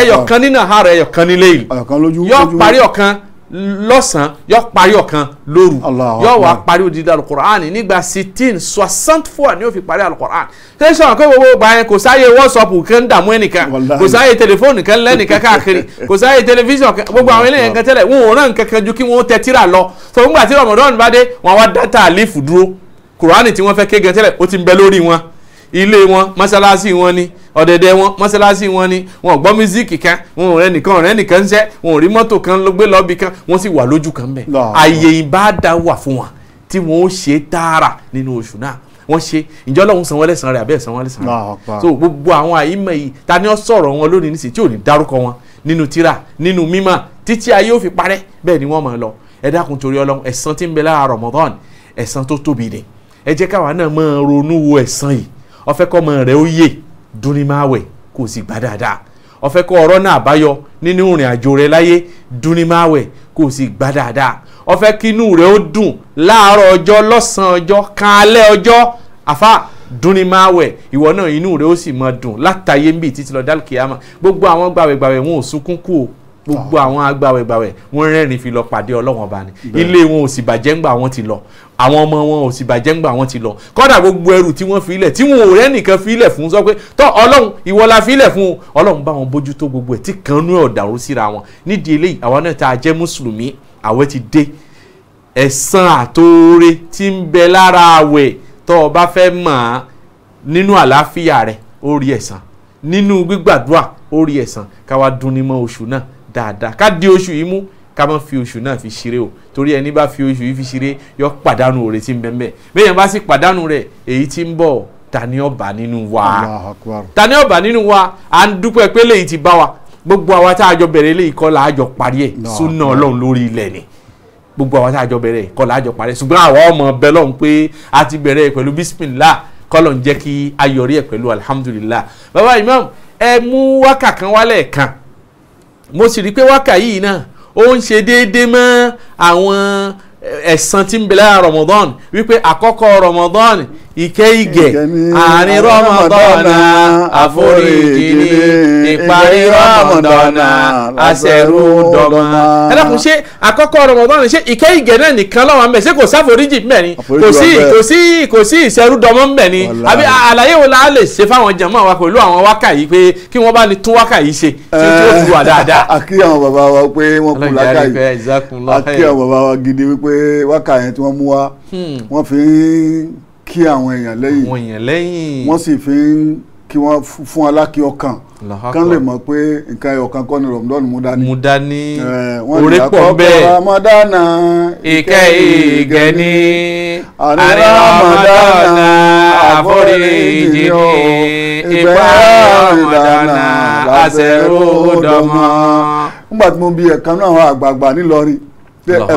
ẹyọ̀kan nínú àhárẹ̀ ẹyọ̀kan nílé yìí yọ parí ọ̀kan lọ́sàn-án yọ parí ọ̀kan lóru yọ wá parí odidi alukur'an nígbà sixteen soixante four ni ó fi parí alukur'an tẹ̀sán kó gbogbo gbà yẹn kò sáyé wọ́sọ̀pù kan dààmú ẹnìkan kò sáyé tẹlifóònù kan lẹ́nìkan káàkiri kò sáyé tẹlifíṣàn kan gbogbo àwọn eléyàn kan tẹ́lẹ̀ wọn ò rán nǹkan kan ju kí wọ́n tẹ tíra lọ tó ń gbà tí Ramadan bá dé wọn wá dátà àlífù dúró kùránì tí wọ́n fẹ́ ké gan tẹ́lẹ̀ ó ti ń bẹ lórí wọn ilé wọn mọ́sálásí wọn ni ọ̀dẹ̀dẹ̀ wọn mọ́sálásí wọn ni wọn ò gbọ́ mísíkì kan wọn ò rẹ nìkan ọ̀rẹ́ nìkan ń ṣẹ́ wọn ò rí mọ́tò kan ló gbé lọ́ọ̀bì kan wọ́n sì wà lójú kan bẹ́ẹ̀ àyè ìbáàdà wà fún wọn tí wọn ó ṣe tààrà nínú oṣù náà wọ́n ṣe ìjọ lọ́hún sanwó ẹlẹ́sàn rẹ̀ àbẹ́ sanwó ẹlẹ́sàn rẹ̀ so gbogbo àwọn àyímọ̀ yìí ta ni ó sọ̀rọ̀ wọn lónìí nísìsiyìí tí ò ní dárúkọ wọn nínú tírà nínú mímọ̀ títí ayé ó fi parẹ́ bẹ́ẹ̀ ni wọ́n mọ̀ ọ́ lọ ẹ dákun torí ọlọ́run ẹ̀san tí ń bẹ lára Ramadan ẹ̀san tó tóbi ni ẹ jẹ́ káwa náà máa ronú wo ẹ̀san yìí ọfẹ́ kọ́ ọmọ rẹ̀ ó yè dúnni máa wẹ̀ kó o sì gbá dáadáa ọfẹ́ kọ́ ọ̀rọ̀ náà àbáyọ nínú ìrìn àjò rẹ̀ láyé dúnni máa wẹ̀ kó o sì gbá dáadáa ọfẹ́ kí inú rẹ̀ ó dùn láàárọ̀ ọjọ́ lọ́sàn-án ọjọ́ kan alẹ́ ọjọ́ àfa dúnni máa wẹ̀ ìwọ náà inú rẹ̀ ó sì máa dùn látàyé ń bì títí lọ dálkìyàmà gbogbo àwọn gbàwẹ̀gbàwẹ̀ wọn ò sunkún kú o gbogbo ah. àwọn agbáwẹ̀gbàwẹ̀ wọ́n rẹ́rìn fi lọ pàdé ọlọ́wọ́n ọba ni ilé wọn ò sì bàjẹ́ ńgbà wọn ti lọ àwọn ọmọ wọn ò sì bàjẹ́ ńgbà wọn ti lọ kọ́dà gbogbo ẹrù tí wọ́n fi ilẹ̀ tí wọn ò rẹ́nìkan fi fún sọ pé tọ́ ọlọ́run ìwọ la fi ilẹ̀ fún o ọlọ́run bá wọn bójú tó gbogbo ẹ̀ tí kan nú ọ̀dàrú síra wọn nídìí eléyìí àwa náà tá a jẹ́ mùsùlùmí àwẹ̀ ti dé ẹ̀san àtòore tí ń bẹ lára àwẹ̀ tọ́ ọ bá fẹ́ mọ̀ á nínú àlàáfíà rẹ̀ ó rí ẹ̀san nínú gbígbàdúrà ó rí ẹ̀san káwa dún ní mọ́ oṣù náà dáadáa ká di oṣù yìí mú ká má fi oṣù náà fi ṣeré o torí ẹni bá fi oṣù yìí fi ṣeré yọ pàdánù oore tí ń bẹ́ẹ̀ bẹ́ẹ̀ bẹ́ẹ̀ bá sì pàdánù rẹ̀ èyí tí ń bọ̀ tani ọba nínú wa tani ọba nínú wa à ń dúpẹ́ pé léyìí ti bá wa gbogbo àwa tá a jọ bẹ̀rẹ̀ léyìí kọ́ la a jọ parí ẹ̀ súnà ọlọ́run lórí ilẹ̀ ni gbogbo àwa tá a jọ bẹ̀rẹ̀ kọ́ la a jọ parí ẹ̀ ṣùgbọ́n àwa ọmọ bẹ́ẹ̀ lọ́hùn pé a ti bẹ̀rẹ̀ pẹ̀lú bísímìlá kọ́lọ̀ ń jẹ́ kí ayọ̀rí ẹ̀ pẹ̀lú alihamudulilayi baba imam ẹ mú wákà kan wálẹ̀ kan mo sì rí i pé wákà yìí náà ó ń ṣe déédéé mọ́ àwọn eh, ẹ̀san tí ń bẹ lára Ramadan wípé àkọ́kọ́ Ramadan ìkẹ́ ìgẹ̀ àárín rọ́mọdọ́nà àforíjì ní ìparí rọ́mọdọ́nà àṣẹrú ẹ dákun ṣé àkọ́kọ́ rọ́mọdọ́nà ṣé ìkẹ́ náà nìkan lọ́wọ́ àmì ṣé kò sáforíjì mbẹ̀ ni kò sí kò sí kò sí ìṣẹrú dọ́mọ mbẹ̀ ni àbí àlàyé wo la lè ṣe fáwọn jàmáà wa pẹ̀lú àwọn wákà yìí pé kí wọ́n bá ní tún wákà yìí ṣe tí ó ti wà dáadáa. àkí eh, àwọn bàbá wa pé wọ́n kú lákà yìí àkí àwọn bàbá wa gidi wípé wákà yẹn tí wọ́n kí àwọn èèyàn lẹ́yìn àwọn èèyàn lẹ́yìn wọ́n sì fi ń kí wọ́n fún aláki ọkàn kán lè mọ̀ pé nǹkan ọ̀kan kọ́ ni rọ̀mùdọ́nù mú dání. mú dání orí pọ̀ bẹ́ẹ̀ ramadana ìkẹ́ ìgẹ́ni àní ramadana àforíjì ni ìgbà ramadana àṣẹrò dọ́mọ. nígbà tí mo bi ẹ̀kan náà àwọn àgbààgbà nílọrin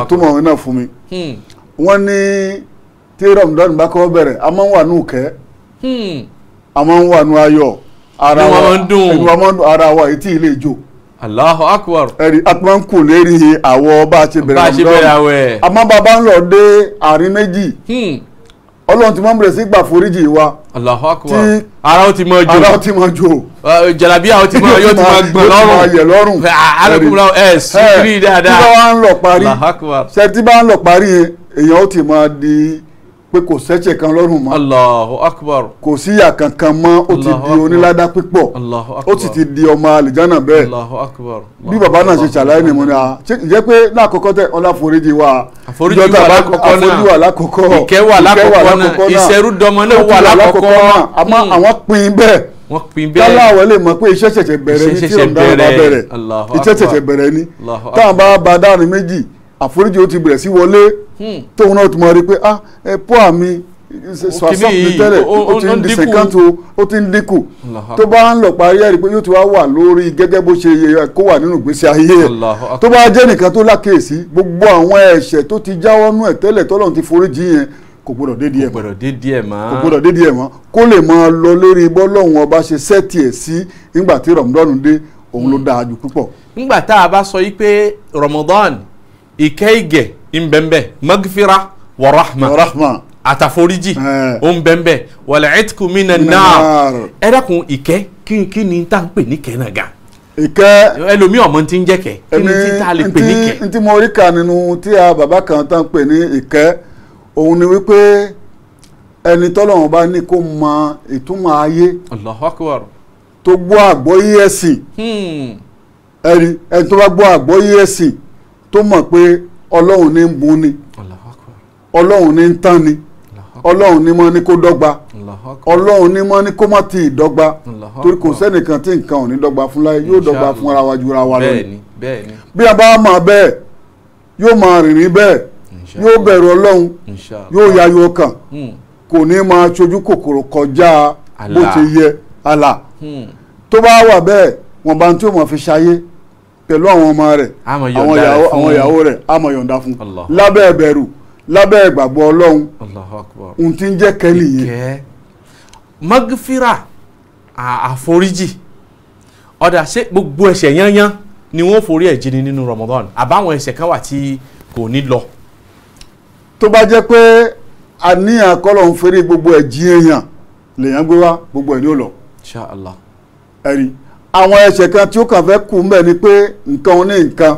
ẹ̀túnmọ̀ náà fún mi hmm. wọ́n ní tí ramadan bá kọ́ bẹ̀rẹ̀ a máa ń wà nù kẹ́ hmm. a máa ń wà nù ayọ̀ ara wa ẹnu wa máa ń dùn ara wa etí ilé ìjó. Allahu akbar. ẹ̀rí a máa ń kù lérí àwọ̀ bá a ṣe bẹ̀rẹ̀ ramadan àmọ́ bàbá ń lọ dé àárín méjì hmm. ọlọ́run ti máa ń bẹ̀rẹ̀ sí gbà foríjì wa. Allahu akbar ara ó ti máa jó ara ó ti máa jó. jalabiya ó ti máa yóò ti máa gbọ̀n lọ́rùn yóò ti máa yẹ̀ lọ́rùn. alukumla ẹ sikiri dáadáa. tí bá wà ń lọ parí ṣe tí bá ń lọ parí èèyàn ó ti máa di pé kò sẹ́ṣẹ̀ kan lọ́rùn mọ́. Allahu akbar. kò síyà kankan mọ́ ó ti di oníládá pípọ̀ ó sì ti di ọmọ àlìjánà bẹ́ẹ̀. Allahu akbar. bí bàbá náà ṣe ṣàlàyé ni mo ní a ah, jẹ́ pé lákòókò tẹ ọlá foríjì wa. àforíjì wa náà àforíjì wa lákòókò ìkẹ́ wa náà ìṣerúdọmọ wà lákòókò náà. àmọ́ hmm. àwọn pin bẹ́ẹ̀ wọ́n lè mọ̀ pé iṣẹ́ ṣẹ̀ṣẹ̀ bẹ̀rẹ̀ ni tí rọ̀mùdánù bá bẹ̀rẹ̀ iṣẹ́ ṣẹ̀ṣẹ̀ bẹ̀rẹ̀ ni táwọn bá bá dáàrin méjì àforíjì ó ti bẹ̀rẹ̀ sí wọlé hmm. tóun náà ti mọ̀ rí pé ah ẹ pọ́ àmì swasap ní tẹ́lẹ̀ ó ti ń di sẹ̀kántó ó ti ń dínkù tó bá ń lọ parí ẹ̀rí pé yóò ti wá wà lórí gẹ́gẹ́ bó ṣe yẹ kó wà nínú ìgbésí ayé ẹ̀ tó bá jẹ́ nìkan tó lákèésí gbogbo àwọn ẹ̀ṣẹ̀ tó ti jáwọ́ nú ẹ̀ tẹ́lẹ̀ tọ́lọ́run ti foríjì yẹn kò gbọdọ̀ dé díẹ̀ mọ́ kò gbọdọ̀ dé díẹ̀ mọ́ kó lè máa lọ lórí bọ́lọ́hún ọba ṣe sẹ́ẹ̀tì ẹ̀ sí nígbà tí rọ̀mùdọ́nù dé òun ló hmm. dáa jù púpọ̀. nígbà tá a bá sọ yí pé rọ̀mùdọ́nù ìkẹ́ ìgẹ̀ ìbẹ̀nbẹ̀ magfira wa rahma wa rahma àtàforíjì ó ń bẹ̀nbẹ̀ wàlẹ̀ ẹ̀tìkù mi nà náà ẹ dákun ìkẹ́ kí ni tá à ń pè ní kẹ́ náà ga. ìkẹ́ ẹlòmíì ọmọ ti ń jẹ́ kẹ́ kí ni tí tá a lè pè ní kẹ́. ntí mo rí kà nínú a bàbá kan tá à ń pè ní òun ni wípé ẹni tọ́lọ́run bá ní kó mọ ìtumọ̀ ayé tó gbọ́ àgbọ́yé ẹ̀sìn hmm. ẹni tó bá gbọ́ àgbọ́yé ẹ̀sìn tó mọ̀ pé ọlọ́run ní mú ni ọlọ́run ní tán ni ọlọ́run ní mọ́ ní kó dọ́gba ọlọ́run ní mọ́ ní kó má ti dọ́gba torí kò sẹ́nìkan tí nǹkan ò ní dọ́gba fún láyé yóò dọ́gba fún ara wa ju ara wa lọ bí a bá máa bẹ́ẹ̀ yóò máa rìnrìn bẹ́ẹ̀ yóò bẹ̀rù ọlọ́run yóò yayọ ọkàn hmm. kò ní máa ṣojú kòkòrò kọjá bó ti yẹ àlà hmm. tó bá wà bẹ́ẹ̀ wọ́n bá ń tí ó mọ̀ fi ṣayé pẹ̀lú àwọn ọmọ rẹ̀ àwọn ìyàwó rẹ̀ àmọ̀ yọ̀ǹda fún lábẹ́ ẹ̀bẹ̀rù lábẹ́ ìgbàgbọ́ ọlọ́run ohun tí ń jẹ́ kẹ́lì yẹn. magfira àforíjì ọ̀dà ṣé gbogbo ẹ̀ṣẹ̀ yányán ni wọ́n forí ẹ̀ jìnnì nínú Ramadan àbáwọn ẹ̀ṣẹ̀ kan wà tí kò ní lọ. tó bá jẹ́ pé àníyàn kọ́lọ̀ ń feré gbogbo ẹ̀jìn èèyàn lèèyàn gbé wá gbogbo ẹ̀ ní ò lọ. Insha ẹ̀rí àwọn ẹsẹ̀ kan tí ó kàn fẹ́ kù mbẹ̀ ni pé nǹkan ní nǹkan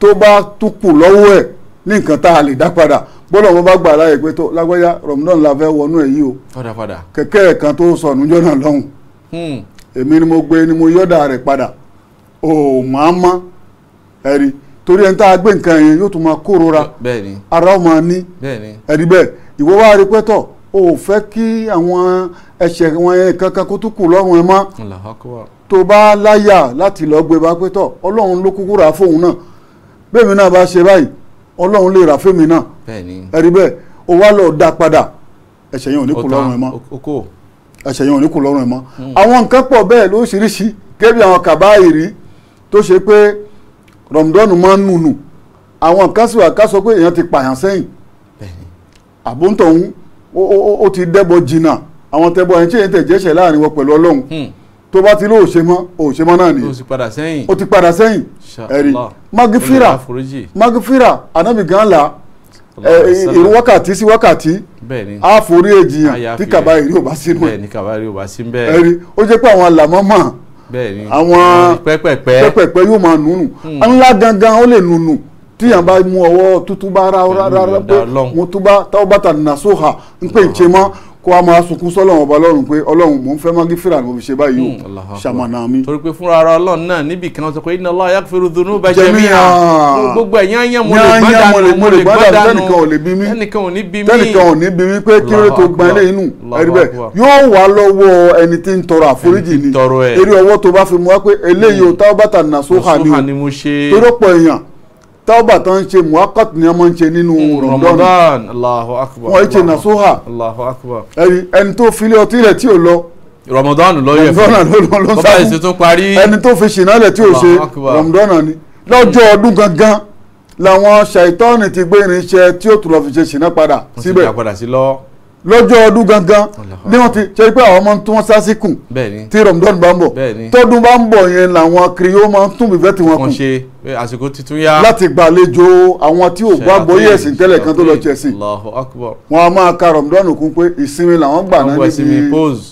tó bá tún kù lọ́wọ́ ẹ̀ ní nǹkan tá a lè dá padà bọ́lọ̀ wọn bá gbà láyè pé tó lágbájá rọ̀mùdán la fẹ́ wọnú ẹ̀ yìí o kẹ̀kẹ́ ẹ̀ kan tó sọnù jọ́nà lọ́hùn hmm. èmi ni mo gbé ni mo yọ̀dà rẹ̀ padà ò máa mọ́ ẹ̀rí torí ẹni tá a gbé nǹkan yẹn yóò tún máa kórora ara ó máa ní ẹ̀rí bẹ́ẹ̀ ìwọ wá rí pẹ́tọ̀ o ò fẹ́ kí àwọn ẹ̀ṣẹ̀ wọn yẹn kankan kó tún kù lọ́rùn ẹ mọ́ tó bá láyà láti lọ́ọ́ gbé bá pé tọ̀ ọlọ́run ló kúkú rà fóun náà bẹ́ẹ̀mi náà bá ṣe báyìí ọlọ́run lè rà fẹ́mi náà ẹ̀rí bẹ́ẹ̀ o wá lọ dá padà ẹ̀ṣẹ̀ yẹn ò ní kù lọ́rùn ẹ mọ́ ẹ̀ṣẹ̀ yẹn ò ní kù lọ́rùn ẹ mọ́ hmm. àwọn nǹkan pọ̀ bẹ́ẹ̀ lóríṣiríṣi kébì àwọn kàbáyìrí tó ṣe pé rọ̀mùdọ́nù máa ń nùnù àwọn kan ká sọ pé èèyàn ti pààyàn sẹ́yìn àbóǹtọ̀hún ó ti dẹ́bọ jìnnà àwọn tẹ́bọ ẹ̀ ń ṣèyí tẹ̀ jẹ́ṣẹ̀ láàrin wọn pẹ̀lú ọlọ́run hmm. tó bá ti ló ò ṣe mọ́ ò ṣe mọ́ náà ni ó ti padà sẹ́yìn ẹ̀rí magifira magifira anabi gan la ìrú wákàtí sí wákàtí àforí èjìyàn tí kaba ìrí ò bá sínú ẹ̀ ẹ̀rí ó jẹ́ pé àwọn àlàmọ́mọ́ àwọn pẹ́pẹ́pẹ́ yóò máa nùnù hmm. ńlá gangan ó lè nùnù tíyàn bá mú ọwọ́ tuntun bá rárá pé mo tún bá táwọn bàtà nà sóhà ń pè ń ṣe mọ́ kó a máa sunkún sọ́lọ́run ọba ọlọ́run pé ọlọ́run mò ń fẹ́ mọ́gí fìrà ni mo fi ṣe báyìí o hmm, ṣàmànà mi. torí pé fúnra ara ọlọ́run náà níbi kan sọ pé inna Allah yaghfiru dhunuba jami'an gbogbo ẹ̀ yányán mo lè gbọ́dà mo lè gbọ́dà tẹnìkan ò lè bí mi tẹnìkan ò ní bí mi tẹnìkan ò ní bí mi pé kí ló tó gba ilé inú ẹ̀rí bẹ́ẹ̀ yóò wà lọ́wọ́ ẹni tí ń tọrọ àforíjì ni eré ọwọ́ tó bá fi mu wá pé eléyìí ò hmm. táwọn bàtà nà sóhà ni o torí èèyàn tọ́ba tó ń ṣe muhakat ni wọ́n máa ń ṣe nínú ramadan allahu akbar wọ́n ṣe nasuha allahu akbar ẹni tó filé ọtí rẹ̀ tí ò lọ ramadan ló yẹ fún ramadan ló ń sáwọn ẹni tó fi ṣìnà rẹ̀ tí ò ṣe ramadan ni lọ́jọ́ ọdún gangan làwọn ṣàìtọ́ọ̀nì ti gbé irinṣẹ́ tí ó tún lọ fi ṣe ṣìnà padà síbẹ̀ lọ́jọ́ ọdún gangan ni wọ́n ti ṣe pé àwọn ọmọ tí wọ́n sásìkùn tí ramadan bá ń bọ̀ tọ́dún bá ń bọ̀ yẹn làwọn kiri yóò máa ń tún bíbẹ́ tí wọ́n kù àsìkò titun yá. láti gbàlejò àwọn tí ò gbọ́ àgbọ́yé ẹ̀sìn tẹ́lẹ̀ kan tó lọ chẹ́sìn wọn a máa ka rọ̀mùdọ́nù kún pé ìsinmi làwọn gbà náà níbi ìsinmi pose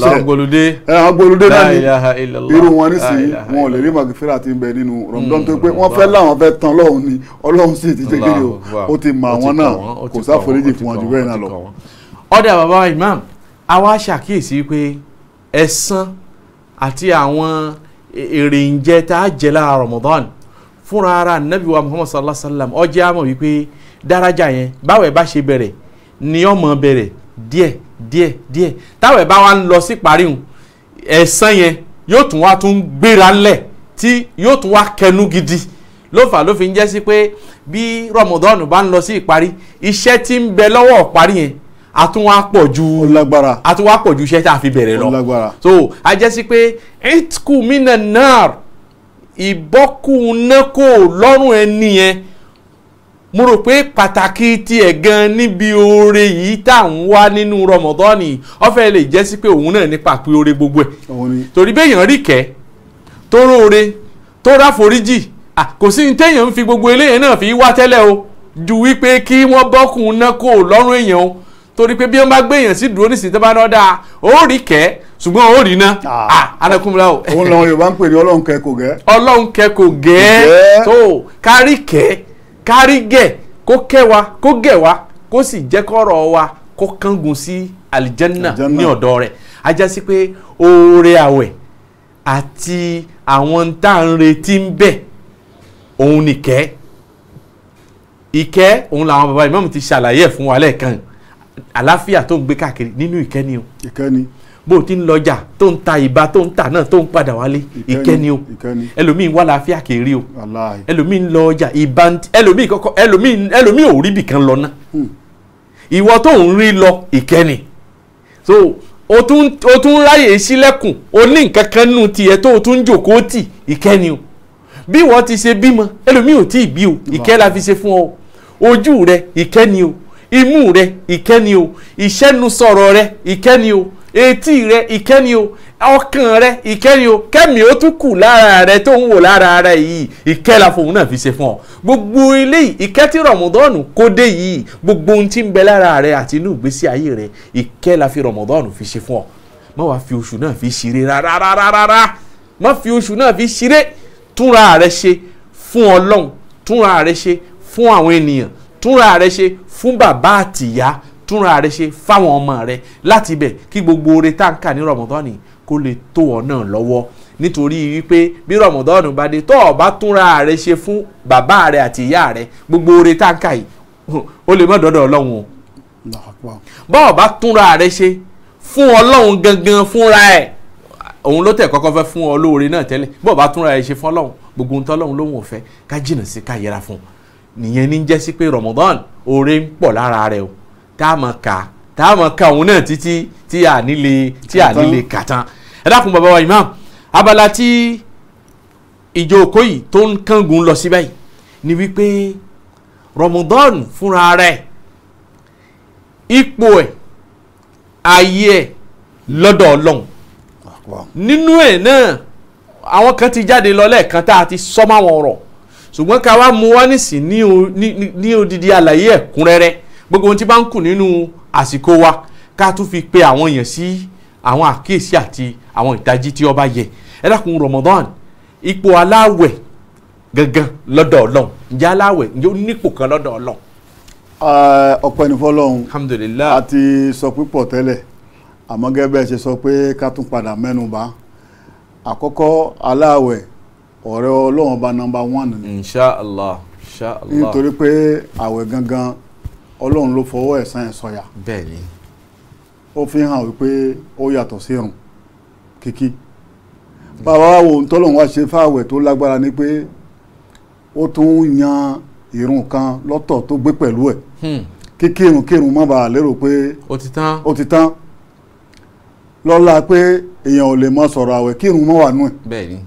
lọ́gbọ́lódé lọ́gbọ́lódé náà ni irú wọn nísìnyí wọn ò lè rí màgífẹ́rẹ́ àti ibẹ̀ nínú rọ̀mùdọ́nù tó pé hmm, wọ́n fẹ́ láwọn fẹ́ tan ọlọ́run ni ọlọ́run sì ti jẹ́ kéde o ó ti mọ àwọn náà kò sáforíjì fún wọn jù bẹ́ẹ̀ náà lọ. ọ̀dà bàbá imam àwa ṣàkíyèsí pé ẹ̀san àti àwọn èrè ń tá a jẹ Ramadan fúnra ara anabi wa Muhammad sallallahu alaihi wa sallam ọjẹ́ àmọ̀ wípé dáràjà yẹn báwo ẹ̀ bá ṣe bẹ̀rẹ̀ ni ọmọ bẹ̀rẹ̀ díẹ̀ díẹ̀ díẹ̀ táwọn ẹ̀ bá wa ń lọ sí paríhùn ẹ̀san yẹn yóò tún wá tún gbéra lẹ̀ tí yóò tún wá kẹnu gidi ló ló fi ń jẹ́ sí pé bí Ramadan bá ń lọ sí ìparí iṣẹ́ tí ń bẹ lọ́wọ́ ìparí yẹn a tún wá pọ̀ ju lágbára a tún wá pọ̀ ju iṣẹ́ tá a fi bẹ̀rẹ̀ lọ lágbára so a jẹ́ sí pé itku mina nar ìbọ́kùnnákò lọ́rùn ẹni yẹn mo rò pé pàtàkì tiẹ̀ gan níbi oore yìí tá à ń wá nínú rọmọdọ́ọ̀nì ọ̀fẹ́ lè jẹ́ sí pé òun náà ní pàpín oore gbogbo ẹ̀ torí béèyàn rí kẹ́ tó róore tó ráforíjì kò sí téèyàn ń fi gbogbo eléyẹn náà fi wá tẹ́lẹ̀ o ju wípé kí wọ́n bọ́kùnnákò lọ́rùn èèyàn o torí pé bí wọ́n bá gbéyàn sí dúró nísìnyí tó bá náà dáa ó rí kẹ́ ṣùgbọ́n ó rí ná anakunmọ́ra ah. ah, o. òun làwọn Yorùbá ń pè ní ọlọ́run kẹ́ kò gẹ́. ọlọ́run kẹ́ kò gẹ́ tó kárí kẹ́ kárí gẹ̀ kó kẹ́ wa kó gẹ̀ wa kó sì jẹ́ wa kó kángun sí alijanna ní ọ̀dọ̀ rẹ̀ ajá sí pé oore àwẹ̀ àti àwọn tá à ń retí ń bẹ òun nìkẹ́ ìkẹ́ òun làwọn bàbá ìmáàmù ti ṣàlàyé fún wa lẹ́ẹ̀kan àlàáfíà tó ń gbé káàkiri nínú ìkẹ́ni o ìkẹ́ni bó o ti ń lọ́jà tó ń ta ìbá tó ń tà náà tó ń padà wálé ìkẹ́ni o ẹlòmíín wà láàfíà kiri o ẹlòmíín lọ ọjà ìbá ẹlòmíín kọ́kọ́ ẹlòmíín ẹlòmíín ò rí bìkan lọ ná hmm. ìwọ tó ń rí lọ ìkẹ́ni so o tún o tún ráyè sílẹ̀kùn o ní nǹkan kan nù tiẹ̀ tó o tún jòkó tì ìkẹ́ni o bí wọ́n ti ṣe bímọ ẹlòmíín ò tí ì bí o ìkẹ́ la fi ṣe fún ọ ojú rẹ ìkẹ́ni o imú rẹ ìkẹ́ni o ìṣẹ́nusọ̀rọ̀ rẹ ìkẹ́ni o etí rẹ ìkẹ́ni o ọkàn rẹ ìkẹ́ni o kẹ́mi ó tún kù lára rẹ tó ń wò lára rẹ yìí ìkẹ́ la fòun náà fi ṣe fún ọ gbogbo eléyìí ìkẹ́ tí rọ̀mọ̀dọ́ọ̀nù kó dé yìí gbogbo ohun tí ń bẹ lára rẹ àti inú ìgbésí ayé rẹ ìkẹ́ la fi rọ̀mọ̀dọ́ọ̀nù fi ṣe fún ọ má wàá fi oṣù náà fi ṣeré rárárárá má fi oṣù náà fi ṣeré túnra rẹ ṣe fún Ọlọ́run túnra rẹ ṣe fún àwọn ènìyàn túnra rẹ ṣe fún bàbá àtìyá túnra rẹ ṣe fáwọn ọmọ rẹ láti ibẹ̀ kí gbogbo oore tá à ń kà ní rọ̀mọ̀dọ́nì kó lè tó ọ náà lọ́wọ́ nítorí wípé bí rọ̀mọ̀dọ́nì bá dé tó o bá túnra rẹ ṣe fún bàbá rẹ àti ìyá rẹ gbogbo oore tá à ń kà yìí ó lè mọ̀ dọ́dọ̀ ọlọ́run o bá o bá túnra rẹ ṣe fún ọlọ́run gangan fúnra ẹ̀ òun ló tẹ̀ kọ́kọ́ fẹ́ fún ọ lóore náà tẹ́lẹ̀ bó o bá túnra rẹ ṣe fún ọlọ́run gbogbo ohun tọ́lọ́run lóhun ò fẹ́ ká jìnnà sí ká yẹra fún un nìyẹn ní jẹ́ sí pé Ramadan oore ń pọ̀ lára rẹ̀ o tá a mọ̀ ká tá a mọ̀ ká òun náà títí tí a nílé tí a nílé kà tán. ẹ dákun bàbá wa imam abala tí ìjókòó yìí tó ń kángun lọ síbẹ̀ ni wípé Ramadan fúnra rẹ̀ ipò ẹ̀ ayé ẹ̀ lọ́dọ̀ ọlọ́run nínú ẹ̀ náà àwọn kan ti jáde lọ lẹ́ẹ̀kan tá a ti sọ́mọ́ àwọn ọ̀rọ̀ ṣùgbọ́n ká wá mu wá nísìn ní odidi àlàyé ẹ̀kúnrẹ́rẹ́ gbogbo ohun tí bá ń kù nínú àsìkò wa ká tún fi pe àwọn èèyàn sí àwọn àkíyèsí àti àwọn ìdájí tí ó bá yẹ ẹ dákun Ramadan ipò aláwẹ̀ gangan lọ́dọ̀ Ọlọ́run ǹjẹ́ aláwẹ̀ ǹjẹ́ ó nípò kan lọ́dọ̀ Ọlọ́run. ọpẹ́ ní fọ́lọ́run alhamdulillah a ti sọ pípọ̀ tẹ́lẹ̀ àmọ́ gẹ́gẹ́ bẹ́ẹ̀ ṣe sọ pé ká tún padà mẹ́nu àkọ́kọ́ aláwẹ̀ ọ̀rẹ́ ọlọ́run bá nọmba one ni. inshallah inshallah. nítorí pé àwẹ̀ gangan ọlọ́run ló fọwọ́ ẹ̀sán ẹ̀ sọ̀yà. bẹ́ẹ̀ni. ó fi hàn wípé ó yàtọ̀ sí irun kíkí. bàbá wa wo ntọ́lọ́run wá ṣe fáwẹ̀ tó lágbára ni pé ó tún yan irun kan lọ́tọ̀ tó gbé pẹ̀lú ẹ̀. Hmm. kíkí irun kírun má bàa lérò pé. ó ti tán. ó ti tán lọ́la pé èèyàn ò lè mọ sọ̀rọ̀ àwẹ̀ kírun mọ́ wà nù ẹ̀. bẹ́ẹ̀ni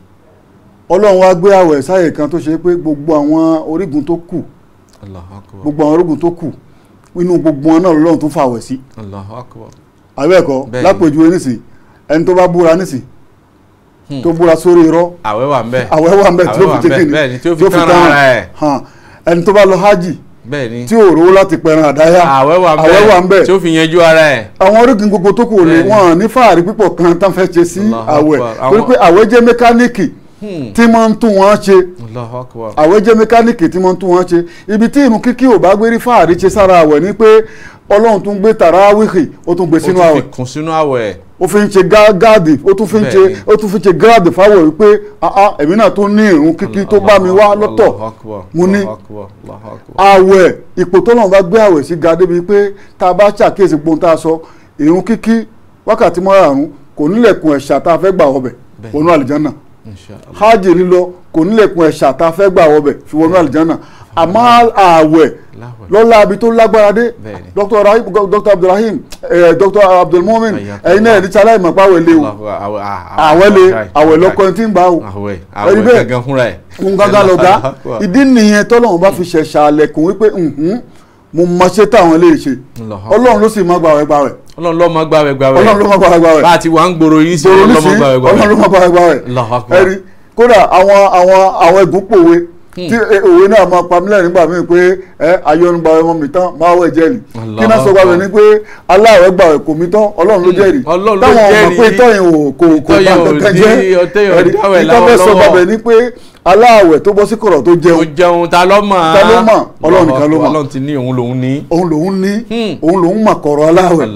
ọlọ́run wá gbé àwẹ̀ sáyè kan tó ṣe pé gbogbo àwọn orígun tó kù gbogbo àwọn orígun tó kù inú gbogbo wọn náà lọ́run tó fàwẹ̀ sí. àbẹ́ ẹ̀kọ́ lápèjúwe nísì ẹni tó bá búra nísì hmm. tó búra sórí irọ́ àwẹ̀ wà ń bẹ àwẹ̀ wà ń bẹ tí ó fi jẹ́kìnì tí ó fi tán ara ẹ̀ ẹni tó bá lọ hajj bẹ́ẹ̀ni tí ò rówó láti pẹran àdáyà àwẹ̀ wà ń bẹ tí ó fi yanjú ara ẹ̀. àwọn orígun gbogbo tó kù ò ní wọn ní fàárí pípọ̀ kan tán fẹ́ ṣe sí àwẹ̀ torí pé àwẹ̀ jẹ́ mẹkáníìkì Hmm. tí máa ń tún wọn ṣe àwẹ̀ jẹ́ mẹkáníìkì tí máa ń tún wọn ṣe ibi tí irun kíkí ò bá gbérí fáàrí ṣe sára àwẹ̀ ni pé ọlọ́run tún gbé tàràwìhì ó tún gbé sínú àwẹ̀ ó tún fi kún sínú àwẹ̀ ó fi ń ṣe gáàdì ó tún fi ń ṣe ó tún fi ń ṣe gáàdì fáwọ̀ wípé èmi náà tún ní irun kíkí tó bá mi wá lọ́tọ̀ mo ní àwẹ̀ ipò tọ́lọ́run bá gbé àwẹ̀ sí ga débi pé tá a bá ṣàkíyèsí gbóhùn tá a sọ irun kíkí wákàtí márùn-ún kò nílẹ̀kùn ẹ̀ṣà tá a fẹ́ gbà ọbẹ̀ wọnú àlìjánà hajj lílọ kò nílẹ̀kùn ẹ̀ṣà tá a fẹ́ gbà wọbẹ̀ fi wọnú àlìjánà àmọ́ ààwẹ̀ lọ́la abi tó lágbára dé dr abdulrahim eh, dr abdulmumin ẹ̀yin náà níta láì mọ̀ pé àwẹ̀ lé o ah, ah, ah, àwẹ̀ lé àwẹ̀ lọ́kọ́ tí ń gbà o ẹ̀rí bẹ́ẹ̀ ń gángan lọ́gá ìdí nìyẹn tọ́lọ́run bá fi ṣẹ̀ṣà lẹ̀kùn wípé mo mọ̀ ṣe táwọn lè ṣe ọlọ́run ló sì mọ̀ gbàwẹ̀ gbàwẹ̀ ọlọ́run ló máa gbàwẹ̀ gbàwẹ̀ ọlọ́run ló máa gbàwẹ̀ gbàwẹ̀ bá a ti wà ń gbòòrò yìí sí ọlọ́run ló máa gbàwẹ̀ gbàwẹ̀ ọlọ́run ló máa gbàwẹ̀ gbàwẹ̀ ẹ̀rí kódà àwọn àwọn àwọn ẹ̀gún pòwe Hmm. tí òwe náà máa pa mí lẹ́rìn gbà mí pé ayọ́nugba ọmọ mi tán máa wẹ̀ jẹ́rìí kí náà sọ gbàgbé ni pé aláàwẹ̀ gbà kò mí tán ọlọ́run ló hmm. jẹ́rìí táwọn ọmọ pé tọ́yìn ò kò kò bá kankan jẹ́ ẹ̀rí ìtọ́fẹ́ sọ gbàgbé ni pé aláàwẹ̀ tó bọ́ sí kọ̀rọ̀ tó jẹun. tó jẹun ta ló mọ̀. ta ló mọ̀ ọlọ́run nìkan ló mọ̀. ọlọ́run ti ní òun lòun ní. òun lòun ní. Hmm. òun lòun mọ̀ kọ̀rọ̀ aláàwẹ̀.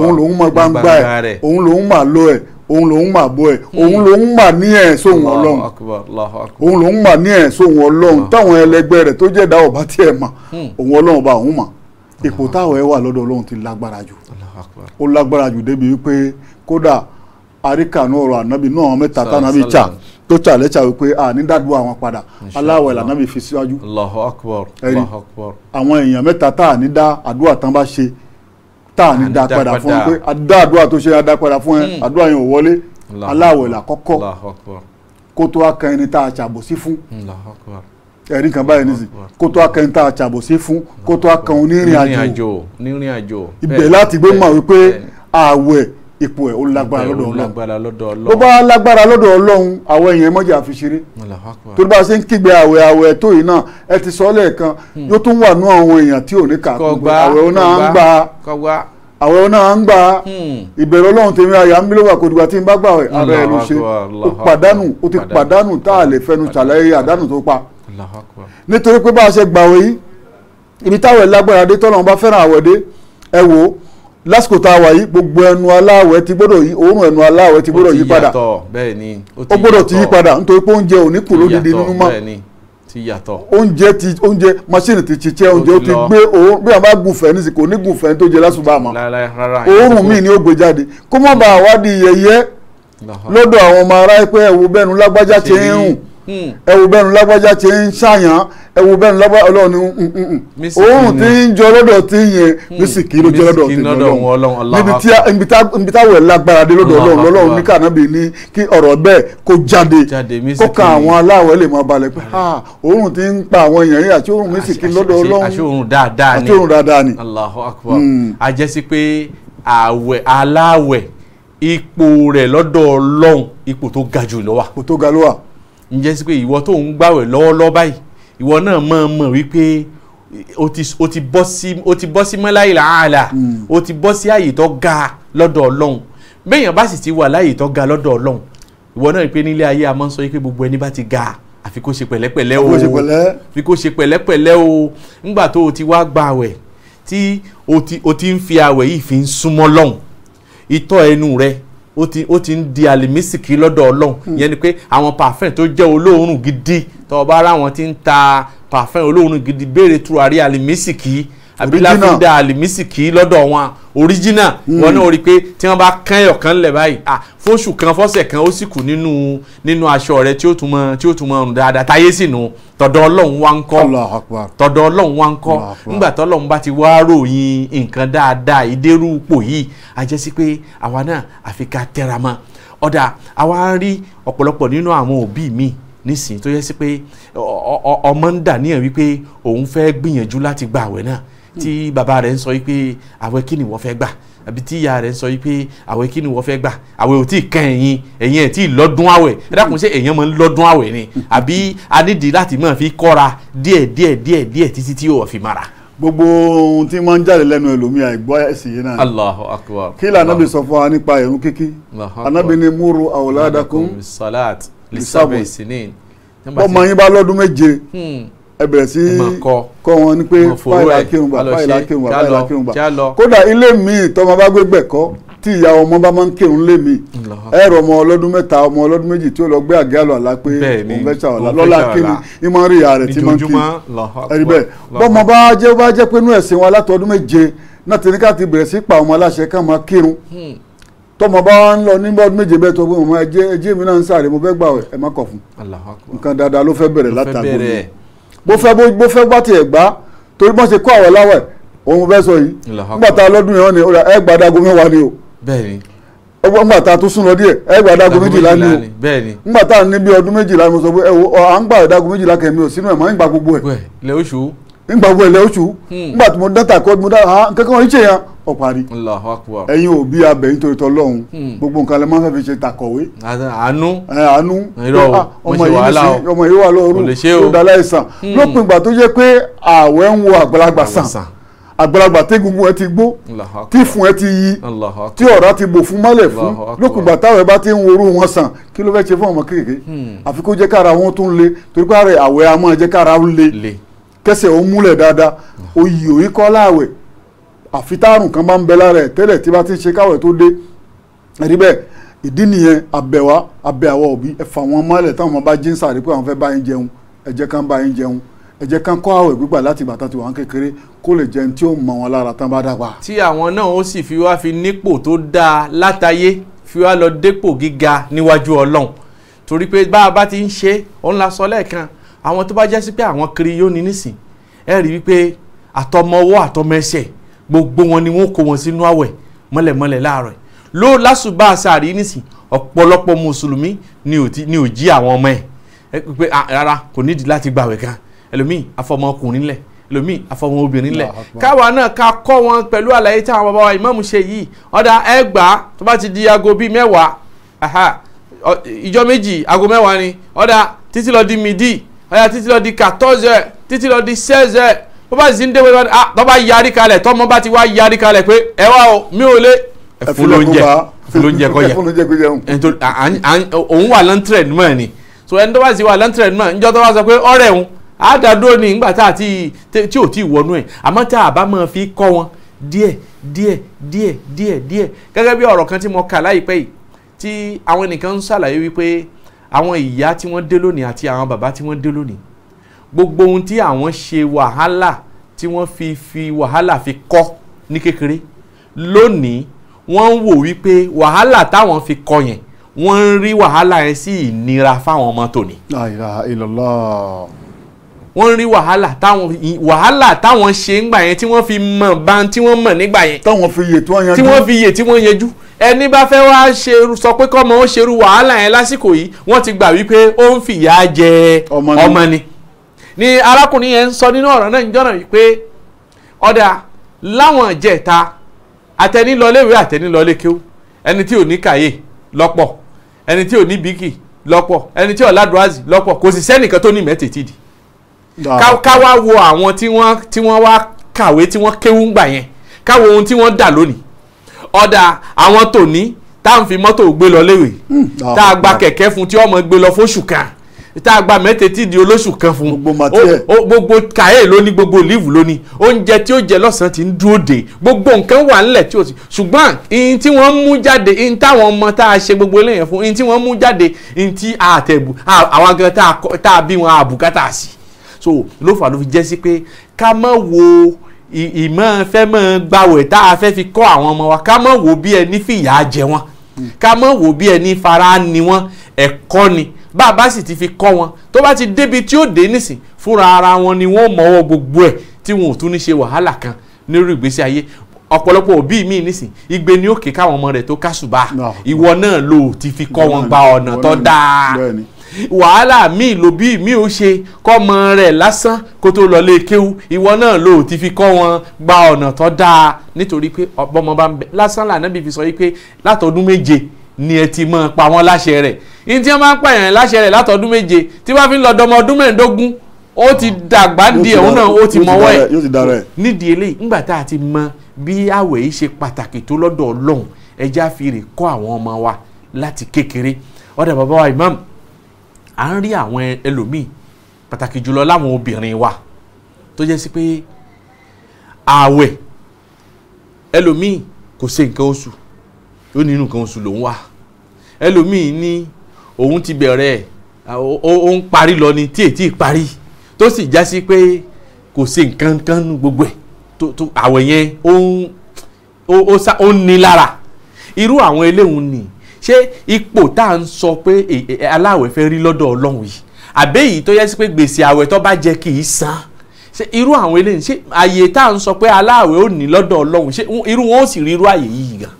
òun lòun mọ̀ gbangba ẹ̀. òun lòun mọ̀ àlọ́ ẹ̀ òun lòún mà bọ́ hmm. ẹ̀ òun lòún mà ní ẹ̀ sóhun ọlọ́run òun lòún mà ní ẹ̀ sóhun ọlọ́run táwọn ẹlẹgbẹ́ rẹ̀ tó jẹ́dá ọba tí ẹ̀ mà òun ọlọ́run bá òun mà ipò táwọn ẹ wà lọ́dọ̀ ọlọ́run ti lágbára jù ó lágbára jù débi wípé kódà àríkànú ọ̀rọ̀ ànábì náà mẹ́ta tánábì chà tó ṣàlẹ́ṣà wípé ànídàdúrà àwọn padà aláwọ̀ ìlànà mi fi síwájú ẹ̀rí àwọn èèyàn mẹ́ta tá ànídá àdúrà tán bá ṣe tá à ní dá padà fún ẹ pé adá àdúrà tó ṣe adá padà fún ẹ hmm. àdúrà yẹn ò wọlé aláwẹ̀ là kọ́kọ́ kó tó a kan ẹni tá a ṣàbòsí fún ẹ̀rí kan báyìí nísì kó tó akẹ́ni tá a ṣàbòsí fún kó tó akẹ́ni onírìn àjò ibẹ̀ láti gbé mọ̀ wípé ààwẹ̀ ipò ẹ̀ ó lágbára lọ́dọ̀ ọlọ́run ó bá lágbára lọ́dọ̀ ọlọ́run àwọn èèyàn mọ́jà fi ṣeré torí bá a ṣe ń kígbe àwẹ̀ àwẹ̀ tó yìí náà ẹ ti sọ lẹ́ẹ̀kan hmm. yóò tún wà nú àwọn èèyàn tí ò ní kà kúgbà àwẹ̀ ó náà ń gbà àwẹ̀ ó náà ń hmm. gbà ìbẹ̀rẹ̀ ọlọ́run tèmi àyà ń bílọ̀wà kò dìgbà tí ń bá gbà wẹ̀ ara ẹ̀ ló ṣe ó pàdánù ó ti pàdánù tá a lè fẹnu ṣàlàyé àdánù tó pa nítorí pé bá a ṣe gbà wẹ̀ yìí ibi táwẹ̀ lágbára dé tọ́lọ́run bá fẹ́ràn àwẹ̀ dé ẹ wò ó lásìkò tá a wà yìí gbogbo ẹnu aláwẹ̀ ti gbọ́dọ̀ yí òórùn ẹnu aláwẹ̀ ti gbọ́dọ̀ yí padà ó gbọ́dọ̀ ti yí padà nítorí pé oúnjẹ ò ní kúrò dídí nínú mọ́ oúnjẹ ti oúnjẹ machine ti ṣiṣẹ́ oúnjẹ ó ti gbé òórùn bí a bá gùnfẹ́ nísìnyí kò ní gùnfẹ́ tó jẹ lásùbà mọ́ òórùn míì ni ó gbé jáde kó mọ́ bá àwádìí yẹyẹ lọ́dọ̀ àwọn ọmọ ará pé ẹ̀wò bẹ́ẹ̀ nu lágbájá ti ń rùn ẹ wo bẹ́ẹ̀ ni lágbájá ti ń ṣàyàn ẹ wo bẹ́ẹ̀ ni lágbájá ọlọ́run ni mm, mm, mm. òun ti ń jọ lọ́dọ̀ tí yẹn mísìkì hmm. ló jẹ́ lọ́dọ̀ tí ọlọ́run níbi táwọn ẹ̀ lágbára dé lọ́dọ̀ ọlọ́run lọ́lọ́run ní kànáàbì ní kí ọ̀rọ̀ bẹ́ẹ̀ kó jáde kó ka àwọn aláwọ̀ ẹ̀ lè máa balẹ̀ pé òun ti ń pa àwọn èèyàn yìí àti òun mísìkì lọ́dọ̀ ọlọ́run àti òun dáadáa ni Allahu Akbar àjẹsí hmm. pé àwẹ̀ aláwẹ̀ ipò rẹ̀ lọ́dọ̀ ọlọ́run ipò tó ga jù ló wà. ipò tó ga ló wà ǹjẹ́ sí pé ìwọ tó ń gbàwẹ̀ lọ́wọ́lọ́wọ́ báyìí ìwọ náà mọ̀ mọ̀ wípé o ti bọ́ sí o ti bọ́ sí mọ́láyì làálà hmm. o ti bọ́ sí àyè tó ga lọ́dọ̀ ọlọ́run béèyàn bá sì ti wà láyè tó ga lọ́dọ̀ ọlọ́run ìwọ náà pé nílé ayé a máa ń sọ pé gbogbo ẹni bá ti ga àfi kó ṣe pẹ̀lẹ́pẹ̀lẹ́ o àfi kó ṣe pẹ̀lẹ́pẹ̀lẹ́ o ńgbà tó o ti wá gbàwẹ̀ tí o ti ń fi àwẹ̀ yìí fi ń súnmọ́ lọ́hùn ìtọ́ ẹnu rẹ̀ ó ti ó ti ń di àlìmísìkì lọ́dọ̀ ọlọ́run hmm. ìyẹn ni pé àwọn parfum tó jẹ́ olóòórùn gidi tó o bá ráwọn ti ń ta parfum olóòórùn gidi béèrè turari àlìmísìkì àbí láfíńdà àlìmísìkì lọ́dọ̀ wọn original hmm. wọn náà rí i pé tí wọ́n bá kán ẹ̀yọ̀ kan lẹ̀ báyìí à fóṣù kan fọ́sẹ̀ kan ó sì kù nínú nínú aṣọ rẹ̀ tí ó tún mọ tí ó tún mọ ọ̀run dáadáa táyé sì nù tọ̀dọ̀ ọlọ́run wá ń kọ́ tọ̀dọ̀ ọlọ́run wá ń kọ́ nígbà tọ́lọ́run bá ti wá ròyìn nǹkan dáadáa ìdérú ipò yìí a jẹ́ sí pé àwa náà àfi ká tẹra mọ́ ọ̀dà àwa rí ọ̀pọ̀lọpọ̀ nínú àwọn òbí mi nísìnyí tó yẹ sí pé ọmọ ń dà níyàn wípé òun fẹ́ gbìyànjú láti gba àwẹ̀ náà tí bàbá rẹ̀ ń sọ yìí pé àwẹ̀ kí ni wọ́n fẹ́ gbà àbí tí ìyá rẹ̀ ń sọ yìí pé àwẹ̀ kí ni wọ́n fẹ́ gbà àwẹ̀ ò tí ì kan ẹ̀yin ẹ̀yin ẹ̀ tí ì lọ́dún àwẹ̀ ẹ dákun ṣé èèyàn máa ń lọ́dún àwẹ̀ ni àbí a nídìí láti máa fi kọ́ra díẹ̀ díẹ̀ díẹ̀ díẹ̀ títí tí yóò fi mara. gbogbo ohun tí máa ń jáde lẹ́nu ẹlòmíì àìgbọ́ ẹ̀sìn yìí náà Allahu akbar kí lànà bí sọ fún wa nípa ẹ̀rún kíkí Ànábì ní múru awladakum lisabi sinin ọmọ yín bá ẹ bẹ̀rẹ̀ sí kọ́ wọn ni pé fáìlà kírungbà fáìlà kírungbà fáìlà kírungbà kódà ilé míì tọmọ bá gbé gbẹ̀kọ́ tí ìyá ọmọ bá máa ń kírun lé mi ẹ rọ ọmọ ọlọ́dún mẹ́ta ọmọ ọlọ́dún méjì tí ó lọ gbé àgé àlọ́ àlá pé òun fẹ́ ṣàwọ̀lá lọ́la kíni ìmọ̀ rí ìyá rẹ̀ tí máa ń kí ẹ̀rí bẹ́ẹ̀ bọ́mọ bá jẹ́ bá jẹ́ pé inú ẹ̀sìn wa látọdún méje náà ti ní ká ti bẹ̀rẹ̀ sí pa ọmọ aláṣẹ ká máa kírun hmm. tọmọ bá ń lọ ní bọ́ọ̀dù méje bẹ́ẹ̀ tó gbé ọmọ ẹjẹ́ mi náà ń sáré mo fẹ́ gbà ẹ̀ má kọ̀ fún nǹkan dáadáa ló fẹ́ bẹ̀rẹ̀ látàgbọ́n bó fẹ́ bó fẹ́ gbá tiẹ̀ gbá torí bọ́n ṣe kó láwẹ̀ òun sọ yìí a lọ́dún yẹn ni ẹ gbà dágo mẹ́wàá ni o nígbà mgbata a tún lọ díẹ̀ ẹ méjìlá ni o nígbà ní bí ọdún méjìlá ni mo sọ pé ẹ wo à ń méjìlá kẹ̀mí o nígbà wo ẹ̀lẹ́ oṣù hmm. nígbà tí mo dátà kọ́ mo dá ah, kẹ́kẹ́ wọn ṣe yẹn ó parí ẹ̀yin òbí abẹ nítorí tọ́lọ́hún hmm. gbogbo nǹkan lẹ́ máa fẹ́ fi ṣe tàkọ̀wé. àánú àánú ah, ọmọ yìí ṣe ọmọ yìí wà lọ́rùn tó dá láìsàn hmm. lópin ìgbà tó jẹ́ pé ààwẹ̀ ń wo àgbàlagbà sàn àgbàlagbà tégungun ẹ ti gbó tí fún ẹ ti yí tí ọ̀rá ti bò fún mọ́lẹ̀ fún lókùn ìgbà táwọn ẹ bá ti ń worú wọn sàn kí ló fẹ́ ṣe fún ọmọ kékeré àfi jẹ́ kára wọn tún le torí pé àwẹ̀ a jẹ́ kára le kẹsẹ̀ ó múlẹ̀ dáadáa oyè òyìn kọ́ láàwẹ̀ àfi tárùn kan bá ń bẹ lára ẹ̀ tẹ́lẹ̀ tí bá ti ń ṣe káwẹ̀ tó dé ẹ̀rí bẹ́ẹ̀ ìdí nìyẹn àbẹ̀wá àbẹ̀ àwọn òbí ẹ fà wọn mọ́lẹ̀ táwọn ọmọ bá jí ń sàrí pé àwọn fẹ́ bá yín jẹun ẹ jẹ́ kán bá yín jẹun ẹ jẹ́ kán kọ́ àwẹ̀ gbígbà láti ìgbà ti wà kékeré kó lè jẹun tí ó mọ wọn lára tán bá dàgbà. tí àwọn náà ó sì fi wá fi nípò tó dáa látayé fi wá lọ dépò gíga níwájú Ọlọ́run torí pé bá a bá ti ń ṣe òun la sọ lẹ́ẹ̀kan àwọn tó bá jẹ́ sí pé àwọn kiri yóò ní nísìn ẹ rí wípé àtọmọwọ́ àtọmẹsẹ̀ gbogbo wọn ni wọ́n kó wọn sínú àwẹ̀ mọ́lẹ̀mọ́lẹ̀ láàárọ̀ ló lásùbà sàárì nísìn ọ̀pọ̀lọpọ̀ mùsùlùmí ni ò jí àwọn ọmọ ẹ̀ pé rárá kò nídìí láti gbàwẹ̀ kan ẹlòmíì afọmọkùnrin lẹ̀ ẹlòmíì afọmọbìnrin lẹ̀ káwa náà ká kọ́ wọn pẹ̀lú àlàyé táwọn bàbá wa ìmáàmù ṣe yìí ọ̀dà ẹgbàá tó bá ti di aago bíi mẹ́wàá ìjọ méjì aago mẹ́wàá ni ọ̀dà títí lọ di midi ọ̀yà títí lọ di quatorze títí lọ di seize bó bá sì ń dé wọ́n ah tọ́ bá yarí kalẹ̀ tọ́mọ bá ti wá yarí kalẹ̀ pé ẹ wá o mi ò lé ẹ̀fún ló ń jẹ ẹ̀fún ló ń jẹ kọ́ yẹ òun wà lọ́ntrẹ̀ nù mọ́ ni so ẹni tó bá sì wà lọ́ntrẹ̀ nù mọ́ ẹ̀ níjọ́ tó bá sọ pé ọ̀rẹ́ òun àdàdúró ni nígbà tá àti tí ò tí ì wọnú ẹ̀ àmọ́ tá a bá máa fi kọ́ wọn díẹ̀ díẹ̀ díẹ̀ díẹ̀ díẹ̀ gẹ́gẹ́ bí ọ̀rọ̀ kan tí mo kà láìpẹ́ yìí tí àwọn ẹnìkan ń ṣàlàyé wípé àwọn ìyá tí wọ́n dé lónìí àti àwọn bàbá tí wọ́n dé lónìí gbogbo ohun tí àwọn ṣe wàhálà tí wọ́n fi fi wàhálà fi kọ́ ní kékeré lónìí wọ́n ń wò wípé wàhálà táwọn fi kọ́ yẹn wọ́n ń rí wàhálà yẹn sí ìnira fáwọn ọmọ tòní. àyà ìlọlọ. wọ́n ń rí wàhálà táwọn wàhálà táwọn ṣe ńgbà yẹn tí wọ́n fi mọ̀ bá tí wọ́n mọ̀ nígbà yẹn. táwọn fi yè tí wọ́n yanjú. tí wọ́n fi yè tí wọ́n yanjú ẹni bá fẹ́ wá ṣe sọ pé kọ́mọ ó ṣerú wàhálà yẹn lásìkò yìí wọ́n ti gbà wípé ó ń fìyà jẹ ọmọ ni ni arákùnrin yẹn ń sọ nínú ọ̀rọ̀ náà níjọ́nà wípé ọ̀dà láwọn ìjẹta àtẹni lọléwé àtẹni lọlékéw ẹni tí ò ní kàyé lọ́pọ̀ ẹni tí ò ní bíkì lọ́pọ̀ ẹni tí ò ládùázì lọ́pọ̀ kò sì sẹ́nìkan tó ní mẹ́tẹ̀ẹ̀tìdì ká wá wo àwọn tí wọ́n wá kàwé tí wọ́n kéwú ń gbà yẹn ká ohun tí wọ́n dà lónìí ọ̀dà àwọn tòní tá à ń fi mọ́tò gbé lọ léwe hmm. ah, tá a gba ah. kẹ̀kẹ́ fún tí ọmọ gbé lọ fóṣù kan tá a gba mẹ́tẹ̀ẹ̀tì di olóṣù kan fún gbogbo kàyé lóní gbogbo líìfù lóní oúnjẹ tí ó jẹ lọ́sàn-án ti ń dúró de gbogbo nǹkan wà ńlẹ̀ tí ó ti ṣùgbọ́n ihun tí wọ́n mú jáde ihun táwọn ọmọ tá a ṣe gbogbo eléyẹn fún ihun tí wọ́n mú jáde ihun tí àtẹ̀bù àwọn gan tá a bí wọn àbùkátà sí so ló fà ló fi jẹ́ sí pé ká má wo ìmọ̀ fẹ́ mọ̀ gbàwẹ̀ tá a fẹ́ fi kọ́ àwọn ọmọ wa ká mọ̀ wò bí ẹni fìyà jẹ wọn ká mọ̀ wò bí ẹni fara ni wọn ẹ̀kọ́ ni bá a bá sì ti fi kọ́ wọn tó bá ti débi tí ó dé nísìn fúnra ara wọn ni wọ́n mọ̀wọ́ gbogbo ẹ̀ tí wọn ò tún ní ṣe wàhálà kan nírú ìgbésí ayé ọ̀pọ̀lọpọ̀ òbí mi nísìn igbe ni òkè káwọn ọmọ rẹ̀ tó kásùbà ìwọ náà ló ti fi kọ́ wọn gba ọ̀nà tó dáa wàhálà míì lòbí mi ò ṣe kọ́mọ rẹ̀ lásán kó tó lọ lé kéwú ìwọ náà ló ti fi kọ́ wọn gba ọ̀nà tó dáa nítorí pé ọ̀bọ̀mọ bá ń bẹ lásán lànà bí fi sọ yìí látọdún méje ni ẹ ti mọ̀ pa wọ́n láṣẹ rẹ̀ ní tí wọ́n máa ń pààyàn láṣẹ rẹ̀ látọdún méje tí wọ́n fi ń lọ dọmọ ọdún mẹ́ẹ̀ẹ́dógún ó ti dàgbà di ẹ̀hún náà ó ti mọ̀wọ́ ẹ̀ nídìí eléyìí ńgbà tá a ti mọ bí àwẹ̀ yìí ṣe pàtàkì tó lọ́dọ̀ ọlọ́run ẹja fi rè kọ́ àwọn ọmọ wa láti kékeré ọ̀dà bàbá wa imam à ń rí àwọn ẹlòmíì pàtàkì jùlọ láwọn obìnrin wa tó jẹ́ sí pé ààwẹ̀ ẹlòmíì kò ṣe nǹkan oṣù ó ní nǹkan oṣù lòún wà ẹlòmíì ní òun ti bẹ̀rẹ̀ ó ń parí lọ ni tí èyí parí tó sì já sí pé kò ṣe nǹkan kan gbogbo ẹ̀ tó ààwẹ̀ yẹn ó ń ní lára irú àwọn eléhùn nìyí ṣé ipò tá à ń sọ pé e, e, e, aláwẹ̀ fẹ́ rí lọ́dọ̀ ọlọ́run yìí àbẹ́yìí tó yẹ sí pé gbèsè àwẹ̀ tó bá jẹ kì í san ṣe irú àwọn eléyìí ṣe àyè tá à ń sọ pé aláwẹ̀ ò ní lọ́dọ̀ ọlọ́run ṣe irú wọn ò sì rí irú àyè yìí gan.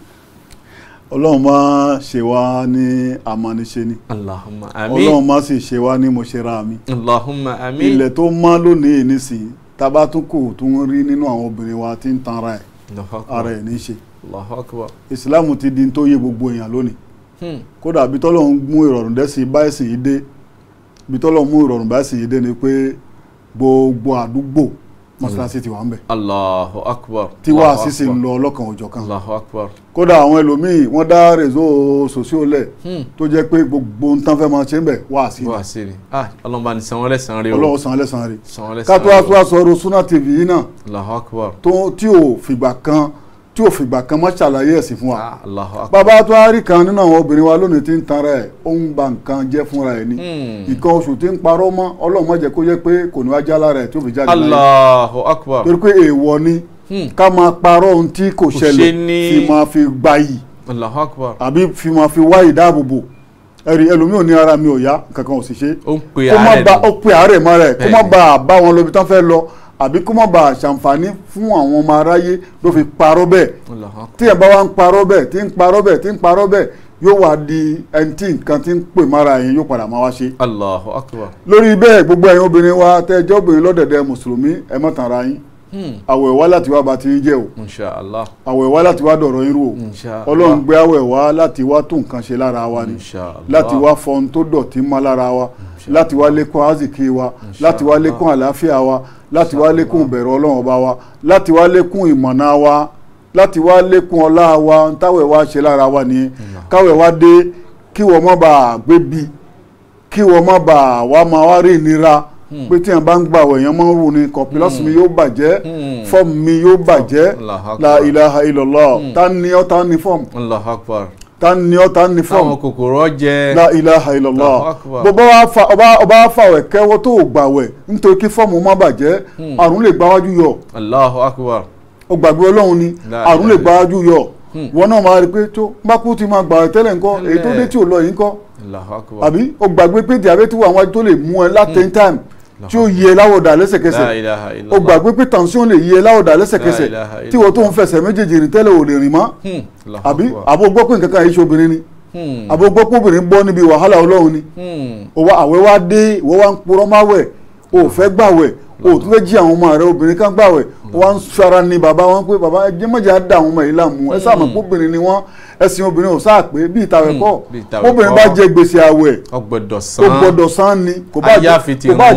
ọlọ́run máa ṣe wá ní amaniṣe ni Allahumma àmín ọlọ́run máa sì ṣe wá ní mo mi Allahumma àmín ilẹ̀ tó mọ́ lónìí nísìnyí tabatunko tó ń rí nínú àwọn obìnrin wa ti ń tanra ẹ̀ ara ẹ̀ ní ṣe Allahu ti di tó yé gbogbo èèyàn lónìí Hmm. kódà bí tọ́lọ́run mú ìrọ̀rùn dẹ́sìn báyìsìn yìí dé bí tọ́lọ́run mú ìrọ̀rùn báyìsìn yìí dé ni pé gbogbo àdúgbò mọ́sálásí ti wà ń bẹ̀. Allahu akbar. tí wàá sísè ń lọ ọlọ́kan òjọ̀ kan. Allahu akbar. kódà àwọn ẹlòmíì wọ́n dá rèzó sòsíò lẹ̀ hmm. tó jẹ́ pé gbogbo ń tán fẹ́ máa ṣe ń bẹ̀ wàá sí ni. wàá sí ni ah ọlọ́run bá ní sanwó lẹ́sàn-án rí o. ọlọ́run sanwó lẹ́sàn-án rí. sanwó lẹ́sàn-án rí o. kátó aṣọ aṣọ Sunna TV yìí náà. Allahu akbar. tó tí ò fìgbà kan tí ò fìgbà kan mọ́ ṣàlàyé ẹ̀sìn fún wa ah, bàbá tó a rí kan nínú àwọn obìnrin wa lónìí tí ń tanra ẹ̀ ó ń ba nǹkan jẹ́ fúnra ẹ̀ ni hmm. nǹkan oṣù tí ń parọ́ mọ́ ọlọ́mọ jẹ́ kó jẹ́ pé kò ní wá já lára ẹ̀ tó fi jáde láyé Allahu Akbar torí pé èèwọ̀ ni hmm. ká máa parọ́ ohun tí kò ṣẹlẹ̀ fi máa fi gbayì Allahu Akbar àbí fi máa fi wá ìdáàbòbò ẹ̀rí ẹlòmíràn ní ara mi ò yá kankan ò sì ṣe kó má ba àárẹ̀ mọ́ rẹ̀ kó má ba àbá wọn lọ àbí kó má bàa ṣàǹfààní fún àwọn ọmọ aráyé ló fi parọ́ bẹ́ẹ̀ tí ẹ̀ bá wá ń parọ́ bẹ́ẹ̀ tí ń parọ́ bẹ́ẹ̀ tí ń parọ́ bẹ́ẹ̀ yóò wá di ẹni tí nǹkan ti ń pè mára yẹn yóò padà máa wá ṣe. lórí bẹ́ẹ̀ gbogbo ẹ̀yin obìnrin wa tẹ́jọ́ obìnrin lọ́dẹ̀dẹ̀ mùsùlùmí ẹ̀ mọ̀ tàn ra yín hmm. àwẹ̀ wá láti wá bá ti ń jẹ́ o insha Allah àwẹ̀ wá láti wá dọ̀rọ̀ irú o insha Allah ọlọ́run gbé àwẹ̀ wá láti wá tó nǹkan ṣe lára wa ni insha Allah láti wá fọ́n tó dọ̀tí mọ́ lára wa láti wá lékún azìkí wa láti wá lékún àlàáfíà wa láti wá lékún ìbẹ̀rù ọlọ́run ọba wa láti wá lékún ìmọ̀nà wa láti wá lékún ọlá wa táwẹ̀ wá ṣe lára wa nìyẹn káwẹ̀ wá dé kí wọ́n má bàa gbébi kí wọ́n má bàa wá máa wá rí ìnira hmm. pé tí èèyàn bá ń gbà wọ̀ èèyàn máa ń wù ní kọ̀pìlọ́sì hmm. mi yóò bàjẹ́ hmm. fọ́ọ̀mù mi yóò bàjẹ́ la ilaha illallah ta ni ọ́ ta ni fọ́ọ̀mù. ta ni ọ ta ni fọọmù àwọn kòkòrò jẹ la ilaha illallah ọba afàwẹ kẹwọ tó o gbàwẹ nítorí kí fọọmù má bàjẹ́ hmm. àrùn lè gbáwájú yọ Allahu akbar o gbàgbé Ọlọ́run ni àrùn lè yọ hmm. wọn náà máa rí pé tó ti máa tẹ́lẹ̀ èyí tó dé tí lọ yìí àbí o gbàgbé pé diabetes wà wájú tó lè mú ẹ tí ó yí ẹ láwọ̀dà lẹ́sẹ̀kẹsẹ̀ ó gbàgbé pé tension lè yí ẹ láwọ̀dà lẹ́sẹ̀kẹsẹ̀ tí wọ́n tó ń fẹsẹ̀ méjèèjì rìn tẹ́lẹ̀ ò lè rìn mọ́ hmm. àbí àbó gbọ́ pé nǹkan kan yìí ṣe obìnrin ni hmm. àbó gbọ́ pé obìnrin bọ́ níbi wàhálà ọlọ́run ni hmm. àwẹ̀ wá dé ìwọ́ wá ń purọ́ máwẹ̀ ò fẹ́ gbàwẹ̀ o tún fẹ́ jí àwọn ọmọ rẹ obìnrin kan gbàwẹ̀ wọn sara ni bàbá wọn pé bàbá ẹ jẹ́mọ̀jà da àwọn ọmọ yìí láàmú ẹ sáà mọ̀ mm. pé obìnrin ni wọ́n ẹ̀sìn obìnrin ò sáà pé bí ìtawẹ̀ kọ́ mm, obìnrin bá jẹ gbèsè àwẹ̀ ó gbọ́dọ̀ san ni kò bá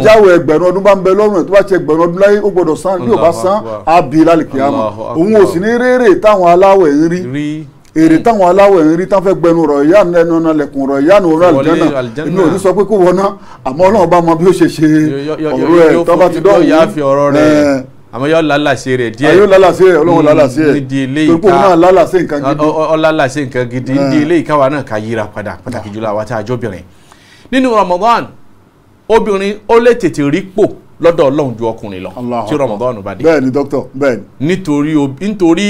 jáwẹ̀ ẹgbẹ̀rún ọdún bá ń bẹ lọ́rùn ẹ̀ tó bá ti ẹgbẹ̀rún ọdún láyé ó gbọ́dọ̀ bí ò bá san á bí lálẹ́ kíyámà èrè táwọn aláwọ̀ ẹ̀ ń rí táwọn fẹ́ gbẹnu rọ̀ ìyá ní ẹnu ọ̀nà lẹ̀kùn rọ̀ ìyá ní òun àlùjánà èmi ò ní sọ pé kó wọná àmọ́ ọlọ́run bá mọ bí ó ṣe ṣe ọ̀rọ̀ ẹ̀ tọ́ba ti dọ́ọ̀hún yóò fi ọ̀rọ̀ rẹ̀ àmọ́ yóò lálàsé rẹ̀ díẹ̀ yóò lálàsé rẹ̀ ọlọ́run lálàsé rẹ̀ nídìí eléyìí ká náà lálàsé nǹkan gidi ọ lálàsé nǹkan gidi nídìí náà ká yíra padà pàtàkì jùlọ àwa tá a nínú Ramadan obìnrin ó lè tètè rí pò lọ́dọ̀ ọlọ́run ju ọkùnrin lọ tí rọmọdọ́nù bá dé. bẹ́ẹ̀ni dókítà bẹ́ẹ̀ni. nítorí nítorí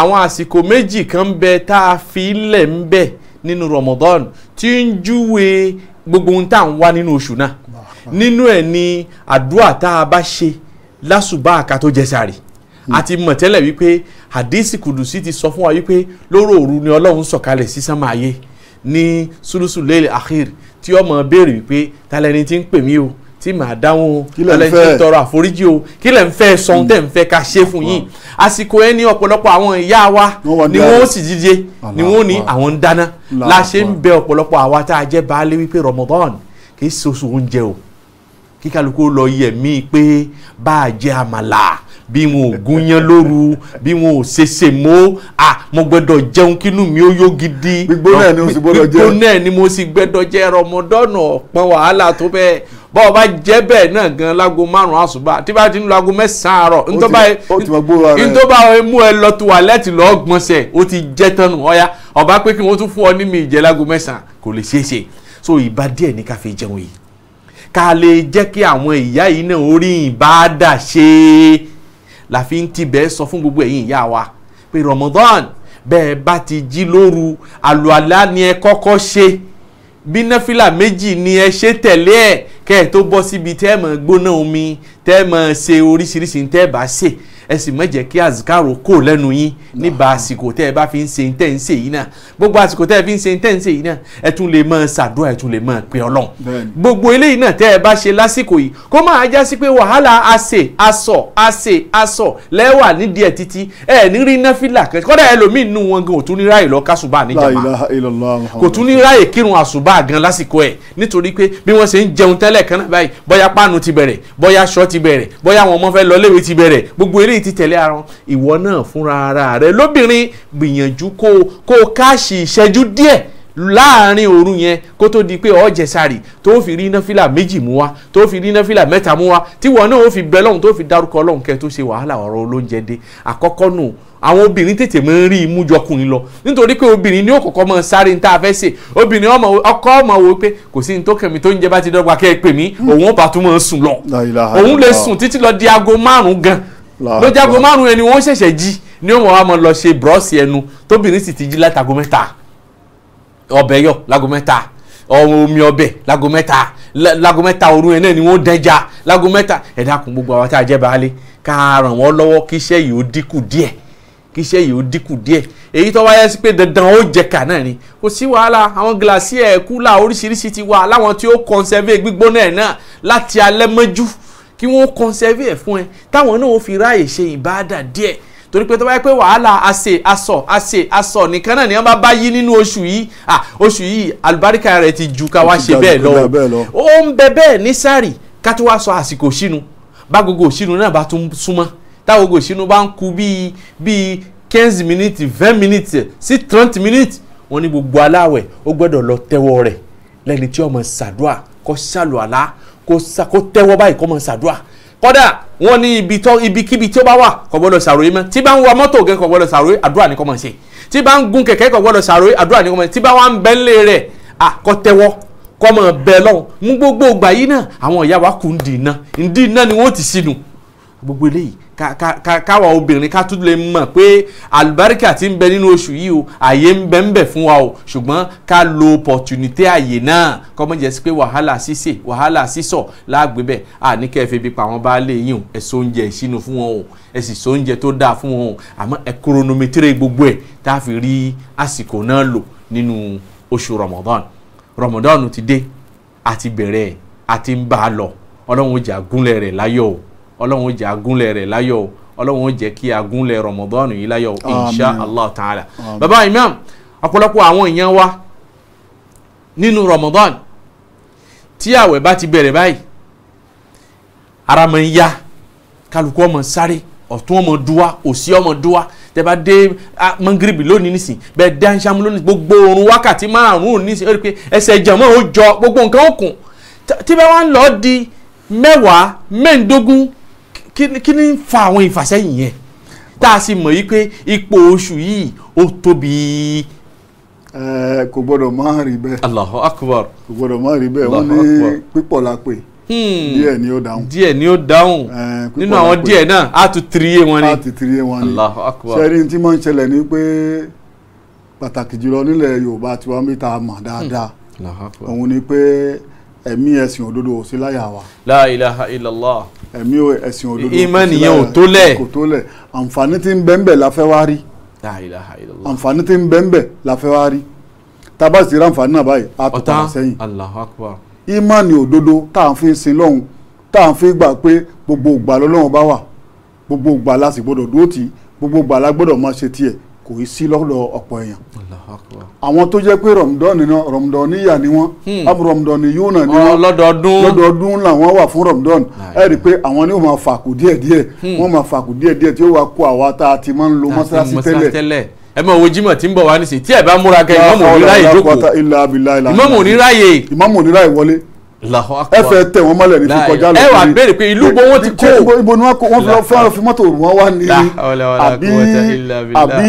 àwọn àsìkò méjì kan ń bẹ tá a fi lẹ̀ ń bẹ nínú rọmọdọ́nù tí ń júwe gbogbo ohun tá à ń wá nínú oṣù náà nínú ẹ̀ ni àdúrà tá a bá ṣe lásùbà àka tó jẹ sààrì àti hmm. mọ̀ tẹ́lẹ̀ wípé hadisi kudusi ti sọ fún wa wípé lóró òru ni ọlọ́run sọ̀kalẹ̀ sí sánmà ayé ní sulusu akhir àkìr tí ọmọ béèrè wípé talẹ́ni ti ń pè mí o tí màá dáhùn ẹlẹ́yìn tọrọ àforíjì o kí lẹ̀ ń fẹ́ sọ̀hún tẹ̀ ń fẹ́ ká ṣe fún yín àsìkò ẹni ọ̀pọ̀lọpọ̀ àwọn ìyá wa ni wọ́n sì jíjẹ ni wọ́n ní àwọn ń dáná la ṣe ń bẹ ọ̀pọ̀lọpọ̀ àwa tá a jẹ́ baálé wípé Ramadan kì í ṣe oṣù oúnjẹ o kí kálukú lọ yẹ̀ mí pé bá a jẹ àmàlà bí wọn ò gúnyán lóru bí wọn ò ṣèṣe mọ́ à mo gbọ́dọ̀ jẹun kínú mi ó yó gidi gbígbóná ni mo sì gbọ́dọ̀ jẹ Ramadan ọ̀pọ̀ wàhálà tó bẹ́ẹ̀ bọ́ ọ bá jẹ́ bẹ́ẹ̀ náà gan lágo márùn-ún àṣùbà tí bá ti ń lo aago mẹ́sàn-án àárọ̀ ntọ́ba mú ẹ lọ tó wà lẹ́tì lọ́ọ́ gbọ̀nsẹ̀ ó ti jẹ́ tán nù ọ̀ya ọba pé kí wọ́n tún fún ọ ní mi ìjẹ́ lágo mẹ́sàn-án kò lè ṣeé ṣe so ìbá díẹ̀ ní ká fi jẹun yìí ká lè jẹ́ kí àwọn ìyá yìí náà orí ìbáadà ṣe la fi ń tibẹ̀ sọ fún gbogbo ẹ̀yin ìyá wa pé Ramadan bẹ́ẹ̀ bá ti jí lóru àlùalá ni ẹ kọ́kọ́ ṣe bí náfìlà méjì ni ẹ ṣe tẹ̀lé ẹ̀ kẹ́ ẹ̀ tó bọ́ síbi tẹ́ ẹ̀ mọ̀ gbóná omi tẹ́ ẹ̀ mọ̀ ṣe oríṣiríṣi tẹ́ ẹ̀ bá ṣe ẹ sì má jẹ́ kí àzìkárò kò lẹ́nu yín níbà àsìkò tẹ́ ẹ bá fi ń ṣe tẹ́ ń ṣe yìí náà gbogbo àsìkò tẹ́ ẹ fi ń ṣe tẹ́ ń ṣe yìí náà ẹ tún lè máa ṣàdúrà ẹ tún lè máa pe ọlọ́run gbogbo eléyìí náà tẹ́ ẹ bá ṣe lásìkò yìí kó máa já sí pé wàhálà àṣẹ àṣọ àṣẹ àṣọ lẹ́wà nídìí ẹ̀ títí ẹ ní rí náfìlà kan kọ́dà ẹlòmíì nù wọn gan kò tún lọ kásùbà níjàmbá kò tún ní kírun àsùbà eléyìí ti tẹ̀lé ara wọn ìwọ náà fúnra ara rẹ lóbìnrin gbìyànjú kó kó káàṣì ìṣẹ́jú díẹ̀ láàrin òru yẹn kó tó di pé ọ̀jẹ̀sàrì tó fi rí náfìlà méjì mú wa tó fi rí náfìlà mẹ́ta mú wa tíwọ náà ó fi bẹ lọ́hùn tó fi dárúkọ lọ́hùn kẹ́ tó ṣe wàhálà ọ̀rọ̀ olóúnjẹ dé àkọ́kọ́ nù àwọn obìnrin tètè máa ń rí imú jọkùnrin lọ nítorí pé obìnrin ní òkòkò máa sáré ní tá a fẹ́ ṣe obìnrin ọkọ ọmọ wo pé kò sí ní tó kẹ̀mí tó ń jẹ bá ti dọ́gba kẹ́ pè mí hmm. òun ó bá tún máa sùn lọ òun lè sùn títí lọ di aago márùn gan ló jágo márùn-ún ẹni wọ́n ṣẹ̀ṣẹ̀ jí ni ó mọ̀ wá mọ̀ lọ ṣe búrọ́ọ̀sì ẹnu tóbìnrin sì ti jí látago mẹ́ta ọbẹ̀ yọ̀ lágo mẹ́ta omi ọbẹ̀ lágo mẹ́ta lágo mẹ́ta òru ẹ̀ náà ni wọ́n dẹ́ja lágo mẹ́ta ẹ dákun gbogbo àwọn tá a jẹ́ baálé ká ràn wọ́n lọ́wọ́ kí iṣẹ́ yìí ó dínkù díẹ̀ kí iṣẹ́ yìí ó dínkù díẹ̀ èyí tó wáyé sí pé dandan ó jẹ kà náà ni kò sí wàhálà àwọn gíláàsì ẹ̀ kúlà oríṣiríṣi ti wà láwọn tí ó conserve gbígbóná ẹ̀ náà láti alẹ́ mọ́jú kí wọ́n conserve ẹ̀ fún ẹ táwọn náà fi ráàyè ṣe ìbáàdà díẹ̀ torí pé tó bá yẹ pé wàhálà àṣe àṣọ àṣe àṣọ nìkan náà ni wọ́n bá bá yí nínú oṣù yìí ah oṣù yìí àlùbáríkà rẹ̀ ti ju ká wá ṣe bẹ́ẹ̀ lọ ó ń bẹ bẹ́ẹ̀ ní sárì ká tó wá sọ àsìkò sínú bá gbogbo òsínú náà bá tún súnmọ́ táwọn gbogbo òsínú bá ń ku bíi bíi quinze minutes vingt minutes sí trente minutes wọ́n ní gbogbo aláwẹ̀ ó gbọ́dọ̀ lọ tẹ́wọ́ rẹ̀ lẹ́ni tí ó máa ṣàdúà kó kó sa kó tẹ́wọ́ báyìí kó mọ̀ ṣàdúrà kódà wọ́n ní ibi tó ibikíbi tí ó bá wà kò gbọ́dọ̀ ṣàròyé mọ́ tí bá ń wa mọ́tò gẹ́ kò gbọ́dọ̀ ṣàròyé àdúrà ni kó mọ̀ ṣe tí bá ń gun kẹ̀kẹ́ kò gbọ́dọ̀ ṣàròyé àdúrà ni kó mọ̀ ṣe tí bá wà ń bẹ́ ńlé rẹ̀ à tẹ́wọ́ kó mọ̀ bẹ́ lọ́hùn mú gbogbo ìgbà yìí náà àwọn ìyá wa kù ń dì iná ń dì iná ni wọ́n ti sínú gbogbo eléyìí káwa obìnrin ká tún lè mọ̀ pé àlùbáríkà tí ń bẹ nínú oṣù yìí o àyè ń bẹ ń bẹ fún wa o ṣùgbọ́n ká lo opportunity àyè náà kọ́mọ jẹ́ sí pé wàhálà ṣíṣe wàhálà sísọ láàgbébẹ̀ àníkẹ́ fi bí pa àwọn baálé yìí o ẹ̀ sóúnjẹ ìṣínú fún wọn o ẹ̀ sì sóúnjẹ tó dáa fún wọn o àmọ́ ẹ̀ kúrónomitire gbogbo ẹ̀ tá a fi rí àsìkò náà lò nínú oṣù Ramadan Ramadan ti dé àti bẹ̀rẹ̀ àti ń bá a lọ ọlọ́run ó jà gúnlẹ̀ rẹ̀ láyọ̀ o ọlọ́run ó jẹ́ agúnlẹ̀ rẹ̀ láyọ̀ o ọlọ́run ó jẹ́ kí agúnlẹ̀ rọmọdọ́nù yìí láyọ̀ o insha allah ta'ala baba imam ọ̀pọ̀lọpọ̀ àwọn èèyàn wa nínú rọmọdọ́nù tí àwẹ̀ bá ti bẹ̀rẹ̀ báyìí ara máa ń yá kálukú ọmọ sáré ọ̀tún ọmọ dùwà òsì ọmọ dùwà tẹ bá dé mangiribi lónìí nísìn bẹẹ dé anṣamu lónìí gbogbo oorun wákàtí márùn-ún nísìn ó rí i pé ẹsẹ̀ jàmọ́ ó jọ gbogbo nǹkan ó kùn tí bá wà ń lọ di mẹ́wàá mẹ́ǹdógún kí ni ń fa àwọn ìfàsẹ́yìn yẹn tá a sì mọ̀ yí pé ipò oṣù yìí ó tóbi. ẹ kò gbọdọ̀ má rí bẹ́ẹ̀. Allahu Akbar. kò gbọdọ̀ má rí bẹ́ẹ̀ wọ́n ní pípọ̀ la pè. Hmm. díẹ̀ ni ó dáhùn. díẹ̀ ni ó dáhùn nínú àwọn díẹ̀ náà á tún tiriye wọn ni. á tún tiriye wọn ni Allahu Akbar. sẹ́rí tí máa ń ṣẹlẹ̀ ni pé pàtàkì jùlọ nílẹ̀ yorùbá tí wọ́n bí ta mọ̀ hmm. dáadáa òun ni pé ẹ̀mí ẹ̀sìn òdodo ò la ilaha illallah ẹ̀mí ẹ̀sìn òdodo ìmánì yẹn ò tó lẹ̀ kò tó lẹ̀ àǹfààní tí ń bẹ́ńbẹ̀ la fẹ́ wá rí àǹfààní tí ń bẹ́ńbẹ̀ la fẹ́ wá rí tá a bá sì rí àǹfààní náà báyìí a tó padà sẹ́yìn ìmánì òdodo tá à ń fi sin lọ́hùn tá à ń fi gbà pé gbogbo ìgbà lọ́lọ́run bá wà gbogbo ìgbà la sì gbọ́dọ̀ dúró tì gbogbo ìgbà la gbọ́dọ̀ máa ṣe tiẹ̀ kò í sí lọ́dọ̀ ọ̀pọ̀ èèyàn àwọn tó jẹ́ pé rọ̀mùdọ́ọ̀nì náà rọ̀mùdọ́ọ̀níyà ni wọ́n àbú hmm. rọ̀mùdọ́ọ̀nì yóò náà ni wọ́n lọ́dọọdún lọ́dọọdún làwọn wà fún rọ̀mùdọ́ọ̀nì ẹ rí i pé àwọn ni hmm. wọ́n máa fàkù díẹ̀ díẹ̀ wọ́n máa fàkù díẹ̀ díẹ̀ tí ó wàá kó àwa tá a ti máa ń lo mọ́sálásí tẹ́lẹ̀ ẹ mọ owó Jímọ̀ tí ń bọ̀ wá nísìnyí tí ẹ bá múra kẹ ìmọ̀mù oníráyè jókòó ìmọ̀mù oníráyè wọlé ẹ fẹ́ tẹ̀ wọ́n mọ́lẹ̀ ní kọjá lọ. ẹ wà béèrè pé ìlú ti kó. ni wọn kó wọn fi lọ fún ọfin mọ́tò wọn wá ní àbí àbí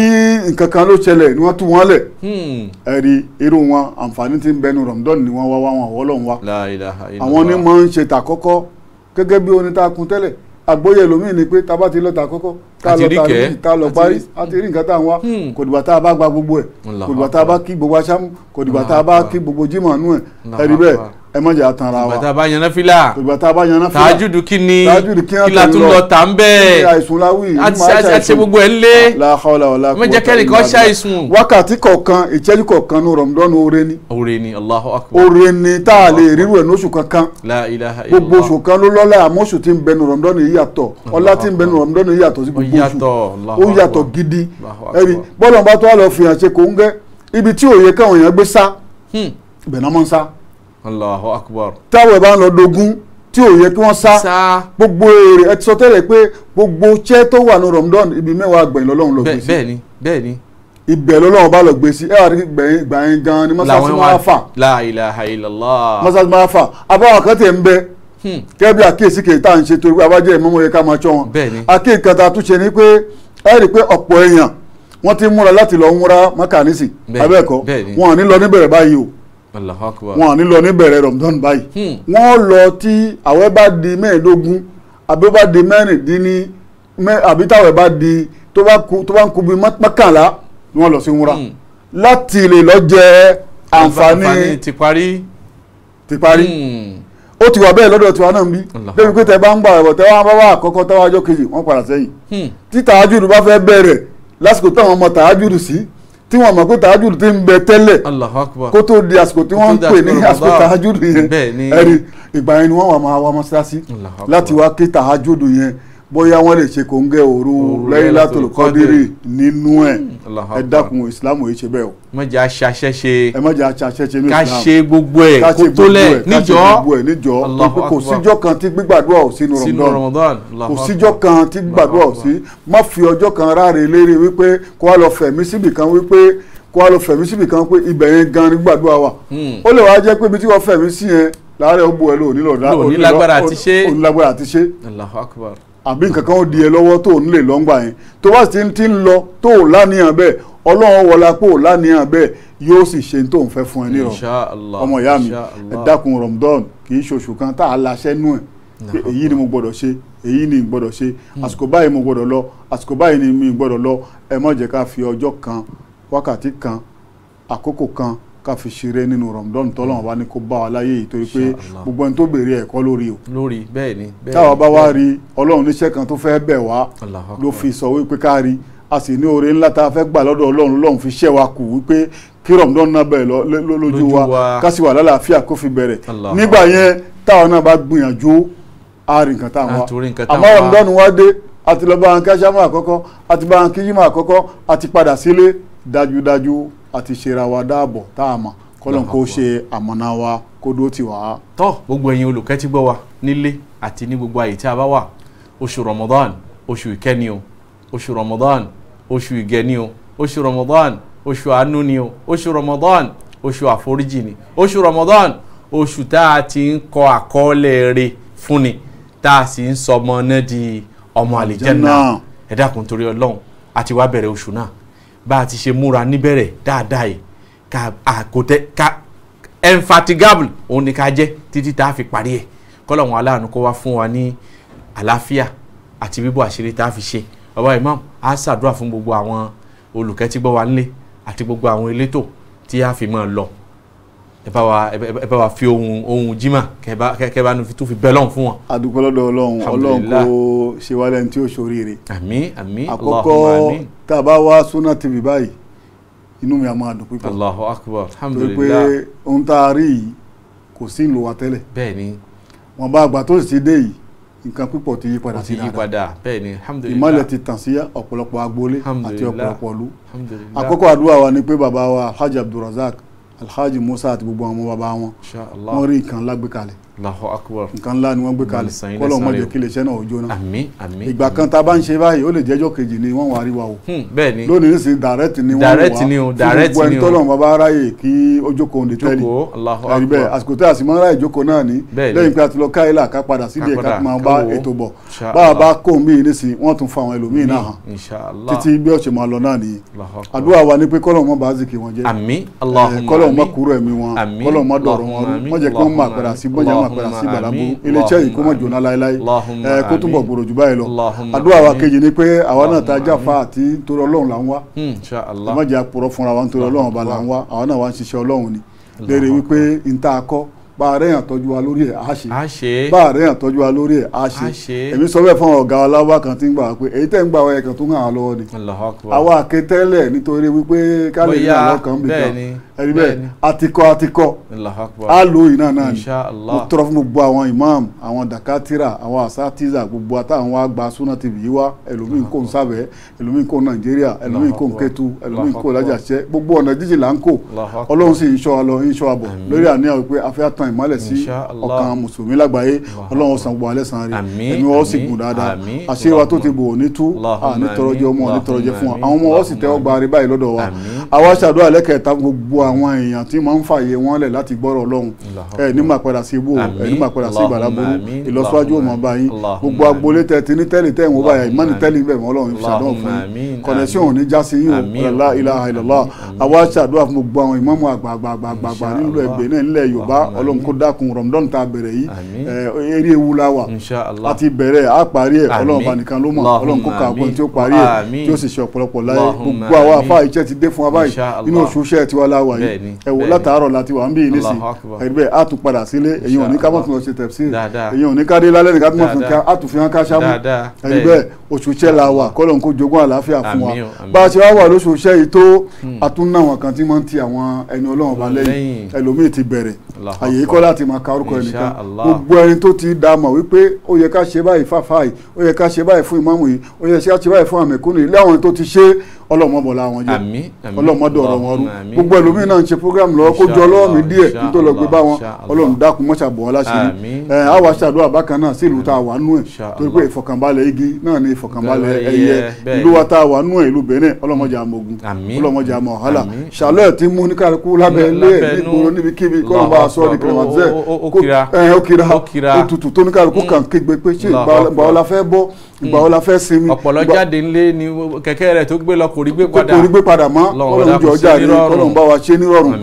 nǹkan kan ló ṣẹlẹ̀ ni wọ́n tú wọn lẹ̀. Hmm. ẹ̀rí irú wọn àǹfààní ti ń bẹnu rọ̀mùdọ́n ni wọ́n wá wá wọn àwọn ọlọ́run àwọn ni máa ń ṣe tàkọ́kọ́ gẹ́gẹ́ bí onítakun tẹ́lẹ̀ àgbóyè lómìn ni pé tá a bá ti lọ ta kọ́kọ́ ká lọ ta rí ká lọ parí a ti rí nǹkan tá à ń wá hmm. kò dìgbà tá a bá gba gbogbo ẹ̀ kò dìgbà tá a bá kí gbogbo aṣámú kò dìgbà tá a bá kí gbogbo jimoh nù ẹ̀ ẹ̀rí ẹ má jẹ́ àtàrà wa ìgbàtà bá yan náfìlà ìgbàtà bá yan náfìlà tàájúdù kí ni kí la tún lọ tà ń bẹ́ẹ̀ àìsùn láwì àti gbogbo ẹ̀ ń lé mẹ́jẹ kẹ́rin kan ṣe àìsùn. wákàtí kọ̀ọ̀kan ìṣẹ́jú kọ̀ọ̀kan ní rọ̀mùdọ́nù oore ni oore ni Allahu akbar oore ni tá a lè ríru ẹ̀ lóṣù kankan gbogbo oṣù kan ló lọ́lá àmọ́ṣù tí ń bẹ ní rọ̀mùdọ́nù yìí yàtọ̀ ọlá tí ń bẹ ní rọ̀mùdọ́nù yìí sí gbogbo oṣù ó yàtọ̀ gidi ẹ̀rí bọ́lá bá tó wà lọ fìyàn ṣe kò ń gẹ́ ibi tí òye káwọn èèyàn gbé sá hmm. ibẹ̀ náà mọ́ ń sá Allahu akbar. táwọn ẹ̀ bá ń lọ dogun tí ò yẹ kí wọ́n sá gbogbo èrè ẹ ti sọ tẹ́lẹ̀ pé gbogbo iṣẹ́ tó wà ní Ramadan ibi mẹ́wàá àgbẹ̀yìn lọ́lọ́run lọ gbé sí. bẹ́ẹ̀ni bẹ́ẹ̀ni. ibẹ̀ lọ́lọ́run bá lọ gbé sí ẹ wà ní gbàyìn gan ni mọ́sáàsì máa fà. la ilaha illallah. mọ́sáàsì máa fà abáwọn kan tiẹ̀ ń bẹ kẹ́ hmm. bí àkíyèsí kèé tá à ń ṣe torí pé abájẹ́ ìmọ̀mọ́ yẹ ká máa tọ́ wọn. bẹ́ẹ̀ni àkíyèsí kan tá a tún ṣe ni pé ẹ rí i pé ọ̀pọ̀ èèyàn wọ́n ti múra láti lọ múra mọ́kà abẹ́ẹ̀kọ́ wọn ò ní lọ níbẹ̀rẹ̀ báyìí o wọn ní lọ níbẹ̀rẹ̀ rọ̀mùdán báyìí hmm. wọ́n lọ tí àwẹ̀ bá di mẹ́ẹ̀ẹ́dógún àbí ó bá di mẹ́rìndínní àbí táwẹ̀ bá di tó bá ń kú bí mọ́kànlá ni wọ́n lọ sí wúra hmm. láti lè lọ jẹ àǹfààní ti parí ti parí hmm. ó ti wà bẹ́ẹ̀ lọ́dọ̀ tiwa náà ń bí débi pé tẹ bá ń gbà ẹ̀bọ̀ tẹ wá bá wà àkọ́kọ́ tẹ wá kejì wọ́n padà sẹ́yìn tí tàájúdù bá fẹ́ bẹ̀rẹ̀ lásìkò táwọn ọmọ tàájúdù sí tí wọ́n mọ̀ pé tahajud ti ń bẹ tẹ́lẹ̀ kó tó di àsìkò tí wọ́n ń pè ní àsìkò tahajud yẹn ẹ̀rí ìgbà yẹn ni wọ́n wà máa wá mọ́ṣáláṣí láti wá ké tahajud yẹn bóyá wọ́n lè ṣe kòńgẹ́ òru Laylatul Qadri nínú ẹ̀ ẹ dákun ìsìlámù yìí ṣe bẹ́ẹ̀ o. ẹ má jẹ́ aṣaṣẹ́ṣe ẹ má jẹ́ aṣaṣẹ́ṣe ní ìsìlámù ká ṣe gbogbo ẹ̀ kó tó lẹ̀ níjọ́ níjọ́ kò síjọ́ kan tí gbígbàdúrà ò sínú Ramadan kò síjọ́ kan tí gbígbàdúrà ò sí má fi ọjọ́ kan ráre lérí wípé kó a lọ fẹ̀mí síbì kan wípé kó a lọ fẹ̀mí síbì kan pé ibẹ̀ yẹn gan ni gbàdúrà wà hmm. ó lè wá jẹ́ pé ibi tí wọ́n fẹ̀mí sí yẹn láàárẹ̀ ó bu ẹ lóòní lọ́dá òní lágbára àti ṣe àbí nǹkan kan ó di ẹ lọ́wọ́ tó ń lè lọ́ngbà yẹn tó bá ti ti ń lọ tó ò lánìyàn bẹ́ẹ̀ ọlọ́run wọlá pò lánìyàn bẹ́ẹ̀ yóò sì ṣe tó ń fẹ́ fún ẹ nírọ̀ ọmọ ìyá mi ẹ dákun Ramadan kì í ṣoṣù kan tá a láṣẹ nú ẹ̀ èyí ni mo gbọ́dọ̀ ṣe èyí ni gbọ́dọ̀ ṣe hmm. àsìkò báyìí mo gbọ́dọ̀ lọ àsìkò báyìí ni mi gbọ́dọ̀ lọ ẹ má jẹ́ ká fi ọjọ́ kan wákàtí kan àkókò kan ká fi ṣeré nínú rọ̀mùdọ́n tọ́lọ́wọ́n bá ní kó bá wa láyé yìí torí pé gbogbo ẹni tó béèrè ẹ̀kọ́ lórí o. lórí bẹ́ẹ̀ ni. táwa bá wá rí ọlọ́run níṣẹ́ kan tó fẹ́ bẹ̀ wá ló fi sọ wípé ká rí a sì ní oore ńlá tá a fẹ́ gbà lọ́dọ̀ ọlọ́run ọlọ́run fi ṣẹ́ wa kù wípé kí rọ̀mùdọ́n náà bẹ̀rẹ̀ lójú wa ká sì wà lálàáfíà kó fi bẹ̀rẹ̀ nígbà yẹn táwa náà bá gbìyànjú a nǹkan táwa àti ṣera wa dáàbò tá a mọ̀ kọ́lọ́n kó ṣe àmọ̀nà wa kó dó tì wá. tọ́ gbogbo ẹ̀yin olùkẹ́tígbọ́ wa nílé àti ní gbogbo àyè tí a bá wà oṣù Ramadan oṣù ìkẹ́ni o oṣù Ramadan oṣù ìgẹ̀ni o oṣù Ramadan oṣù àánú ni o oṣù Ramadan oṣù àforíjì ni oṣù Ramadan oṣù tá a ti ń kọ àkọọ́lẹ̀ rẹ̀ fún ni tá a sì ń sọmọ náà di ọmọ àlìjẹ́nà ẹ dákun torí Ọlọ́run àti wá bẹ̀rẹ̀ oṣù náà bá a ti ṣe múra níbẹ̀rẹ̀ dáadáa yìí ká àkótẹ́ ká infatigable òun ni ká jẹ́ títí tá a fi parí ẹ̀ kọ́lọ̀wọ́n aláàánú kó wá fún wa ní àlàáfíà àti bíbọ̀ àṣírí tá a fi ṣe bàbá imam á ṣàdúrà fún gbogbo àwọn olùkẹ́tígbọ́ wa nílé àti gbogbo àwọn elétò tí a fi máa lọ ẹ bá wa ẹ wa fi ohun ohun jimá kẹba kẹba nu fi tún fi bẹ lọ́hùn fún wọn. àdúgbò lọ́dọ̀ ọlọ́run ọlọ́run kò ṣe wálẹ̀ ní tí ó ṣoríire. àmín àmín àkọ́kọ́ tá a bá wá Sunna TV báyìí inú mi a máa dùn pípọ̀. Allahu akbar alhamdulilah torí pé ohun tá a rí yìí kò sí ìlú wa tẹ́lẹ̀. bẹ́ẹ̀ni. wọn bá àgbà tó sì ti dé yìí nǹkan púpọ̀ ti yí padà sí dáadáa ìmọ̀lẹ̀ ti tàn sí ọ̀pọ̀lọpọ̀ agboolé àti ọ̀pọ̀lọpọ̀ ìlú àkọ́kọ́ àdúrà wa ni pé bàbá wa Alhaji Abdulrasaq alhaji musa àti gbogbo àwọn bàbá wọn wọn rí nǹkan lágbèkalẹ̀ Allahu akbar nǹkan ńlá ni wọ́n gbé kalẹ̀ kọ́lọ̀ wọn jẹ́ kí iléeṣẹ́ náà ó jóná àmín àmín ìgbà kan tá a bá ń ṣe báyìí ó lè jẹ́jọ́ kejì ni wọ́n wàá rí wa o hmm, bẹ́ẹ̀ ni lónìí sì direct ni wọ́n wà direct ni o direct ni o gbogbo ẹni tọ́lọ̀ bàbá aráyè kí ó jókòó lè tẹ́lẹ̀ jókòó Allahu akbar àríbẹ̀ àsìkò tí a sì máa ń ráyè jókòó náà ni lẹ́yìn pé a ti lọ ká ilà ká padà sídìí ká máa bá ètò bọ̀ bá bá kó mi nísìnyí wọ́n tún fa àwọn ẹlòmíì náà padà sí ìgbàlámú iléeṣẹ́ yìí kó mọ̀ jóná láéláé ẹ kó túbọ̀ gbòòrò jù báyìí lọ àdúrà wa kejì ni pé àwa náà ta jáfa àti torí ọlọ́run là ń wá ẹ má jẹ́ àpòrọ̀ fúnra wa nítorí ọlọ́run ọba là ń wá àwa náà wá ń ṣiṣẹ́ ọlọ́run ni léèrè wípé n ta akọ́ bá a rẹ̀yàn tọ́jú wa lórí ẹ̀ á bá a rẹ̀yàn tọ́jú wa lórí ẹ̀ á ṣe èmi sọ bẹ́ẹ̀ fún ọ̀gá aláwa kan tí ń gbà pé èyí tẹ́ ń gbà wọ́n ẹ̀kan tó ń hàn án lọ́wọ́ ni àwa àkẹ́tẹ́lẹ̀ nítorí wípé ká lè ní àlọ́ kan bìkan ẹ̀rí bẹ́ẹ̀ àtikọ́ àtikọ́ àlò iná náà ni mo tọrọ fún gbogbo àwọn imam àwọn dakatira àwọn asatiza gbogbo àtàwọn àgbà Sunna TV yìí wá ẹlòmíín kò ń sábẹ́ ẹlòmíín kò ń nàìjíríà ẹlòmíín kò ń kẹtù ẹlòmíín kò lájàṣẹ gbogbo ọ̀nà jíjì là ń kó ọlọ́run sì ń ṣọ́ wa lọ ń ṣọ́ wa bọ̀ lórí àníyàn pé afẹ́ àtàn ìmọ́lẹ̀ sí ọkàn mùsùlùmí lágbàáyé ọlọ́run san gbogbo alẹ́ san rí ẹ̀mí wọn sì gùn dáadáa àṣírí wa tó ti bò ní tú à nítorọ́jẹ́ ọmọ nítorọ́jẹ́ fún wa àwọn ọmọ wọn sì tẹ́wọ́ gba arí báyìí lọ́dọ̀ wa àwa ṣàdúrà lẹ́kẹ̀ẹ́ta gbogbo àwọn èèyàn tí máa ń fààyè wọn lẹ̀ láti gbọ́rọ̀ ọlọ́run ẹ nígbà padà sí ibò ẹ nígbà padà sí ìgbàlá burú ìlọsíwájú ò mọ̀ bá yín gbogbo agboolé tẹ ti ní tẹ́lẹ̀ tẹ́ ìwọ̀n báyà ìmọ̀ni tẹ́lẹ̀ bẹ̀ wọ́n ọlọ́run ìfisàdán fún yín kọ̀nẹ́sí òun ní jásí yín ò la ilaha illallah àwa ṣàdúrà fún gbogbo àwọn ìmáàmù àgbààgbààgbà nínú ẹgbẹ́ náà nílẹ̀ yorùbá ọlọ́run kó dákun rọ̀mùdọ́n tá a bẹ̀rẹ̀ yìí eré ewu la wà a ti bẹ̀rẹ̀ a parí ẹ̀ ọlọ́run bá nìkan ló mọ̀ ọlọ́run kó kàákọ́ tí ó parí ẹ̀ tí ó sì ṣe ọ̀pọ̀lọpọ̀ láyé gbogbo àwa afá iṣẹ́ ti dé fún wa báyìí inú oṣù iṣẹ́ tiwa la wà yìí ẹ wò látàárọ̀ láti wà ń bí ilé sí ẹgbẹ́ a tún padà sílé èyàn ò ní ká mọ̀ tún lọ ṣe tẹ̀sí èyàn ò ní ká dé lálẹ́ ń kan tí wọ́n ti àwọn ẹni ọlọ́run ọba lẹ́yìn ẹlòmíì ti bẹ̀rẹ̀ àyè yìí láti máa ka orúkọ ẹnìkan gbogbo ẹni tó ti dá mọ̀ wípé ó yẹ ká ṣe báyìí fáfáì ó yẹ ká ṣe báyìí fún ìmáàmù yìí ó yẹ ká ṣe báyìí fún àmẹ̀kúnnù yìí lẹ́wọ̀n tó ti ṣe ọlọ́mọbọ̀lá wọn jẹ́ ọlọ́mọdọ̀rọ̀ wọn rú gbogbo ẹlòmíín náà ń ṣe program lọ́wọ́ kó jọ ọlọ́wọ́ mi díẹ̀ nítorí lọ pé bá wọn ọlọ́run dákun mọ́ṣà bọ̀ ọ́ láṣìírí ẹ á wá ṣàdúrà bákan náà sí ìlú tá a wà nú ẹ̀ torí pé ìfọ̀kànbalẹ̀ igi náà ni ìfọ̀kànbalẹ̀ ẹyẹ ìlú wa tá a wà nú ẹ̀ ìlú Benin ọlọ́mọdé àmọ̀gùn kira ó tutù tó ní kálukú mm. kàn kígbe pé ṣé ìgbà wo la mm. jáde ńlé ni kẹ̀kẹ́ rẹ̀ tó gbé lọ kò rí gbé padà kò rí gbé padà mọ́ kọ́lọ́n jọ jàre kọ́lọ́n bá wa ṣe nírọ̀rùn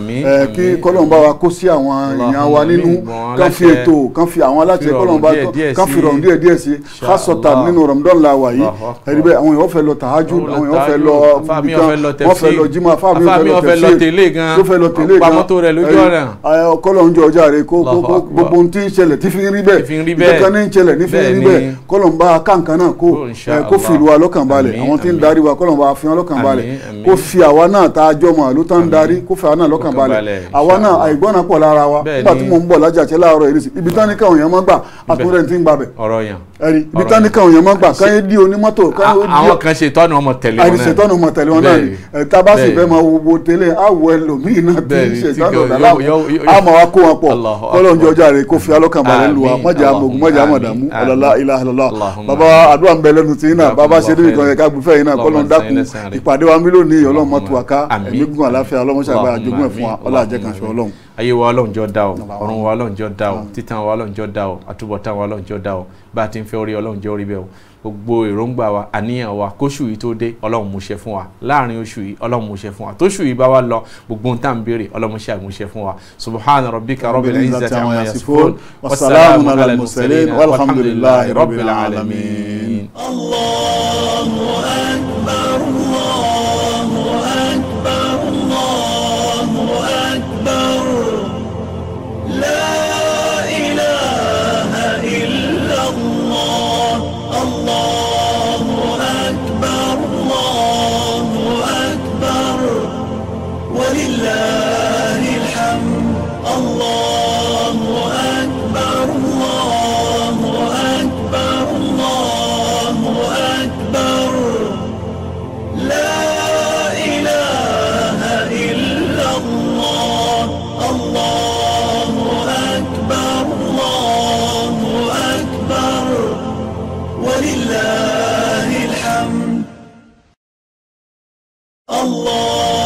kí kọ́lọ́n bá wa kó sí àwọn èèyàn wa nínú kán fi ètò kán fi àwọn aláṣẹ kọ́lọ́n bá kán fi rọrùn díẹ̀ díẹ̀ sí kásọ̀tà nínú Ramadan la wà yìí ẹ̀rí bẹ́ẹ̀ àwọn èèyàn fẹ́ lọ tàájú àwọn èèyàn fẹ́ lọ wọ́n fẹ́ lọ jimá fáàmì fẹ́ lọ tẹ̀lé gan pamọ́tò rẹ̀ lójú ọ̀nà kọ́lọ́n jọ jàre kó gbogbo ohun tí ń ṣẹlẹ̀ tí fi ń rí bẹ́ẹ̀ ìjọkan ní ń ṣẹlẹ̀ ní fi ń rí bẹ́ẹ̀ kọ́lọ́n bá kàǹkan náà kó fìlú wa lọ́kàn balẹ̀ àwọn tí ń darí wa kọ́lọ́n bá fi wọn lọ́kàn lọ́kàn balẹ̀ kó fi àwa náà tá a jọ mọ̀ àló tán darí kó fi àwa náà lọ́kàn balẹ̀ àwa náà àìgbọ́nà pọ̀ lára wa nígbà tí mo ń bọ̀ lájà tí láàárọ̀ ìrísí ibi tán ní káwọn èèyàn mọ́ gbà àtúndẹ̀ ti ń gbabẹ̀. ọ̀rọ̀ yàn ẹ̀rí ibi táníkà òyìn mọ́ gbà káyé dí onímọ́tò káyé dí àwọn kan ṣètọ́nù ọmọ tẹ̀lé wọn náà ṣètọ́nù ọmọ tẹ̀lé wọn náà ni tá a bá sì fẹ́ máa wo tẹ́lẹ̀ àwọ̀ ẹlòmíì náà ti ṣètọ́nù ọ̀dàlá àmọ́ wa kó wọn pọ̀ kọ́lọ́ ń jọjá rẹ̀ kó fi alọ́kànbalẹ̀ lu wa mọ́jà amògùn mọ́jà amọ̀dàmú ọ̀làlá ilahalọ́lá bàbá àdúrà ń bẹ lẹ́nu tí náà bàbá ṣe débi kan yẹ ká gbufẹ́ yìí náà kọ́lọ́ ń dákun ìpàdé wa mílíọ̀nù yìí ọlọ́run mọ́tò wa ká ẹ̀mí gùn àláfíà ọlọ́mọṣàgbà àjogún ẹ̀ fún wa ọlá àjẹkànṣe ọlọ́run ayé wa ọlọ́run jọ dá o ọ̀run wa ọlọ́run jọ dá o títàn wa ọlọ́run jọ dá o àtúbọ̀tán wa ọlọ́run jọ dá o bá a ti ń fẹ́ orí ọlọ́run jọ rí bẹ́ẹ̀ o gbogbo èròǹgbà wa àníyàn wa kóṣù yìí tó dé ọlọ́run mú ṣe fún wa láàrin oṣù yìí ọlọ́run mú ṣe fún wa tóṣù yìí bá wa lọ gbogbo ohun tá à ń béèrè ọlọ́run ṣe àmúṣe fún wa subhana rabbika rabbil izzati amma yasifun wasalaamu ala al-mursalin walhamdulillahi rabbil alamin. Allahu akbar. Allah